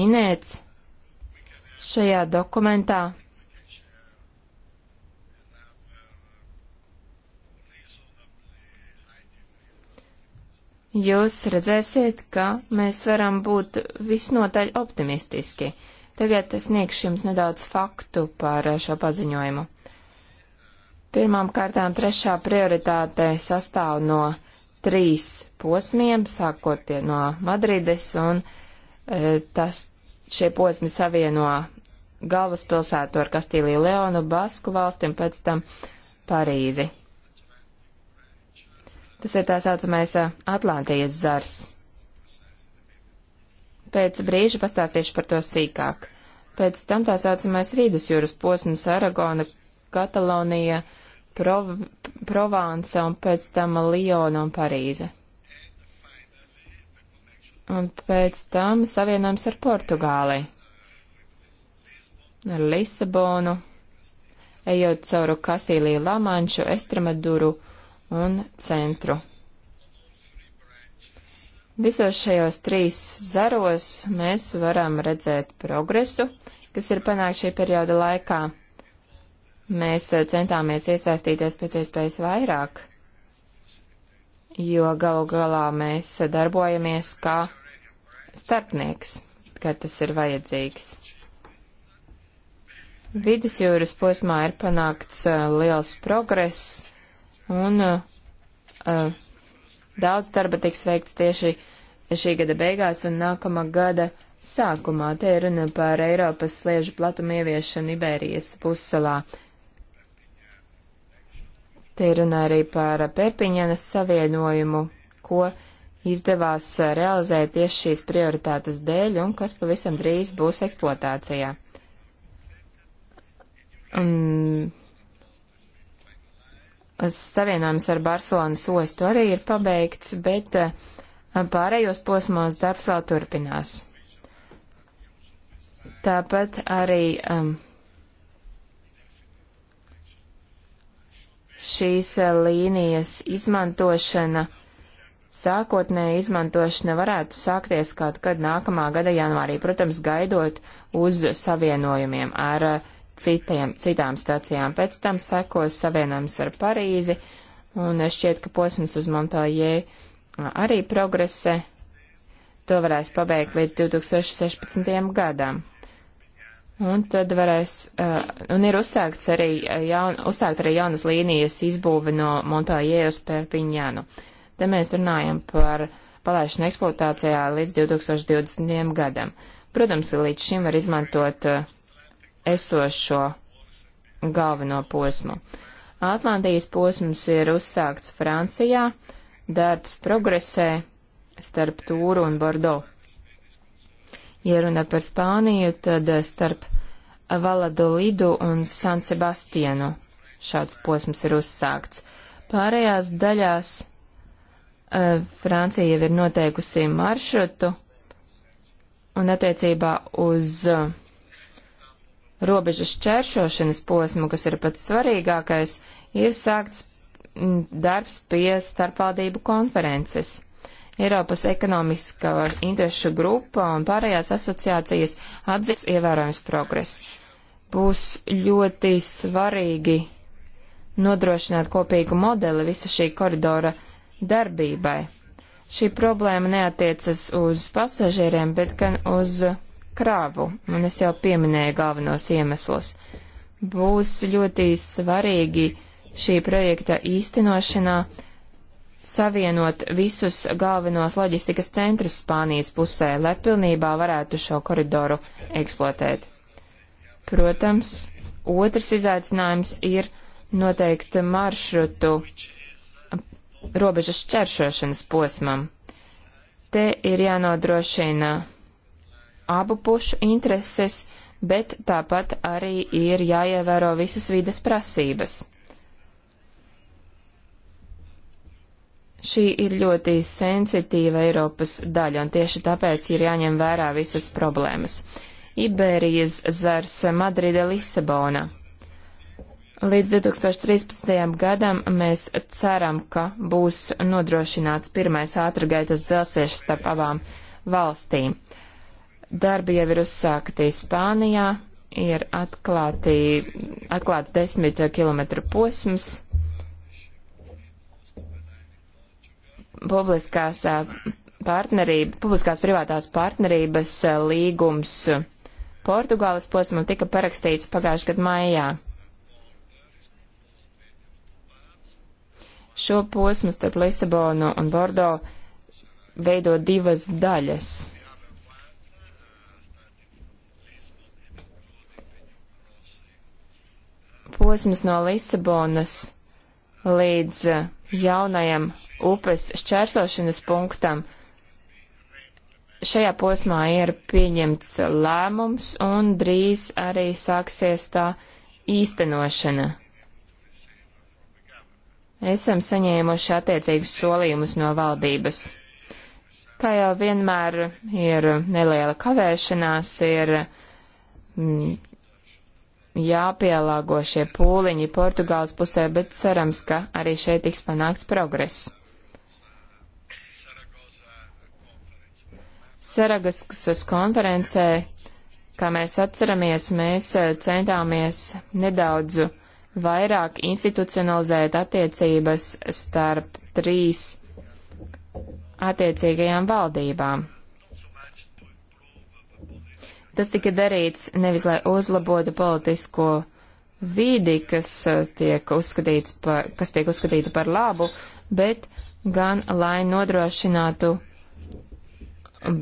minēts šajā dokumentā, Jūs redzēsiet, ka mēs varam būt visnotaļ optimistiski. Tagad es sniegšu jums nedaudz faktu par šo paziņojumu. Pirmām kārtām trešā prioritāte sastāv no trīs posmiem, sākot no Madrides, un e, tas, šie posmi savieno galvaspilsētu ar Kastīliju Leonu, Basku valsti un pēc tam Parīzi. Tas ir tā saucamais e, Atlantijas zars. Pēc brīža pastāstīšu par to sīkāk. Pēc tam tā saucamais vidusjūras posms Aragona, Katalonija, uh, Prov Provānsa un pēc tam Liona un Parīze. Un pēc tam savienojums ar Portugāli, ar Lisabonu, ejot cauru Kasīliju Lamanšu, Estremaduru un centru. Visos šajos trīs zaros mēs varam redzēt progresu, kas ir panākt šī perioda laikā. Mēs eh, centāmies iesaistīties pēc iespējas vairāk, jo galu galā mēs darbojamies kā starpnieks, kad tas ir vajadzīgs. Vidusjūras posmā ir panākts eh, liels progress, un uh, daudz darba tiks veikts tieši šī gada beigās un nākamā gada sākumā. Te ir runa par Eiropas sliežu platumu ieviešanu Iberijas pussalā. Te runā arī par Perpiņanas savienojumu, ko izdevās realizēt tieši šīs prioritātes dēļ un kas pavisam drīz būs eksploatācijā. Un savienojums ar Barcelonas ostu arī ir pabeigts, bet eh, pārējos posmos darbs vēl turpinās. Tāpat arī um, šīs eh, līnijas izmantošana, sākotnēja izmantošana varētu sākties kaut kad nākamā gada janvārī, protams, gaidot uz savienojumiem ar eh, citiem, citām stacijām. Pēc tam sekos savienojums ar Parīzi, un eh, šķiet, ka posms uz Montpellier arī progresē. To varēs pabeigt līdz 2016. gadam. Un tad varēs, eh, un ir uzsākts arī, eh, jaun, uzsākt arī jaunas līnijas izbūve no Montpellier uz Perpiņānu. Te mēs runājam par palaišanu eksploatācijā līdz 2020. gadam. Protams, līdz šim var izmantot eh, esošo galveno posmu. Atlantijas posms ir uzsākts Francijā, darbs progresē starp Tūru un Bordeaux. Ja runa par Spāniju, tad eh, starp Valadolidu un San Sebastianu šāds posms ir uzsākts. Pārējās daļās uh, Francija jau ir noteikusi maršrutu un attiecībā uz uh, eh, robežas čēršošanas posmu, kas ir pats svarīgākais, ir sākts mm, darbs pie starpvaldību konferences. Eiropas ekonomiskā interešu grupa un pārējās asociācijas atzīs ievērojams progress. Būs ļoti svarīgi nodrošināt kopīgu modeli visa šī koridora darbībai. Šī problēma neatiecas uz pasažieriem, bet gan uz krāvu, un es jau pieminēju galvenos iemeslus. Būs ļoti svarīgi šī projekta īstenošanā savienot visus galvenos loģistikas centrus Spānijas pusē, lai pilnībā varētu šo koridoru eksploatēt. Protams, otrs izaicinājums ir noteikt maršrutu robežas čeršošanas posmam. Te ir jānodrošina abu pušu intereses, bet tāpat arī ir jāievēro visas vides prasības. Šī ir ļoti sensitīva Eiropas daļa, un tieši tāpēc ir jāņem vērā visas problēmas. Iberijas zars Madride Lisabona. Līdz 2013. gadam mēs ceram, ka būs nodrošināts pirmais ātrgaitas dzelzceļš starp abām valstīm. Darbi jau ir uzsākti Spānijā, ir atklāti, atklāts desmit kilometru posms publiskās partnerība, publiskās privātās partnerības līgums Portugāles posmam tika parakstīts pagājušajā gadu maijā. Šo posmu starp Lisabonu un Bordo veido divas daļas. Posms no Lisabonas līdz jaunajam upes šķērsošanas punktam. Šajā posmā ir pieņemts lēmums un drīz arī sāksies tā īstenošana. Esam saņēmuši attiecīgus solījumus no valdības. Kā jau vienmēr ir neliela kavēšanās, ir mm, jāpielāgo šie pūliņi Portugāles pusē, bet cerams, ka arī šeit tiks panākts progress. Saragaskas konferencē, kā mēs atceramies, mēs eh, centāmies nedaudz vairāk institucionalizēt attiecības starp trīs attiecīgajām valdībām. Tas tika darīts nevis, lai uzlabotu politisko vidi, kas uh, tiek, par, kas tiek uzskatīta par labu, bet gan, lai nodrošinātu um,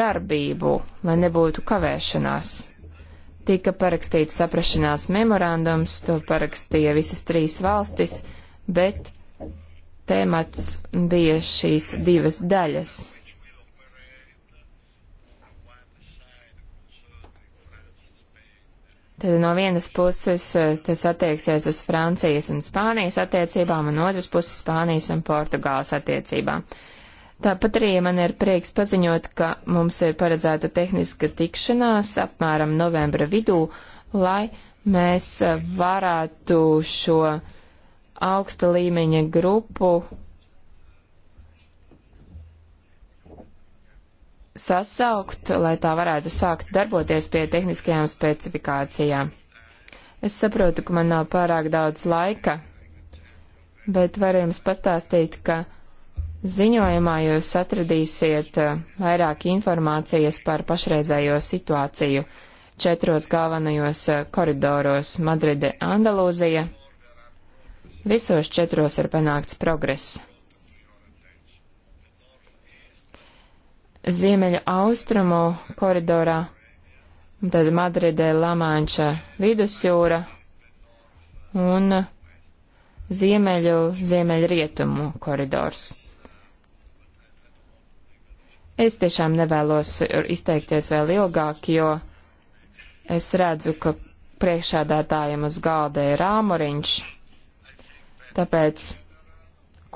darbību, lai nebūtu kavēšanās. Tika parakstīts saprašanās memorandums, to parakstīja visas trīs valstis, bet tēmats bija šīs divas daļas. Tad no vienas puses eh, tas attieksies uz Francijas un Spānijas attiecībām, un otras puses Spānijas un Portugāles attiecībām. Tāpat arī man ir prieks paziņot, ka mums ir paredzēta tehniska tikšanās apmēram novembra vidū, lai mēs eh, varētu šo augsta līmeņa grupu sasaukt, lai tā varētu sākt darboties pie tehniskajām specifikācijām. Es saprotu, ka man nav pārāk daudz laika, bet varu jums pastāstīt, ka ziņojumā jūs atradīsiet eh, vairāk informācijas par pašreizējo situāciju četros galvenajos eh, koridoros Madride-Andalūzija. Visos četros ir panākts progress. ziemeļa austrumu koridorā, tad Madridē Lamanča vidusjūra un ziemeļu, ziemeļu rietumu koridors. Es tiešām nevēlos izteikties vēl ilgāk, jo es redzu, ka priekšādātājiem uz galda ir āmuriņš. Tāpēc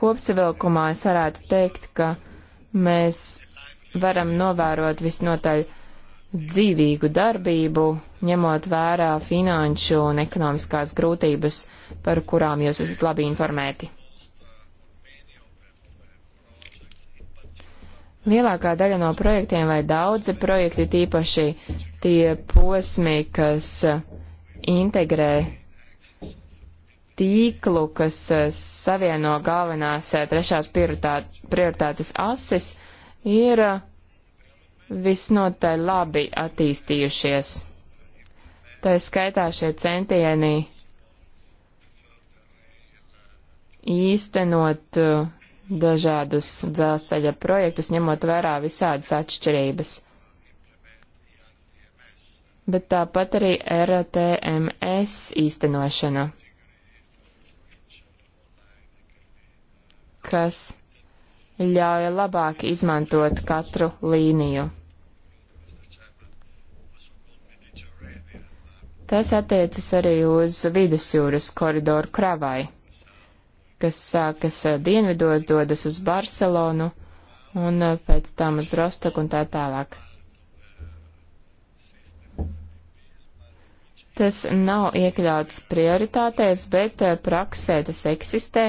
kopsavilkumā es varētu teikt, ka mēs varam novērot visnotaļ dzīvīgu darbību, ņemot vērā finanšu un ekonomiskās grūtības, par kurām jūs esat labi informēti. Lielākā daļa no projektiem vai daudzi projekti, tīpaši tie posmi, kas integrē tīklu, kas savieno galvenās eh, trešās prioritātes asis, uh, ir uh, visnotaļ labi attīstījušies. Tā skaitā šie centieni īstenot uh, dažādus dzelzceļa projektus, ņemot vērā visādas atšķirības. Bet tāpat arī RTMS īstenošana, kas ļauj labāk izmantot katru līniju. Tas attiecas arī uz vidusjūras koridoru kravai, kas sākas eh, dienvidos, dodas uz Barcelonu un eh, pēc tam uz Rostoku un tā tālāk. Tas nav iekļauts prioritātēs, bet eh, praksē tas eksistē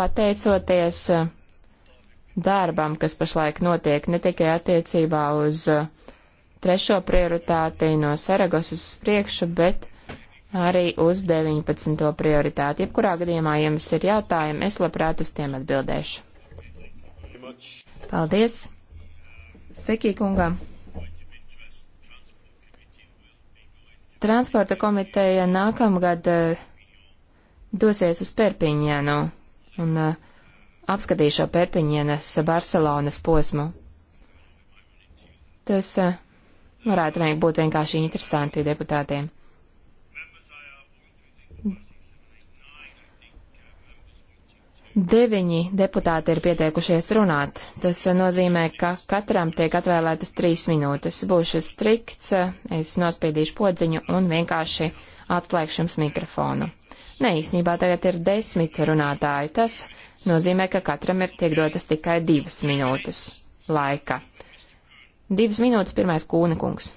pateicoties darbam, kas pašlaik notiek ne tikai attiecībā uz uh, trešo prioritāti no Saragosas uz priekšu, bet arī uz 19. prioritāti. Jebkurā gadījumā, ja jums ir jautājumi, es labprāt uz tiem atbildēšu. Paldies! Sekī kungam! Transporta komiteja nākamgad uh, dosies uz Perpiņēnu un uh, apskatīšu Perpiņienas Barcelonas posmu. Tas eh, varētu būt vienkārši interesanti deputātiem. Deviņi deputāti ir pieteikušies runāt. Tas eh, nozīmē, ka katram tiek atvēlētas trīs minūtes. Būšu strikts, eh, es nospiedīšu podziņu un vienkārši atslēgšu jums mikrofonu. Nē, īsnībā tagad ir desmit runātāji. Tas nozīmē, ka katram ir tiek dotas tikai divas minūtes laika. Divas minūtes pirmais kūna kungs.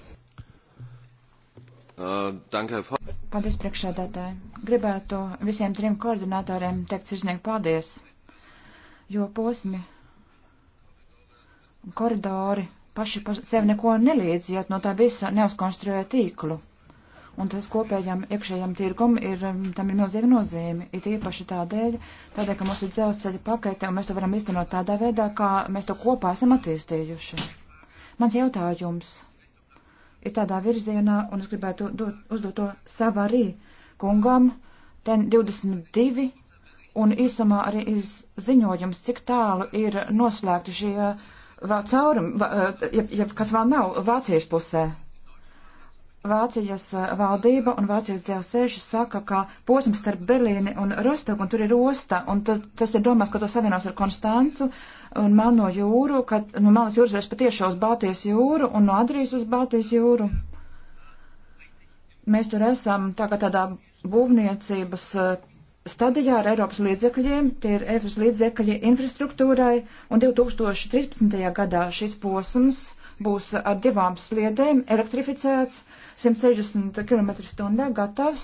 Uh, paldies priekšādātāji. Gribētu visiem trim koordinatoriem teikt sirsnieku paldies, jo posmi un koridori paši par sevi neko nelīdz, ja no tā visa neuzkonstruē tīklu un tas kopējam iekšējam tirgum ir, mm, tam ir milzīga nozīme. Ir īpaši tādēļ, tādēļ, ka mums ir dzelzceļa pakete, un mēs to varam iztenot tādā veidā, kā mēs to kopā esam attīstījuši. Mans jautājums ir tādā virzienā, un es gribētu dot, uzdot to savu arī kungam, ten 22, un īsumā arī iz ziņojums, cik tālu ir noslēgti šie vēl uh, caurumi, uh, jeb, jeb kas vēl nav Vācijas pusē. Vācijas eh, valdība un Vācijas dzelzceļš saka, ka posms starp Berlīni un Rostovu, un tur ir osta, un tad, tas ir domās, ka to savienos ar Konstancu un Melno jūru, ka no nu, Melnas jūras vairs patiešā uz Baltijas jūru un no Adrijas uz Baltijas jūru. Mēs tur esam tā kā tādā būvniecības eh, stadijā ar Eiropas līdzekļiem, tie ir Eiropas līdzekļi infrastruktūrai, un 2013. gadā šis posms būs ar divām sliedēm elektrificēts 160 km/h gatavs.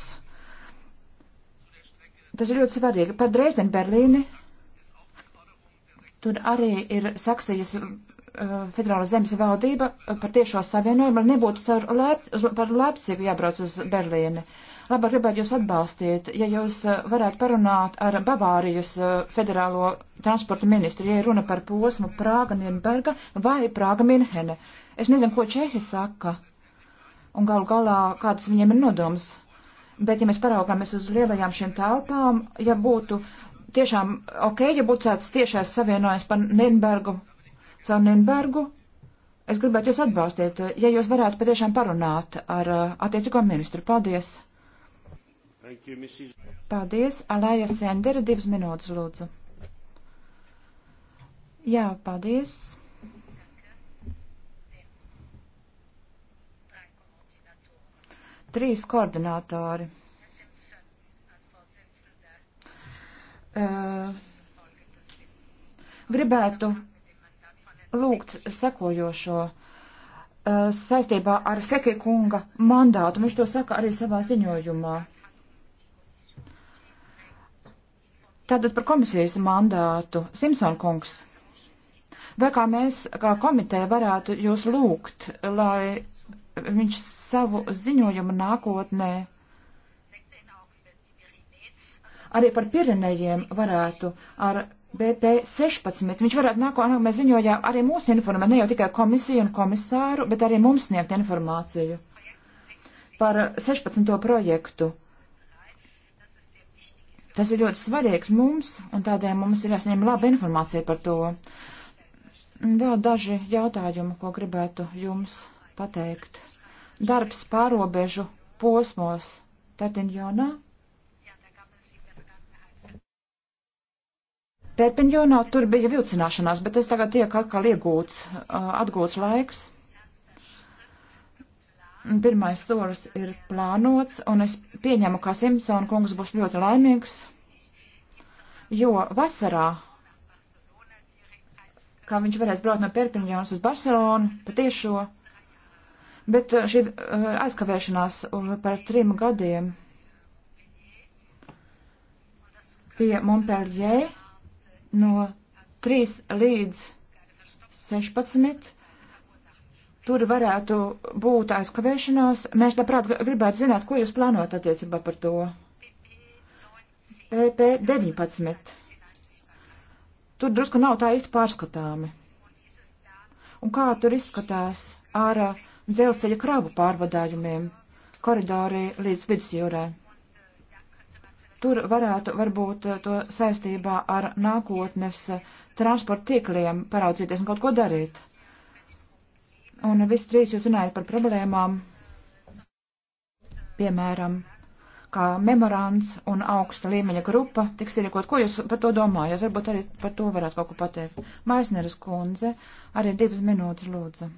Tas ir ļoti svarīgi. Par Dresdeni Berlīni. Tur arī ir Saksijas uh, federāla zemes valdība uh, par tiešo savienojumu, lai nebūtu Leip, par Leipcigu jābrauc uz Berlīni. Labāk gribētu jūs atbalstīt, ja jūs uh, varētu parunāt ar Bavārijas uh, federālo transporta ministru, ja runa par posmu Prāga-Nienberga vai Prāga-Minhene. Es nezinu, ko Čehi saka. Uh, un gal galā kāds viņiem ir nodoms. Bet, ja mēs paraugāmies uz lielajām šīm telpām, ja būtu tiešām ok, ja būtu tāds tiešais savienojums par Nīnbergu, caur Nīnbergu, es gribētu jūs atbalstīt, ja jūs varētu patiešām parunāt ar uh, attiecīgo ministru. Paldies! You, paldies, Alēja Sendera, divas minūtes lūdzu. Jā, paldies. trīs koordinātori. Uh, gribētu lūgt sekojošo uh, saistībā ar Seki kunga mandātu. Viņš to saka arī savā ziņojumā. Tātad par komisijas mandātu. Simpson kungs, vai kā mēs, kā komiteja, varētu jūs lūgt, lai viņš savu ziņojumu nākotnē arī par Pirenejiem varētu ar BP16. Viņš varētu nākotnē ziņojā arī mūs informēt, ne jau tikai komisiju un komisāru, bet arī mums sniegt informāciju par 16. projektu. Tas ir ļoti svarīgs mums, un tādēļ mums ir jāsņem laba informācija par to. Vēl daži jautājumi, ko gribētu jums pateikt. Darbs pārobežu posmos Tartinjonā. Pērpiņjonā tur bija vilcināšanās, bet tas tagad tiek atkal iegūts, atgūts laiks. Pirmais solis ir plānots, un es pieņemu, ka Simpsona kungs būs ļoti laimīgs, jo vasarā, kā viņš varēs braukt no Pērpiņjonas uz Barcelonu, patiešo Bet eh, šī eh, aizkavēšanās um, par trim gadiem pie Montpellier no 3 līdz 16 tur varētu būt aizkavēšanās. Mēs labprāt gribētu zināt, ko jūs plānojat attiecībā par to. PP19. Tur drusku nav tā īsti pārskatāmi. Un kā tur izskatās ar uh, dzelzceļa kravu pārvadājumiem, koridori līdz vidusjūrē. Tur varētu varbūt eh, to saistībā ar nākotnes eh, transporta tīkliem paraudzīties un kaut ko darīt. Un viss trīs jūs runājat par problēmām, piemēram, kā memorāns un augsta līmeņa grupa tiks ierīkot. Ko jūs par to domājat? Varbūt arī par to varētu kaut ko pateikt. Maisneres kundze, arī divas minūtes lūdzu.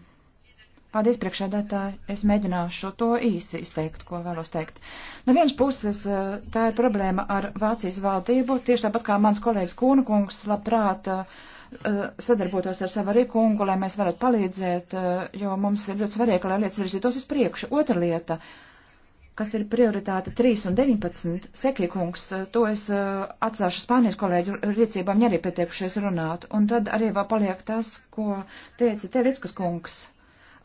Paldies, priekšādātāji. Es mēģināšu to īsi izteikt, ko vēlos teikt. No vienas puses, eh, tā ir problēma ar Vācijas valdību, tieši tāpat kā mans kolēģis Kūnkungs labprāt eh, sadarbotos ar savu arī kungu, lai mēs varētu palīdzēt, eh, jo mums ir ļoti svarīgi, lai lietas virzītos uz priekšu. Otra lieta, kas ir prioritāte 3 un 19, Sekīkungs, to es atstāšu Spānijas kolēģu rīcībām, viņi arī pieteikušies runāt. Un tad arī vēl paliek tas, ko teica Tevickas kungs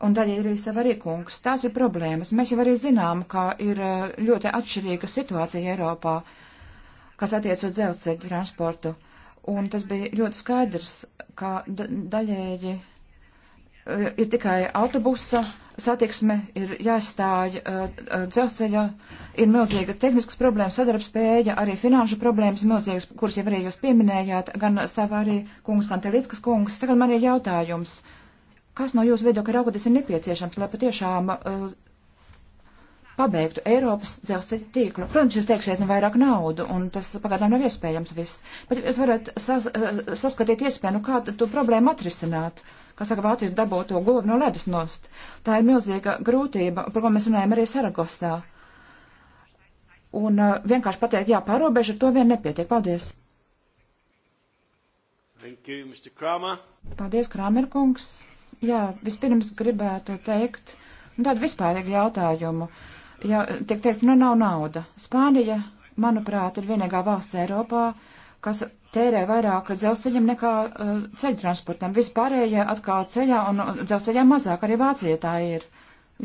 un daļai arī savarīkungs. Tās ir problēmas. Mēs jau arī zinām, ka ir eh, ļoti atšķirīga situācija Eiropā, kas attiec uz dzelzceļu transportu. Un tas bija ļoti skaidrs, ka daļēji eh, ir tikai autobusa satiksme, ir jāizstāj eh, dzelzceļa, ir milzīga tehniskas problēmas, sadarbspēja, arī finanšu problēmas milzīgas, kuras jau arī jūs pieminējāt, gan savā arī kungs, gan Telītskas kungs. Tagad man ir jautājums. Uh, Kas no jūsu viedokļa raugoties ir nepieciešams, lai patiešām uh, pabeigtu Eiropas dzelzceļa tīklu. Protams, jūs teiksiet, nu vairāk naudu, un tas pagaidām nav iespējams viss. Bet jūs varat sas, uh, saskatīt iespēju, nu kā to problēmu atrisināt, kā saka Vācijas dabūto govu no ledus nost. Tā ir milzīga grūtība, par ko mēs runājam arī Saragosā. Un uh, vienkārši pateikt, jā, pārobeža, to vien nepietiek. Paldies! Thank you, Mr. Kramer. Paldies, Kramerkungs. Jā, vispirms gribētu teikt nu, tādu vispārīgu jautājumu. Ja tiek teikt, nu nav nauda. Spānija, manuprāt, ir vienīgā valsts Eiropā, kas tērē vairāk dzelzceļam nekā uh, ceļtransportam. Vispārējie atkal ceļā un dzelzceļā mazāk arī Vācija tā ir.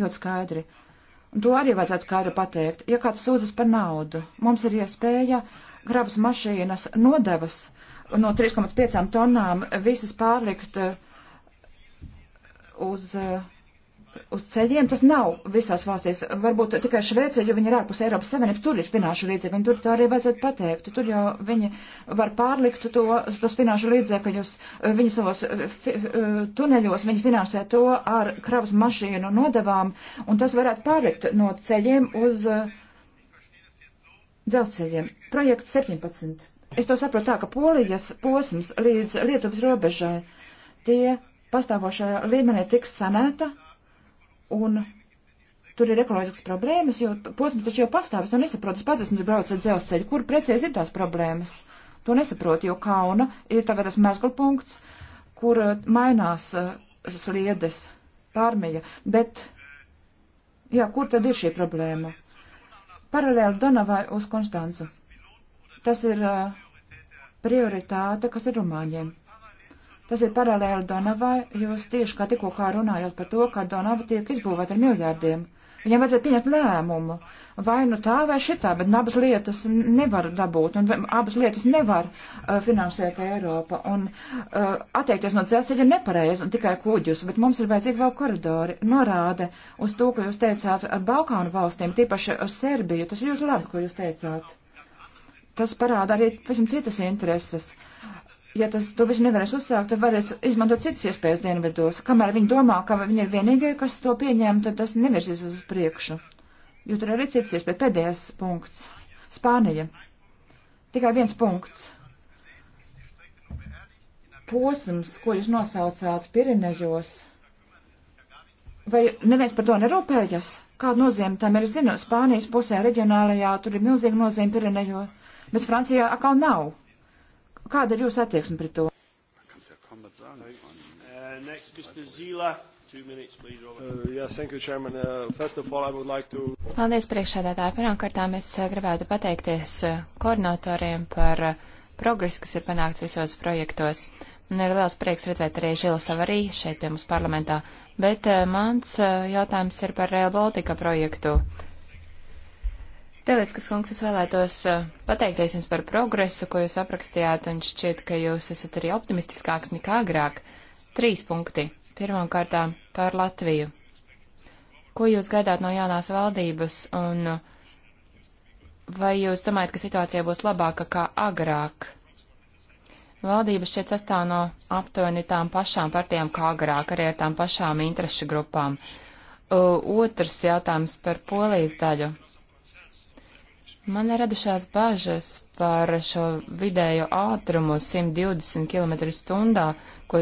Ļoti skaidri. Un to arī vajadzētu skaidri pateikt. Ja kāds sūdzas par naudu, mums ir iespēja kravas mašīnas nodevas no 3,5 tonnām visas pārlikt. Uh, uz, eh, uz ceļiem. Tas nav visās valstīs. Varbūt tikai Šveicē, jo viņi ir ārpus Eiropas Savienības, tur ir finanšu līdzekļi, un tur tā arī vajadzētu pateikt. Tur jau viņi var pārlikt to, tos finanšu līdzekļus, eh, viņi savos eh, fi, tuneļos, viņi finansē to ar kravas mašīnu nodevām, un tas varētu pārlikt no ceļiem uz dzelzceļiem. Projekts 17. Es to saprotu tā, ka polijas posms līdz Lietuvas robežai tie pastāvošajā līmenī tiks sanēta un tur ir ekoloģiskas problēmas, jo posms taču jau pastāv. Es to nesaprotu. Es pats esmu braucis ar dzelzceļu. Kur precīzi ir tās problēmas? To nesaprotu, jo kauna ir tagad tas mezgla punkts, kur uh, mainās uh, sliedes pārmeja. Bet, jā, kur tad ir šī problēma? Paralēli Donavai uz Konstancu. Tas ir uh, prioritāte, kas ir Rumāņiem. Tas ir paralēli Donavai, jūs tieši kā tikko kā runājot par to, ka Donava tiek izbūvēta ar miljārdiem. Viņam vajadzēja pieņemt lēmumu, vai nu tā vai šitā, bet nu, abas lietas nevar dabūt, un abas lietas nevar uh, finansēt Eiropa, un uh, atteikties no dzelzceļa nepareizi, un tikai kuģus, bet mums ir vajadzīgi vēl koridori, norāde uz to, ko jūs teicāt ar Balkānu valstīm, tīpaši ar Serbiju, tas ir ļoti labi, ko jūs teicāt tas parāda arī pavisam citas intereses ja tas to visu nevarēs uzsākt, tad varēs izmantot citas iespējas dienvidos. Kamēr viņi domā, ka viņi ir vienīgie, kas to pieņēma, tad tas nevirsies uz priekšu. Jo tur arī citas iespējas. Pēdējais punkts. Spānija. Tikai viens punkts. Posms, ko jūs nosaucāt Pirinejos. Vai neviens par to nerūpējas? Kāda nozīme tam ir? Zinu, Spānijas pusē reģionālajā tur ir milzīga nozīme Pirinejos, bet Francijā atkal nav. Kāda ir jūsu attieksme pret to? Uh, uh, Paldies priekšsēdētāji. Pirmkārtām es uh, gribētu pateikties koordinatoriem par progresu, kas ir panākts visos projektos. Man ir liels prieks redzēt arī Žilu Savarī šeit pie mums parlamentā. Bet mans jautājums ir par Real Baltica projektu. Uh, Telickas kungs, es vēlētos eh, pateikties jums par progresu, ko jūs aprakstījāt, un šķiet, ka jūs esat arī optimistiskāks nekā agrāk. Trīs punkti. Pirmkārtām par Latviju. Ko jūs gaidāt no jaunās valdības, un vai jūs domājat, ka situācija būs labāka kā agrāk? Valdības šķiet sastāv no aptuveni tām pašām partijām kā agrāk, arī ar tām pašām interešu grupām. Otrs jautājums par polijas daļu. Man ir radušās bažas par šo vidējo ātrumu 120 km/h, ko,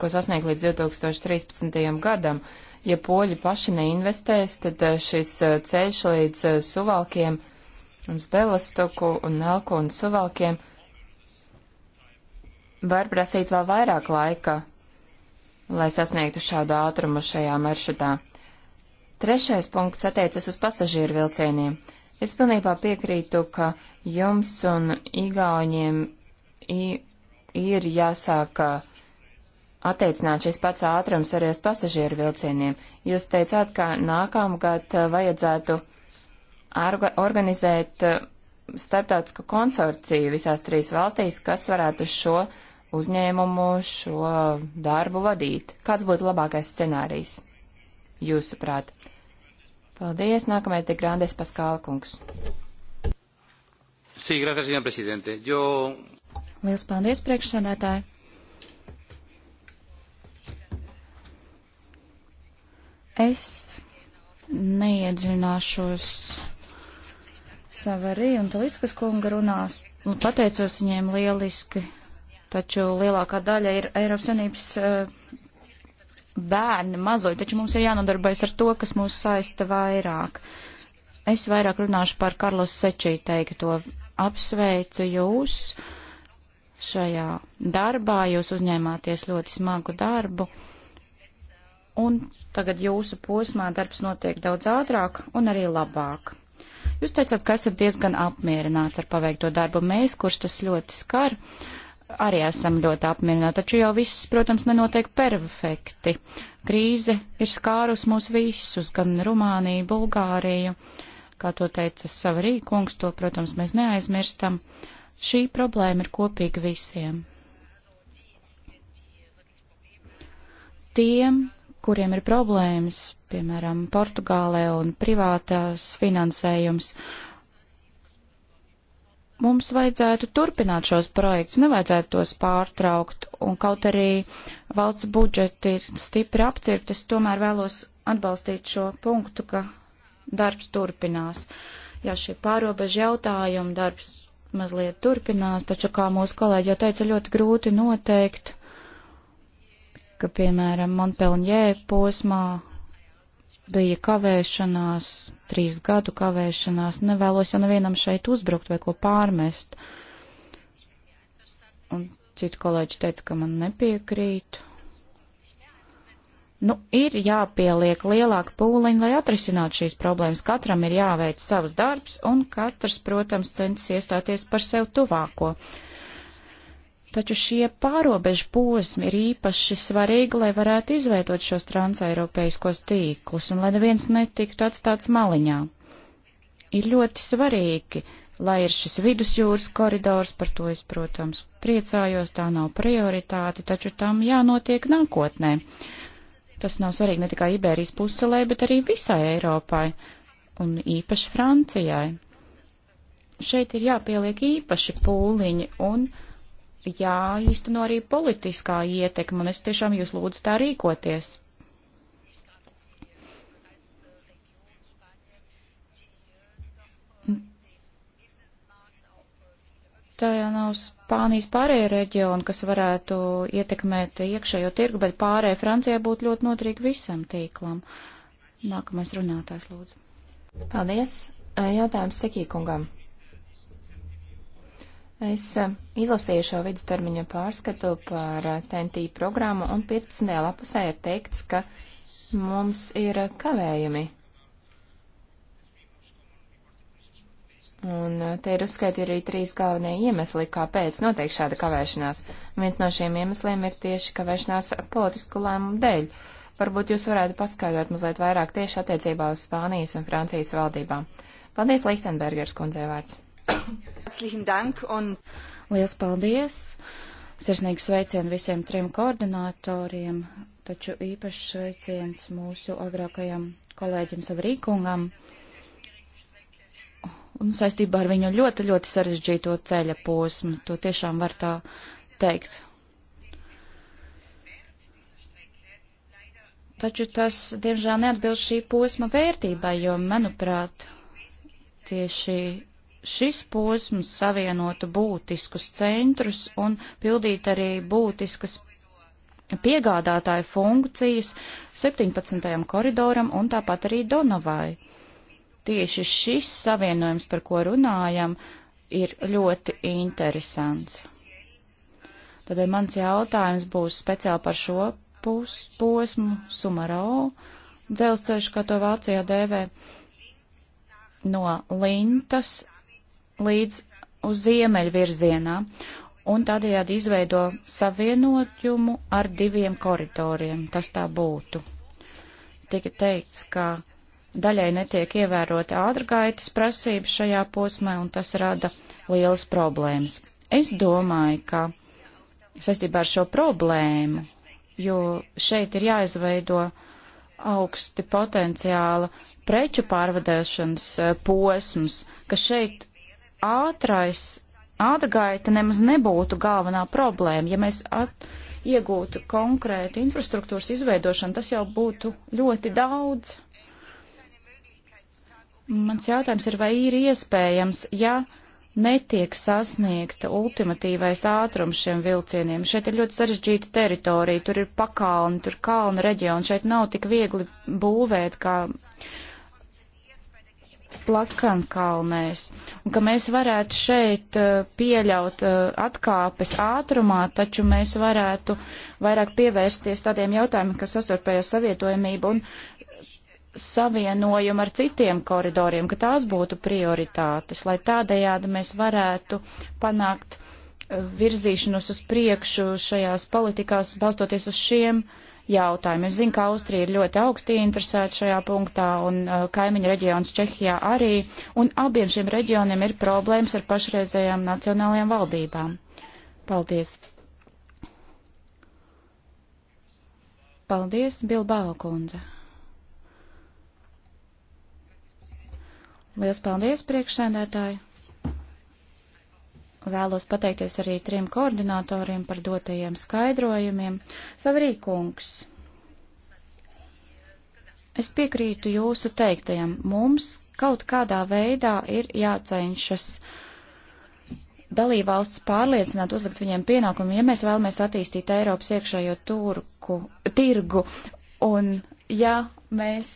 ko sasniegt līdz 2013. gadam. Ja poļi paši neinvestēs, tad eh, šis eh, ceļš līdz eh, Suvalkiem un Zbelastoku un Nelku un Suvalkiem var prasīt vēl vairāk laika, lai sasniegtu šādu ātrumu šajā maršrutā. Trešais punkts attiecas uz pasažieru vilcieniem. Es pilnībā piekrītu, ka jums un igauņiem ir jāsāk uh, attiecināt šis pats ātrums arī uz pasažieru vilcieniem. Jūs teicāt, ka nākamgad uh, vajadzētu organizēt uh, starptautisku konsorciju visās trīs valstīs, kas varētu šo uzņēmumu, šo darbu vadīt. Kāds būtu labākais scenārijs, jūsuprāt? Paldies. Nākamais ir Grandes Paskāla kungs. Sí, gracias, señor presidente. Yo... Liels paldies, priekšsēdētāji. Es neiedziļināšos Savarī un Talītskas kunga runās. Pateicos viņiem lieliski, taču lielākā daļa ir Eiropas Savienības uh, bērni mazoļi, taču mums ir jānodarbojas ar to, kas mūs saista vairāk. Es vairāk runāšu par Karlos Sečī teikto. Apsveicu jūs šajā darbā, jūs uzņēmāties ļoti smagu darbu, un tagad jūsu posmā darbs notiek daudz ātrāk un arī labāk. Jūs teicāt, ka esat diezgan apmierināts ar paveikto darbu. Mēs, kurš tas ļoti skar, uh, arī esam ļoti apmierināti, taču jau viss, protams, nenotiek perfekti. Krīze ir skārus mūs visus, gan Rumāniju, Bulgāriju, kā to teica sava rīkungs, to, protams, mēs neaizmirstam. Šī problēma ir kopīga visiem. Tiem, kuriem ir problēmas, piemēram, Portugālē un privātās finansējums, uh, mums vajadzētu turpināt šos projektus, nevajadzētu tos pārtraukt, un kaut arī valsts budžeti ir stipri apcirpti, es tomēr vēlos atbalstīt šo punktu, ka darbs turpinās. Jā, šie pārobežu jautājumi darbs mazliet turpinās, taču, kā mūsu kolēģi jau teica, ļoti grūti noteikt, ka, piemēram, Montpelnjē posmā bija kavēšanās trīs gadu kavēšanās. Nevēlos jau nevienam šeit uzbrukt vai ko pārmest. Un citu kolēģi teica, ka man nepiekrīt. Nu, ir jāpieliek lielāka pūliņa, lai atrisinātu šīs problēmas. Katram ir jāveic savs darbs, un katrs, protams, cenšas iestāties par sev tuvāko. Uh, taču šie pārobežu posmi ir īpaši svarīgi, lai varētu izveidot šos transeiropeiskos tīklus un lai neviens netiktu atstāts maliņā. Ir ļoti svarīgi, lai ir šis vidusjūras koridors, par to es, protams, priecājos, tā nav prioritāte, taču tam jānotiek nākotnē. Tas nav svarīgi ne tikai Iberijas puselē, bet arī visai Eiropai un īpaši Francijai. Šeit ir jāpieliek īpaši pūliņi un. Uh, jāīsteno arī politiskā ietekme, un es tiešām jūs lūdzu tā rīkoties. Tā jau nav Spānijas pārējie reģioni, kas varētu ietekmēt iekšējo tirgu, bet pārējai Francijai būtu ļoti notrīgi visam tīklam. Nākamais runātājs lūdzu. Paldies. Jautājums Sekīkungam. Es e, izlasīju šo vidustermiņa pārskatu par TNT e, programmu, un 15. lapusē ir teikts, ka mums ir kavējumi. Un e, te ir uzskaiti arī trīs galvenie iemesli, kāpēc notiek šāda kavēšanās. Viens no šiem iemesliem ir tieši kavēšanās politisku lēmumu dēļ. Varbūt jūs varētu paskaidrot mazliet vairāk tieši attiecībā uz Spānijas un Francijas valdībām. Paldies, Lichtenbergers kundzei vārds. Lielas paldies! Sirsnīgi sveicien visiem trim koordinatoriem, taču īpaši sveiciens mūsu agrākajam kolēģim Savrīkungam un saistībā ar viņu ļoti, ļoti sarežģīto ceļa posmu. To tiešām var tā teikt. Taču tas, diemžēl, neatbilst šī posma vērtībai, jo, manuprāt, tieši šis posms savienotu būtiskus centrus un pildītu arī būtiskas piegādātāju funkcijas 17. koridoram un tāpat arī Donavai. Tieši šis savienojums, par ko runājam, ir ļoti interesants. Tad ja mans jautājums būs speciāli par šo pusposmu, Sumaro, dzelzceļš, kā to Vācijā dēvē, no Lintas līdz uz ziemeļu virzienā un tādējādi izveido savienojumu ar diviem koridoriem. Tas tā būtu. Tika teikts, ka daļai netiek ievērota ātrgaitas prasības šajā posmā, un tas rada lielas problēmas. Es domāju, ka saistībā ar šo problēmu, jo šeit ir jāizveido augsti potenciāla preču pārvadēšanas eh, posms, ka šeit ātrais, ātrgaita nemaz nebūtu galvenā problēma. Ja mēs at, iegūtu konkrētu infrastruktūras izveidošanu, tas jau būtu ļoti daudz. Mans jautājums ir, vai ir iespējams, ja netiek sasniegta ultimatīvais ātrums šiem vilcieniem. Šeit ir ļoti sarežģīta teritorija, tur ir pakalni, tur kalnu reģioni, šeit nav tik viegli būvēt, kā plakankalnēs, un ka mēs varētu šeit eh, pieļaut eh, atkāpes ātrumā, taču mēs varētu vairāk pievērsties tādiem jautājumiem, kas sastarpējo savietojamību un savienojumu ar citiem koridoriem, ka tās būtu prioritātes, lai tādējādi mēs varētu panākt eh, virzīšanos uz priekšu šajās politikās, balstoties uz šiem uh, jautājumu. Es zinu, ka Austrija ir ļoti augsti interesēta šajā punktā un uh, kaimiņa reģions Čehijā arī, un abiem šiem reģioniem ir problēmas ar pašreizējām nacionālajām valdībām. Paldies! Paldies, Bilbao kundze! Lielas paldies, priekšsēdētāji! Vēlos pateikties arī trim koordinatoriem par dotajiem skaidrojumiem. Savrīkungs, es piekrītu jūsu teiktajam. Mums kaut kādā veidā ir jāceņšas dalībvalsts pārliecināt, uzlikt viņiem pienākumu, ja mēs vēlamies attīstīt Eiropas iekšējo turku, tirgu. Un ja mēs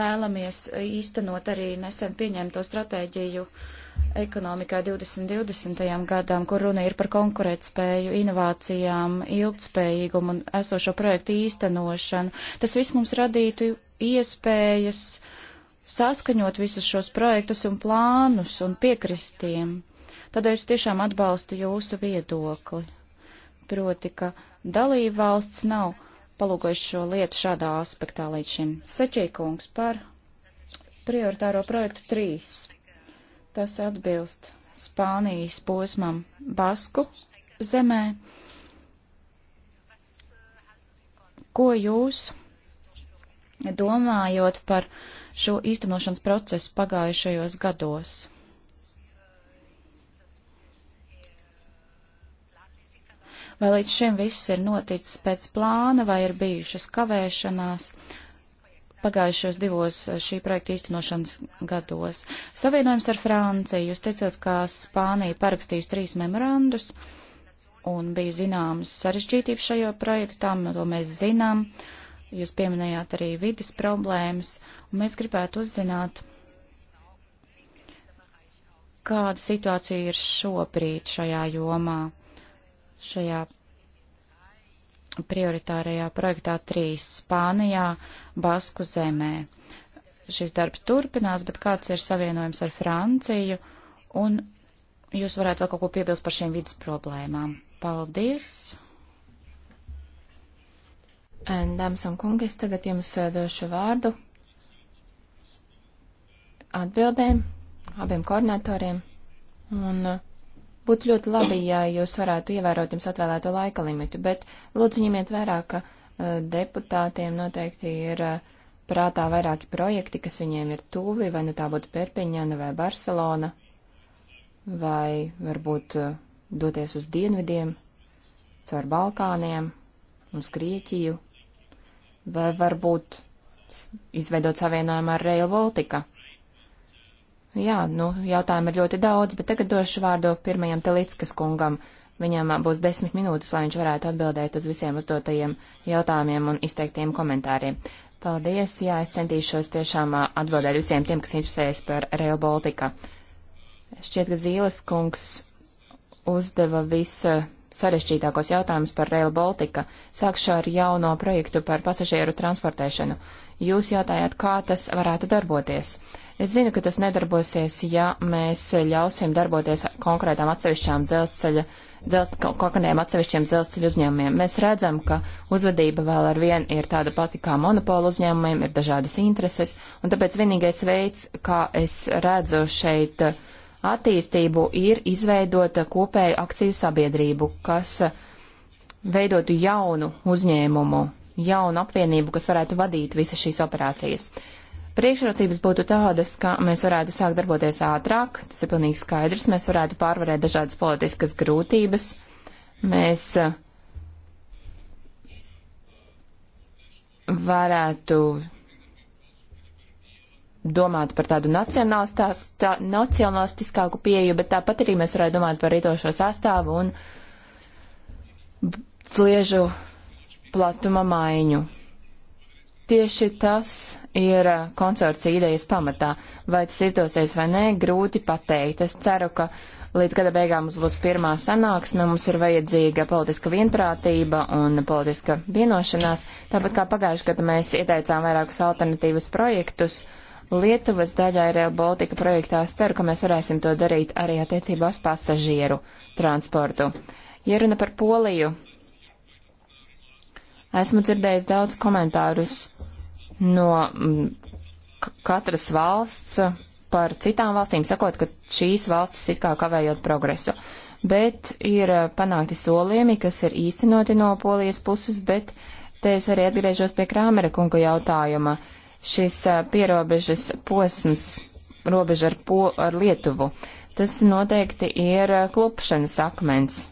vēlamies īstenot arī nesen pieņemto stratēģiju uh, ekonomikai 2020. gadam, kur runa ir par konkurētspēju, inovācijām, ilgtspējīgumu un esošo projektu īstenošanu. Tas viss mums radītu iespējas saskaņot visus šos projektus un plānus un piekristiem. Tādēļ es tiešām atbalstu jūsu viedokli. Proti, ka dalība valsts nav palūgojuši šo lietu šādā aspektā līdz šim. Sečīkungs par prioritāro projektu 3 Tas atbilst Spānijas posmam Basku zemē. Ko jūs domājot par šo īstenošanas procesu pagājušajos gados? Vai līdz šim viss ir noticis pēc plāna, vai ir bijušas kavēšanās, pagājušos divos eh, šī projekta īstenošanas gados. Savienojums ar Franciju. Jūs teicāt, ka Spānija parakstīs trīs memorandus un bija zināmas sarežģītības šajā projektā, nu, to mēs zinām. Jūs pieminējāt arī vidas problēmas, un mēs gribētu uzzināt, kāda situācija ir šobrīd šajā jomā, šajā prioritārajā projektā 3 Spānijā. Basku zemē. Šis darbs turpinās, bet kāds ir savienojums ar Franciju? Un jūs varētu vēl kaut ko piebilst par šīm vidas problēmām. Paldies! Dāmas un kungi, es tagad jums eh, došu vārdu atbildēm abiem koordinatoriem. Un eh, būtu ļoti labi, ja jūs varētu ievērot jums atvēlēto laika limitu, bet lūdzu ņemiet vērā, ka deputātiem noteikti ir eh, prātā vairāki projekti, kas viņiem ir tuvi, vai nu tā būtu Perpiņana vai Barcelona, vai varbūt eh, doties uz dienvidiem, caur Balkāniem, uz Grieķiju, vai varbūt izveidot savienojumu ar Rail Baltica. Jā, nu, jautājumu ir ļoti daudz, bet tagad došu vārdu pirmajam Telickas kungam. Uh, Viņam būs desmit minūtes, lai viņš varētu atbildēt uz visiem uzdotajiem jautājumiem un izteiktiem komentāriem. Paldies, jā, es centīšos tiešām atbildēt visiem tiem, kas interesējas par Rail Baltica. Šķiet, ka Zīles kungs uzdeva visa sarežģītākos jautājumus par Rail Baltica. Sākšu ar jauno projektu par pasažieru transportēšanu. Jūs jautājāt, kā tas varētu darboties. Uh, Es zinu, ka tas nedarbosies, ja mēs ļausim darboties konkrētām atsevišķām dzelzceļa, dzelz, konkrētiem atsevišķiem dzelzceļa uzņēmumiem. Mēs redzam, ka uzvedība vēl ar vien ir tāda pati kā monopola uzņēmumiem, ir dažādas intereses, un tāpēc vienīgais veids, kā es redzu šeit attīstību, ir izveidot kopēju akciju sabiedrību, kas veidotu jaunu uzņēmumu, jaunu apvienību, kas varētu vadīt visas šīs operācijas. Priekšrocības būtu tādas, ka mēs varētu sākt darboties ātrāk, tas ir pilnīgi skaidrs, mēs varētu pārvarēt dažādas politiskas grūtības, mēs uh, varētu domāt par tādu tā, nacionālistiskāku pieeju, bet tāpat arī mēs varētu domāt par rītošo sastāvu un sliežu platuma maiņu. Tieši tas ir uh, konsorcija idejas pamatā. Vai tas izdosies vai nē, grūti pateikt. Es ceru, ka līdz gada beigām mums būs pirmā sanāksme, mums ir vajadzīga politiska vienprātība un politiska vienošanās. Tāpat kā pagājušajā gadā mēs ieteicām vairākus alternatīvas projektus, Lietuvas daļā ir Real Baltica projektā. Es ceru, ka mēs varēsim to darīt arī attiecībā uz pasažieru transportu. Ja runa par Poliju, esmu dzirdējis daudz komentārus no mm, katras valsts par citām valstīm, sakot, ka šīs valstis it kā kavējot progresu. Bet ir eh, panākti solījumi, kas ir īstenoti no polijas puses, bet te es arī atgriežos pie Krāmera kunga jautājuma. Šis eh, pierobežas posms, robeža ar, po, ar Lietuvu, tas noteikti ir eh, klupšanas akmens.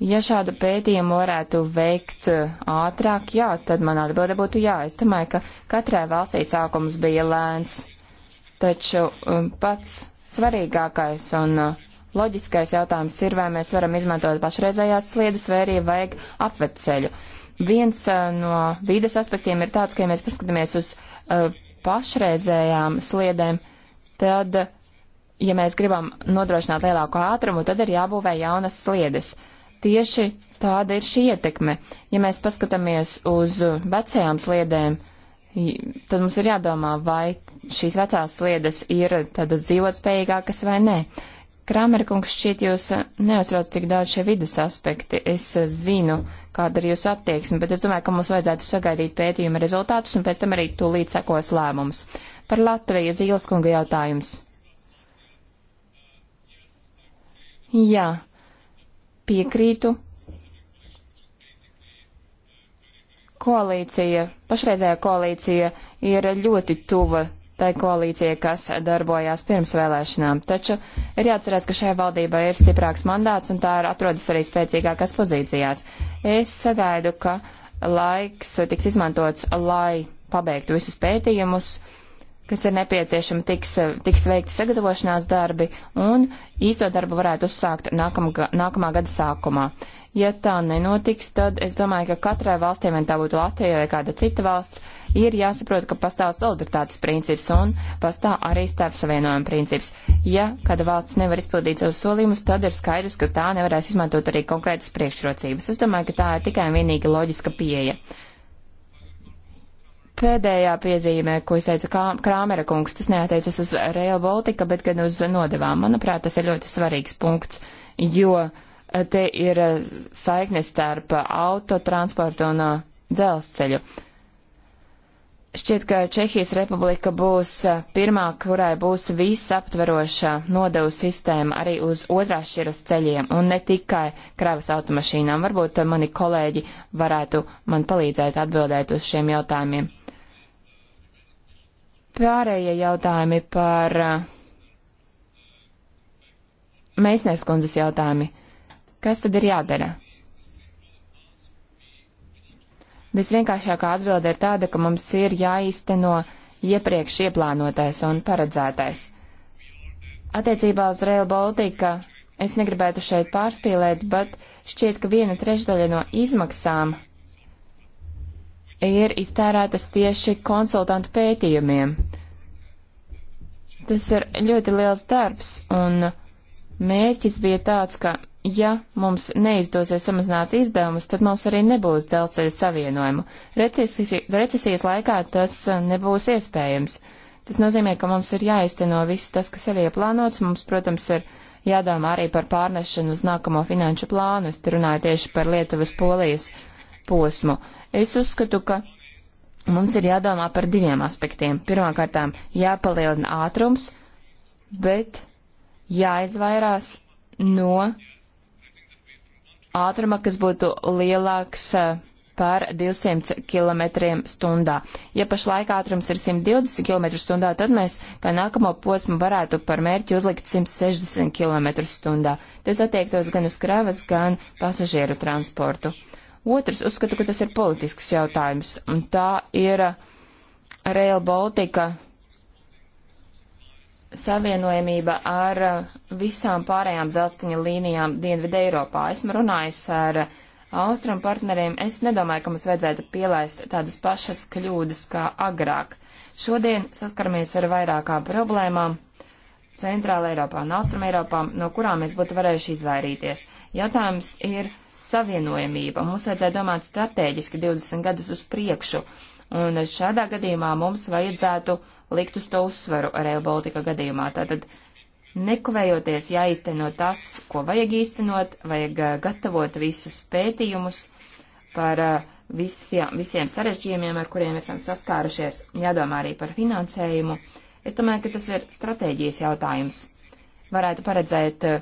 Ja šādu pētījumu varētu veikt uh, ātrāk, jā, tad man atbilde būtu jā. Es domāju, ka katrai valstī sākums bija lēns, taču um, pats svarīgākais un uh, loģiskais jautājums ir, vai mēs varam izmantot pašreizējās sliedes, vai arī vajag apveceļu. Viens uh, no vīdes aspektiem ir tāds, ka, ja mēs paskatāmies uz pašreizējām sliedēm, tad, ja mēs gribam nodrošināt lielāku ātrumu, tad ir jābūvē jaunas sliedes. Uh, tieši tāda ir šī ietekme. Ja mēs paskatāmies uz vecajām sliedēm, tad mums ir jādomā, vai šīs vecās sliedes ir tādas dzīvotspējīgākas vai nē. Kramerkungs šķiet jūs neuztrauc tik daudz šie vidas aspekti. Es zinu, kāda ir jūsu attieksme, bet es domāju, ka mums vajadzētu sagaidīt pētījuma rezultātus un pēc tam arī tūlīt sekos lēmums. Par Latviju Zīles kunga jautājums. Jā, piekrītu. Koalīcija, pašreizējā koalīcija ir ļoti tuva tai koalīcijai, kas darbojās pirms vēlēšanām. Taču ir jāatcerās, ka šajā valdībā ir stiprāks mandāts un tā ir atrodas arī spēcīgākās pozīcijās. Es sagaidu, ka laiks tiks izmantots, lai pabeigtu visus pētījumus, uh, kas ir nepieciešama, tiks, tiks veikti sagatavošanās darbi, un īsto darbu varētu uzsākt nākamā, nākamā gada sākumā. Ja tā nenotiks, tad es domāju, ka katrai valstī, vai tā būtu Latvija vai kāda cita valsts, ir jāsaprot, ka pastāv solidaritātes princips un pastāv arī starpsavienojuma princips. Ja kāda valsts nevar izpildīt savus solījumus, tad ir skaidrs, ka tā nevarēs izmantot arī konkrētas priekšrocības. Es domāju, ka tā ir tikai un vienīgi loģiska pieeja. Pēdējā piezīmē, ko es teicu Krāmera kungs, tas neatiecas uz Rail Baltica, bet gan uz nodevām. Manuprāt, tas ir ļoti svarīgs punkts, jo eh, te ir eh, saikne starp eh, autotransportu un dzelzceļu. Šķiet, ka Čehijas republika būs pirmā, kurai būs visaptveroša nodevu sistēma arī uz otrās šķiras ceļiem un ne tikai kravas automašīnām. Varbūt mani kolēģi varētu man palīdzēt atbildēt uz šiem jautājumiem. Pārējie jautājumi par eh, Meisnēs kundzes jautājumi. Kas tad ir jādara? Visvienkāršākā atbilde ir tāda, ka mums ir jāīsteno iepriekš ieplānotais un paredzētais. Attiecībā uz Rail Baltica es negribētu šeit pārspīlēt, bet šķiet, ka viena trešdaļa no izmaksām ir iztērētas tieši konsultantu pētījumiem. Tas ir ļoti liels darbs, un mērķis bija tāds, ka ja mums neizdosies samazināt izdevumus, tad mums arī nebūs dzelzceļa savienojumu. Recesijas, recesijas laikā tas uh, nebūs iespējams. Tas nozīmē, ka mums ir jāizteno viss tas, kas ir ieplānots. Mums, protams, ir jādomā arī par pārnešanu uz nākamo finanšu plānu. Es runāju tieši par Lietuvas polijas posmu. Es uzskatu, ka mums ir jādomā par diviem aspektiem. Pirmkārtām, jāpalielina ātrums, bet jāizvairās no ātruma, kas būtu lielāks eh, par 200 km stundā. Ja pašlaik ātrums ir 120 km stundā, tad mēs kā nākamo posmu varētu par mērķi uzlikt 160 km stundā. Tas attiektos gan uz kravas, gan pasažieru transportu. Otrs uzskatu, ka tas ir politisks jautājums, un tā ir Rail Baltica savienojamība ar visām pārējām dzelzceļa līnijām Dienvidē Eiropā. Esmu runājis ar austrumu partneriem. Es nedomāju, ka mums vajadzētu pielaist tādas pašas kļūdas kā agrāk. Šodien saskaramies ar vairākām problēmām. Centrāla Eiropā un Austrum Eiropā, no kurām mēs būtu varējuši izvairīties. Jautājums ir, savienojamība. Mums vajadzēja domāt strateģiski 20 gadus uz priekšu, un šādā gadījumā mums vajadzētu likt uz to uzsvaru Rail Baltica gadījumā. Tātad nekavējoties jāīsteno tas, ko vajag īstenot, vajag eh, gatavot visus pētījumus par eh, visiem, visiem sarežģījumiem, ar kuriem esam saskārušies, jādomā arī par finansējumu. Es domāju, ka tas ir stratēģijas jautājums. Varētu paredzēt uh,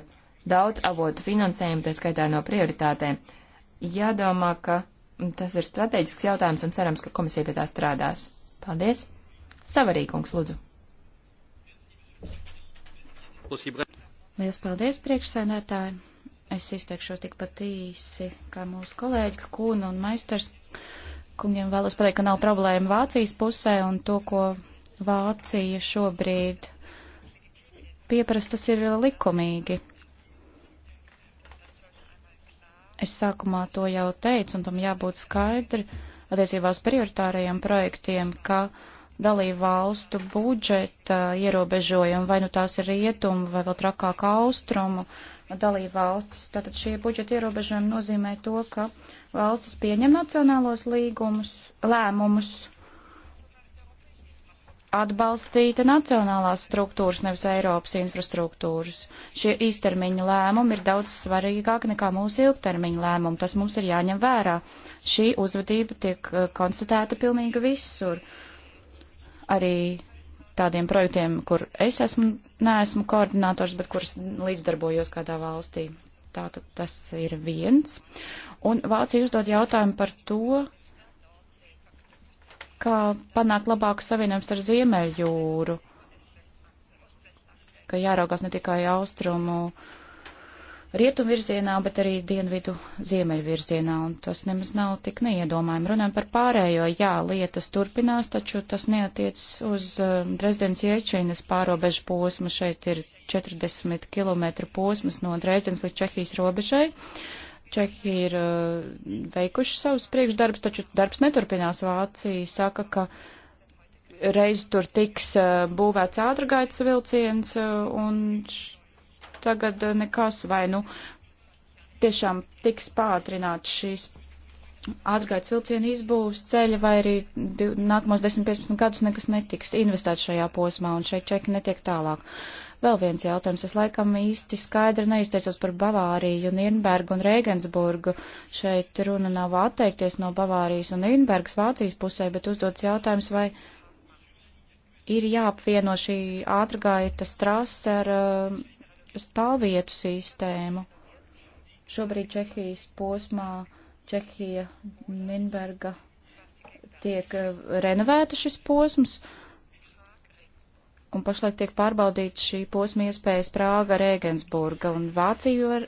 daudz avotu finansējumu, tā skaitā no prioritātēm. Jādomā, ka tas ir strateģisks jautājums un cerams, ka komisija pie tā strādās. Paldies! Savarīkungs, lūdzu! Lielas paldies, priekšsēnētāji! Es izteikšos tikpat īsi kā mūsu kolēģi Kūna un Meisters. Kungiem vēlos pateikt, ka nav problēma Vācijas pusē un to, ko Vācija šobrīd pieprastas ir likumīgi. Es sākumā to jau teicu, un tam jābūt skaidri attiecībās prioritārajiem projektiem, ka dalību valstu budžeta ierobežojumi, vai nu tās ir rietumu vai vēl trakāk austrumu dalību valstis, tātad šie budžeta ierobežojumi nozīmē to, ka valstis pieņem nacionālos līgumus, lēmumus atbalstīta nacionālās struktūras, nevis Eiropas infrastruktūras. Šie īstermiņa lēmumi ir daudz svarīgāki nekā mūsu ilgtermiņa lēmumi. Tas mums ir jāņem vērā. Šī uzvedība tiek eh, konstatēta pilnīgi visur. Arī tādiem projektiem, kur es esmu, neesmu koordinators, bet kuras līdzdarbojos kādā valstī. Tātad tas ir viens. Un Vācija uzdod jautājumu par to, kā panākt labāku savienojumu ar Ziemeļjūru, ka jāraugās ne tikai austrumu rietumu virzienā, bet arī dienvidu ziemeļu virzienā, un tas nemaz nav tik neiedomājami. Runājam par pārējo, jā, lietas turpinās, taču tas neatiec uz um, Dresdens iečīnas pārobežu posmu, šeit ir 40 km posms no Dresdens līdz Čehijas robežai. Uh, Čehi ir uh, veikuši savus priekšdarbus, taču darbs neturpinās. Vācija saka, ka reiz tur tiks uh, būvēts ātrgaitas vilciens, uh, un tagad nekas vai nu tiešām tiks pātrināts šīs ātrgaitas vilciena izbūves ceļa, vai arī div, nākamos 10-15 gadus nekas netiks investēts šajā posmā, un šeit Čehi netiek tālāk. Uh, Vēl viens jautājums. Es laikam īsti skaidri neizteicos par Bavāriju, Nirnbergu un Rēgensburgu. Šeit runa nav atteikties no Bavārijas un Nirnbergas Vācijas pusē, bet uzdots jautājums, vai ir jāapvieno šī ātrgaitas trase ar uh, stāvvietu sistēmu. Šobrīd Čehijas posmā Čehija, Nirnberga tiek uh, renovēta šis posms. Uh, un pašlaik tiek pārbaudīta šī posma iespējas Prāga, Rēgensburga un Vāciju ar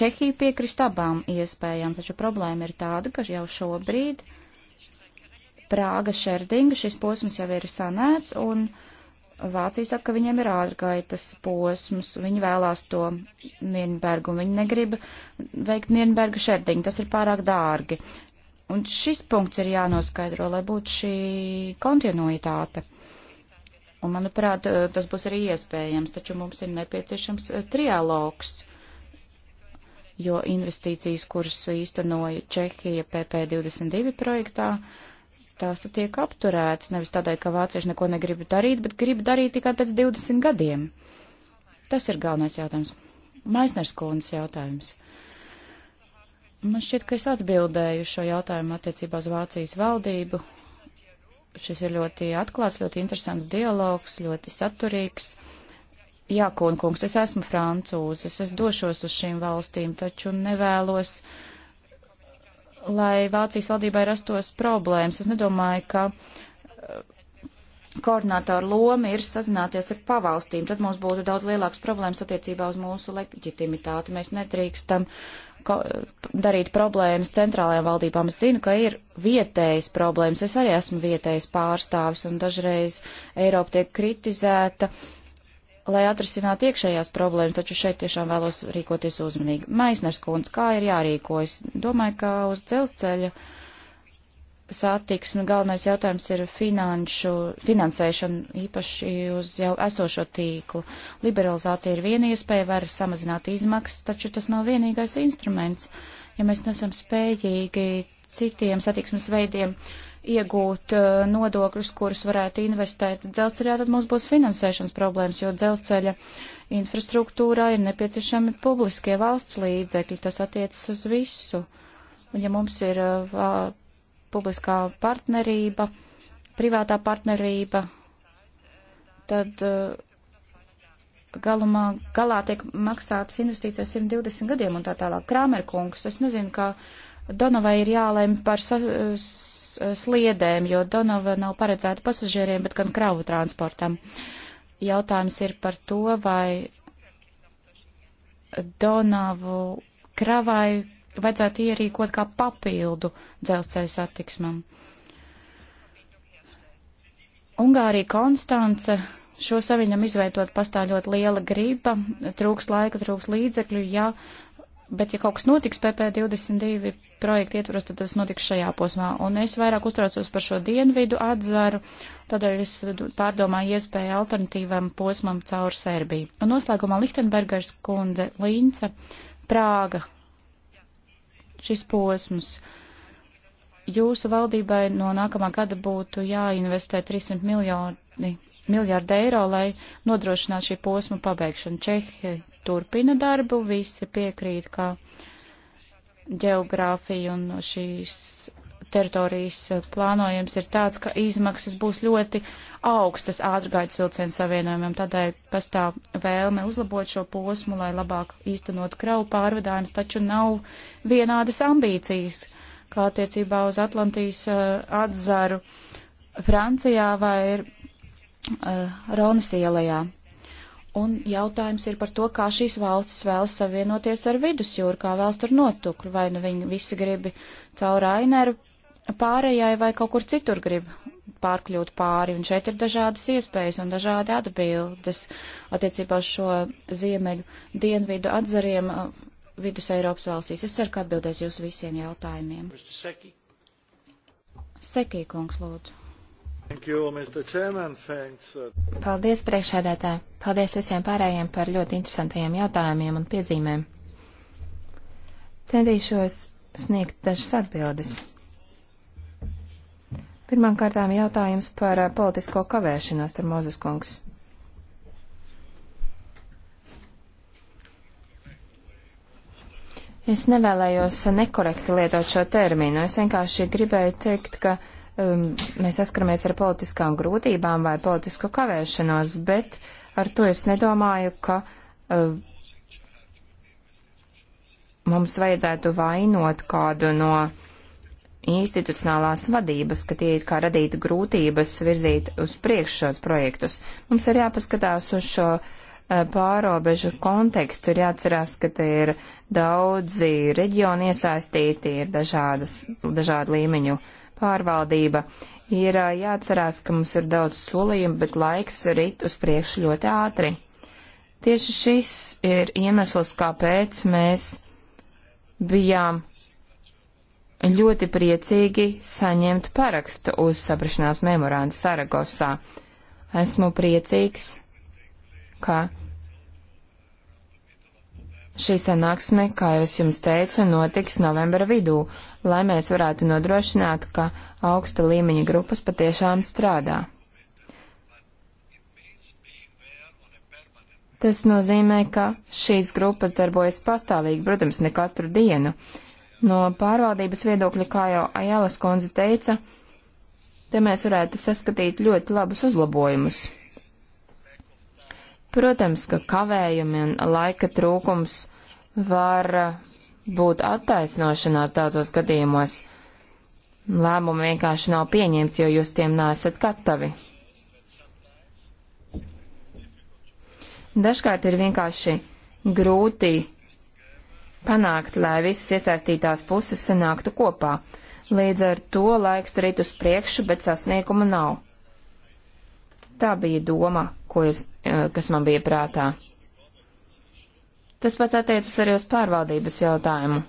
Čehiju piekrist abām iespējām, taču problēma ir tāda, ka jau šobrīd Prāga, Šerdinga šis posms jau ir sanēts un Vācija saka, ka viņiem ir ārgaitas posms, viņi vēlās to Nienbergu un viņi negrib veikt Nienberga Šerdinga, tas ir pārāk dārgi. Un šis punkts ir jānoskaidro, lai būtu šī kontinuitāte. Un, manuprāt, eh, tas būs arī iespējams, taču mums ir nepieciešams eh, trialogs, jo investīcijas, kuras īstenoja Čehija PP22 projektā, tās tiek apturētas nevis tādēļ, ka vācieši neko negrib darīt, bet grib darīt tikai pēc 20 gadiem. Tas ir galvenais jautājums. Maisners kundas jautājums. Man šķiet, ka es atbildēju šo jautājumu attiecībā uz Vācijas valdību Šis ir ļoti atklāts, ļoti interesants dialogs, ļoti saturīgs. Jā, kungs, es esmu francūzis, es došos uz šīm valstīm, taču nevēlos, lai Vācijas valdībai rastos problēmas. Es nedomāju, ka eh, koordinātoru loma ir sazināties ar pavalstīm, tad mums būtu daudz lielāks problēmas attiecībā uz mūsu leģitimitāti. Mēs nedrīkstam uh, darīt problēmas centrālajām valdībām. Es zinu, ka ir vietējas problēmas. Es arī esmu vietējas pārstāvis, un dažreiz Eiropa tiek kritizēta, lai atrisinātu iekšējās problēmas, taču šeit tiešām vēlos rīkoties uzmanīgi. Maisners kundze, kā ir jārīkojas? Domāju, ka uz dzelzceļa. Uh, satiksmi galvenais jautājums ir finanšu, finansēšana, īpaši uz jau esošo tīklu. Liberalizācija ir viena iespēja, var samazināt izmaksas, taču tas nav vienīgais instruments. Ja mēs nesam spējīgi citiem satiksmes veidiem iegūt uh, nodokļus, kurus varētu investēt dzelzceļā, tad mums būs finansēšanas problēmas, jo dzelzceļa infrastruktūrā ir nepieciešami publiskie valsts līdzekļi, tas attiecas uz visu. Un ja mums ir uh, publiskā partnerība, privātā partnerība, tad uh, galumā, galā tiek maksātas investīcijas 120 gadiem un tā tālāk. Krāmerkungs, es nezinu, kā Donovai ir jālēm par sliedēm, jo Donova nav paredzēta pasažieriem, bet gan kravu transportam. Jautājums ir par to, vai Donavu kravai vajadzētu ierīkot kā papildu dzelzceļa satiksmam. Ungārija Konstance šo saviņam izveidot pastāv ļoti liela griba, trūks laika, trūks līdzekļu, ja, bet ja kaut kas notiks PP22 projekta ietvaros, tad tas notiks šajā posmā. Un es vairāk uztraucos par šo dienvidu atzaru, tādēļ es pārdomāju iespēju alternatīvam posmam caur Serbiju. Un noslēgumā Lichtenbergers kundze Līnce, Prāga šis posms. Jūsu valdībai no nākamā gada būtu jāinvestē 300 miljoni, miljārdi eiro, lai nodrošinātu šī posma pabeigšanu. Čehi turpina darbu, visi piekrīt, ka geogrāfija un šīs teritorijas plānojums ir tāds, ka izmaksas būs ļoti augstas ātrgaitas vilcienu savienojumam, tādēļ pastāv vēlme uzlabot šo posmu, lai labāk īstenot kravu pārvadājumus, taču nav vienādas ambīcijas, kā attiecībā uz Atlantijas uh, atzaru Francijā vai uh, eh, Ronas ielajā. Un jautājums ir par to, kā šīs valstis vēlas savienoties ar vidusjūru, kā vēlas tur notukļu, vai nu viņi visi gribi caur Aineru pārējai vai kaut kur citur grib pārkļūt pāri, un šeit ir dažādas iespējas un dažādi atbildes attiecībā uz šo ziemeļu dienvidu atzariem uh, vidus Eiropas valstīs. Es ceru, ka atbildēs jūs visiem jautājumiem. Seki. Sekī, kungs, lūdzu. Thank you, Mr. Chairman, thanks. Uh, Paldies, priekšēdētā. Paldies visiem pārējiem par ļoti interesantajiem jautājumiem un piezīmēm. Centīšos sniegt dažas atbildes. Mm. Pirmām kārtām jautājums par eh, politisko kavēšanos, Tarmozes kungs. Es nevēlējos nekorekti lietot šo terminu. Es vienkārši gribēju teikt, ka um, mēs saskaramies ar politiskām grūtībām vai politisku kavēšanos, bet ar to es nedomāju, ka um, mums vajadzētu vainot kādu no institucionālās vadības, ka tie it kā radītu grūtības virzīt uz priekšu šos projektus. Mums ir jāpaskatās uz šo eh, pārobežu kontekstu, ir jāatcerās, ka te ir daudzi reģioni iesaistīti, ir dažādas, dažādu līmeņu pārvaldība. Ir eh, jāatcerās, ka mums ir daudz solījumu, bet laiks rit uz priekšu ļoti ātri. Tieši šis ir iemesls, kāpēc mēs bijām ļoti priecīgi saņemt parakstu uz saprašanās memorānu Saragosā. Esmu priecīgs, ka šī sanāksme, kā jau es jums teicu, notiks novembra vidū, lai mēs varētu nodrošināt, ka augsta līmeņa grupas patiešām strādā. Tas nozīmē, ka šīs grupas darbojas pastāvīgi, protams, ne katru dienu No pārvaldības viedokļa, kā jau Ajālas konze teica, te mēs varētu saskatīt ļoti labus uzlabojumus. Protams, ka kavējumi un laika trūkums var būt attaisnošanās daudzos gadījumos. Lēmumi vienkārši nav pieņemti, jo jūs tiem nesat gatavi. Dažkārt ir vienkārši grūti panākt, lai visas iesaistītās puses sanāktu kopā. Līdz ar to laiks rīt uz priekšu, bet sasnieguma nav. Tā bija doma, es, eh, kas man bija prātā. Tas pats attiecas arī uz pārvaldības jautājumu.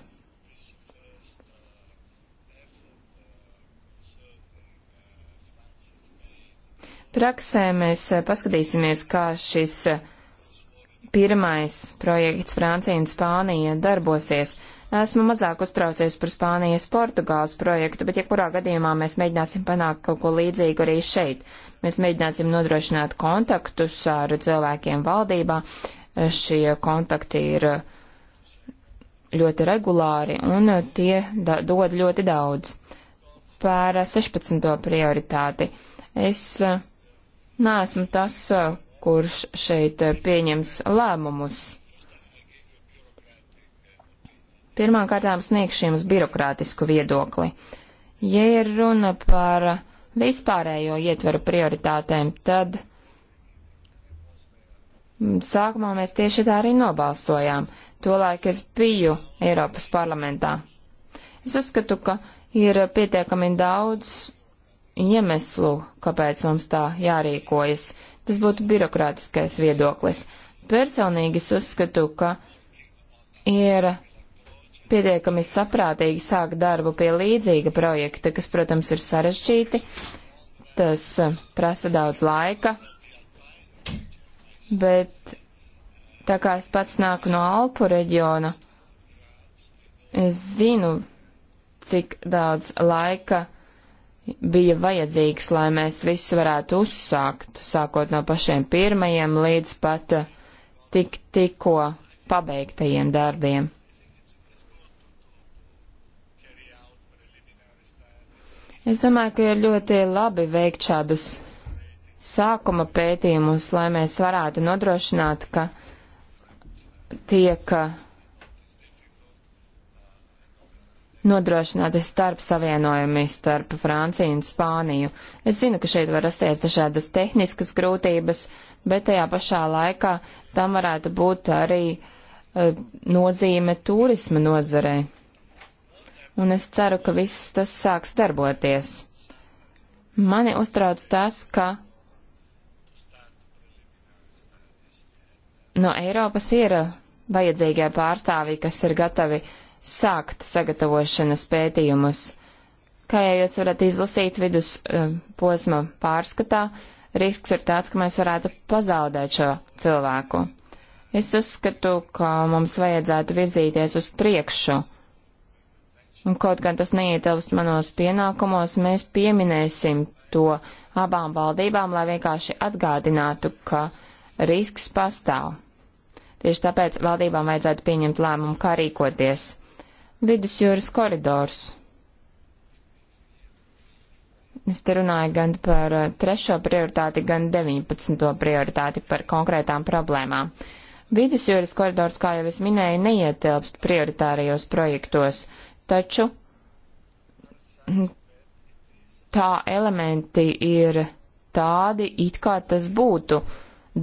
Praksē mēs eh, paskatīsimies, kā šis uh, pirmais projekts Francija un Spānija darbosies. Esmu mazāk uztraucies par Spānijas Portugāles projektu, bet jebkurā ja gadījumā mēs mēģināsim panākt kaut ko līdzīgu arī šeit. Mēs mēģināsim nodrošināt kontaktus ar cilvēkiem valdībā. Šie kontakti ir ļoti regulāri un tie dod ļoti daudz. Par 16. prioritāti. Es neesmu tas, kurš šeit eh, pieņems lēmumus. Pirmkārtām sniegšu jums birokrātisku viedokli. Ja ir runa par vispārējo ietveru prioritātēm, tad mm, sākumā mēs tieši tā arī nobalsojām. Tolaik es biju Eiropas parlamentā. Es uzskatu, ka ir pietiekami daudz iemeslu, kāpēc mums tā jārīkojas. Tas būtu birokrātiskais viedoklis. Personīgi es uzskatu, ka ir pietiekami saprātīgi sākt darbu pie līdzīga projekta, kas, protams, ir sarežģīti, tas eh, prasa daudz laika, bet tā kā es pats nāku no Alpu reģiona, es zinu, cik daudz laika bija vajadzīgs, lai mēs visu varētu uzsākt, sākot no pašiem pirmajiem līdz pat eh, tik tikko pabeigtajiem darbiem. Es domāju, ka ir ļoti labi veikt šādus sākuma pētījumus, lai mēs varētu nodrošināt, ka tiek eh, nodrošināti starp savienojumi starp Franciju un Spāniju. Es zinu, ka šeit var rasties dažādas tehniskas grūtības, bet tajā pašā laikā tam varētu būt arī uh, nozīme turisma nozarei. Un es ceru, ka viss tas sāks darboties. Mani uztrauc tas, ka no Eiropas ir vajadzīgie pārstāvji, kas ir gatavi uh, sākt sagatavošanas pētījumus. Kā jau jūs varat izlasīt vidus um, posma pārskatā, risks ir tāds, ka mēs varētu pazaudēt šo cilvēku. Es uzskatu, ka mums vajadzētu virzīties uz priekšu. Un kaut gan tas neietilpst manos pienākumos, mēs pieminēsim to abām valdībām, lai vienkārši atgādinātu, ka risks pastāv. Tieši tāpēc valdībām vajadzētu pieņemt lēmumu, kā rīkoties vidusjūras koridors. Es te runāju gan par uh, trešo prioritāti, gan 19. prioritāti par konkrētām problēmām. Vidusjūras koridors, kā jau es minēju, neietilpst prioritārajos projektos, taču tā elementi ir tādi, it kā tas būtu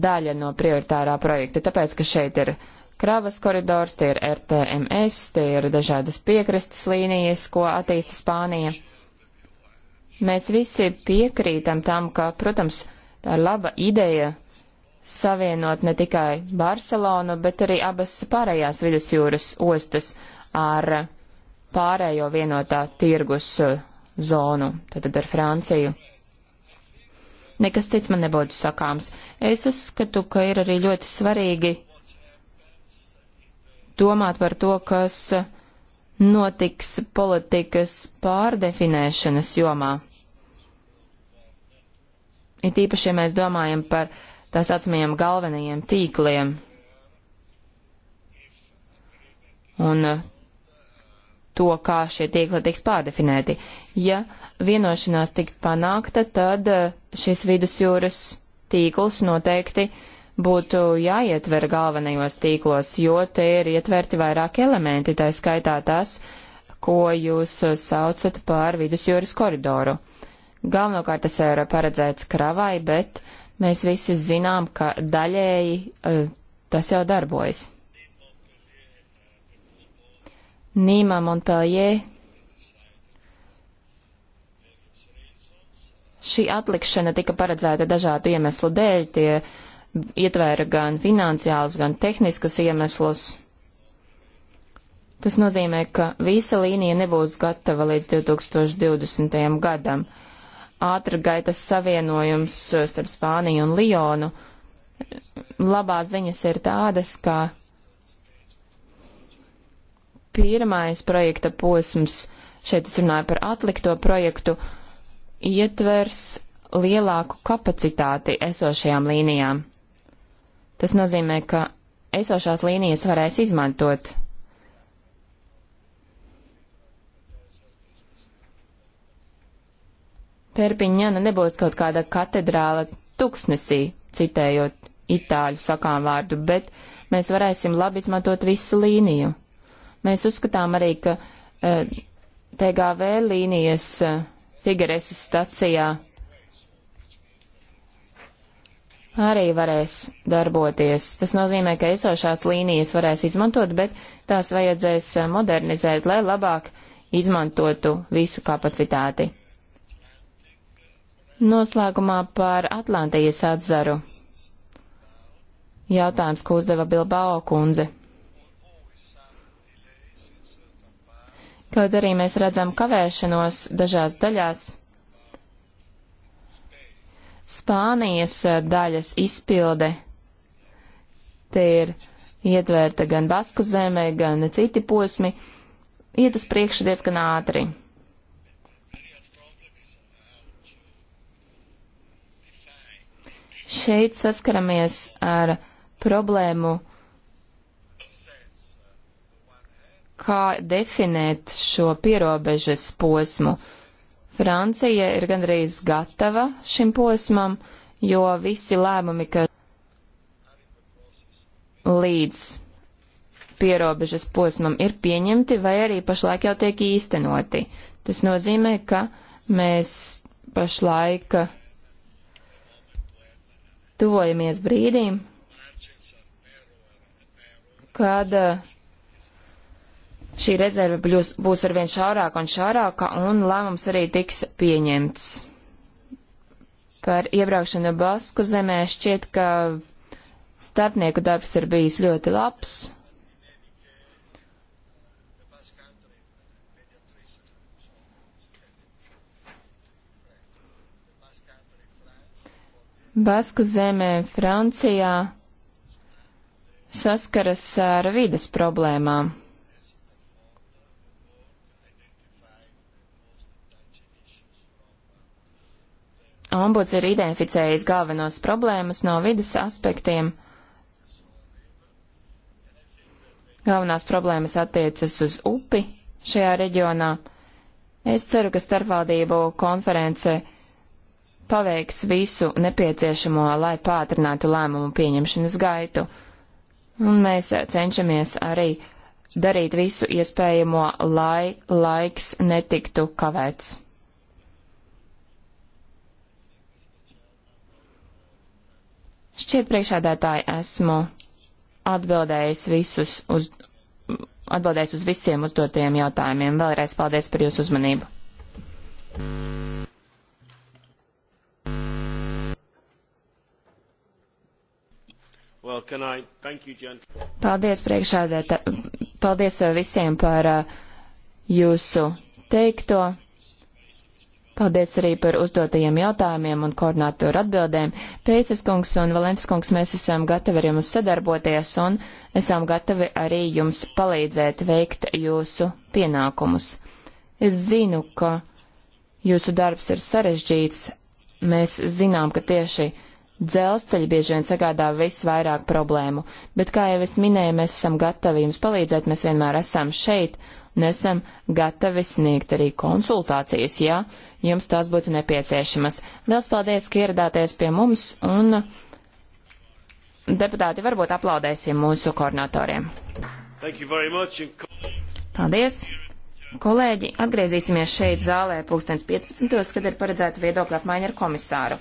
daļa no prioritārā projekta, tāpēc, ka šeit ir kravas koridors, tie ir RTMS, tie ir dažādas piekrastes līnijas, ko attīsta Spānija. Mēs visi piekrītam tam, ka, protams, tā ir laba ideja savienot ne tikai Barcelonu, bet arī abas pārējās vidusjūras ostas ar pārējo vienotā tirgus uh, zonu, tad ar Franciju. Nekas cits man nebūtu sakāms. Es uzskatu, ka ir arī ļoti svarīgi domāt par to, kas notiks politikas pārdefinēšanas jomā. It īpaši, ja mēs domājam par tās atsimajiem galvenajiem tīkliem un uh, to, kā šie tīkli tiks pārdefinēti. Ja vienošanās tikt panākta, tad uh, šis vidusjūras tīkls noteikti uh, būtu jāietver galvenajos tīklos, jo te ir ietverti vairāk elementi, tā skaitā tas, ko jūs saucat par vidusjūras koridoru. Galvenokārt tas ir paredzēts kravai, bet mēs visi zinām, ka daļēji e, tas jau darbojas. Nīma Montpellier šī atlikšana tika paredzēta dažādu iemeslu dēļ, tie ietvēra gan finansiālus, gan tehniskus iemeslus. Tas nozīmē, ka visa līnija nebūs gatava līdz 2020. gadam. Ātra gaitas savienojums uh, starp Spāniju un Lionu. Labās ziņas ir tādas, ka pirmais projekta posms, šeit es runāju par atlikto projektu, ietvers lielāku kapacitāti esošajām līnijām. Tas nozīmē, ka esošās līnijas varēs izmantot. Perpiņana nebūs kaut kāda katedrāla tuksnesī, citējot itāļu sakām vārdu, bet mēs varēsim labi izmantot visu līniju. Mēs uzskatām arī, ka e, eh, TGV līnijas e, eh, Figareses stacijā arī varēs darboties. Tas nozīmē, ka esošās līnijas varēs izmantot, bet tās vajadzēs eh, modernizēt, lai labāk izmantotu visu kapacitāti. Noslēgumā par Atlantijas atzaru. Jautājums, ko uzdeva Bilbao kundze. Kaut arī mēs redzam kavēšanos dažās daļās, Spānijas eh, daļas izpilde te ir ietvērta gan Basku zemē, gan citi posmi, iet uz priekšu diezgan ātri. Šeit saskaramies ar problēmu, kā definēt šo pierobežas posmu Francija ir gandrīz gatava šim posmam, jo visi lēmumi, kas līdz pierobežas posmam ir pieņemti vai arī pašlaik jau tiek īstenoti. Tas nozīmē, ka mēs pašlaik tuvojamies brīdim, kad uh, Šī rezerve būs, būs arvien šaurāka un šaurāka, un lēmums arī tiks pieņemts. Par iebraukšanu Basku zemē šķiet, ka starpnieku darbs ir bijis ļoti labs. Basku zemē Francijā saskaras ar vides problēmām. Ombuds ir identificējis galvenos problēmas no vidas aspektiem. Galvenās problēmas attiecas uz upi šajā reģionā. Es ceru, ka starpvaldību konference paveiks visu nepieciešamo, lai pātrinātu lēmumu pieņemšanas gaitu. Un mēs cenšamies arī darīt visu iespējamo, lai laiks netiktu kavēts. Šķiet priekšādātāji esmu atbildējis visus uz, atbildējis uz visiem uzdotajiem jautājumiem. Vēlreiz paldies par jūsu uzmanību. Well, I... you, paldies priekšādētā, paldies uh, visiem par uh, jūsu teikto. Paldies arī par uzdotajiem jautājumiem un koordinātoru atbildēm. Pēcis kungs un Valents kungs, mēs esam gatavi ar jums sadarboties un esam gatavi arī jums palīdzēt veikt jūsu pienākumus. Es zinu, ka jūsu darbs ir sarežģīts. Mēs zinām, ka tieši dzelzceļi bieži vien sagādā visvairāk problēmu, bet, kā jau es minēju, mēs esam gatavi jums palīdzēt, mēs vienmēr esam šeit un esam gatavi sniegt arī konsultācijas, ja jums tās būtu nepieciešamas. Liels paldies, ka ieradāties pie mums un deputāti varbūt aplaudēsim mūsu koordinatoriem. Paldies! Kolēģi, atgriezīsimies šeit zālē pulkstens 15. kad ir paredzēta viedokļa apmaiņa ar komisāru.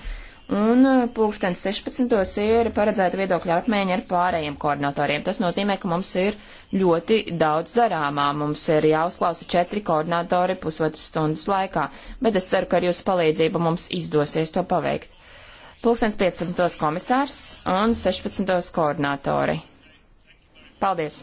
Un eh, pulksten 16. ir paredzēta viedokļa apmaiņa ar pārējiem koordinatoriem. Tas nozīmē, ka mums ir ļoti daudz darāmā. Mums ir jāuzklausa četri koordinatori pusotras stundas laikā, bet es ceru, ka ar jūsu palīdzību mums izdosies to paveikt. Pulkstens 15. komisārs un 16. koordinatori. Paldies!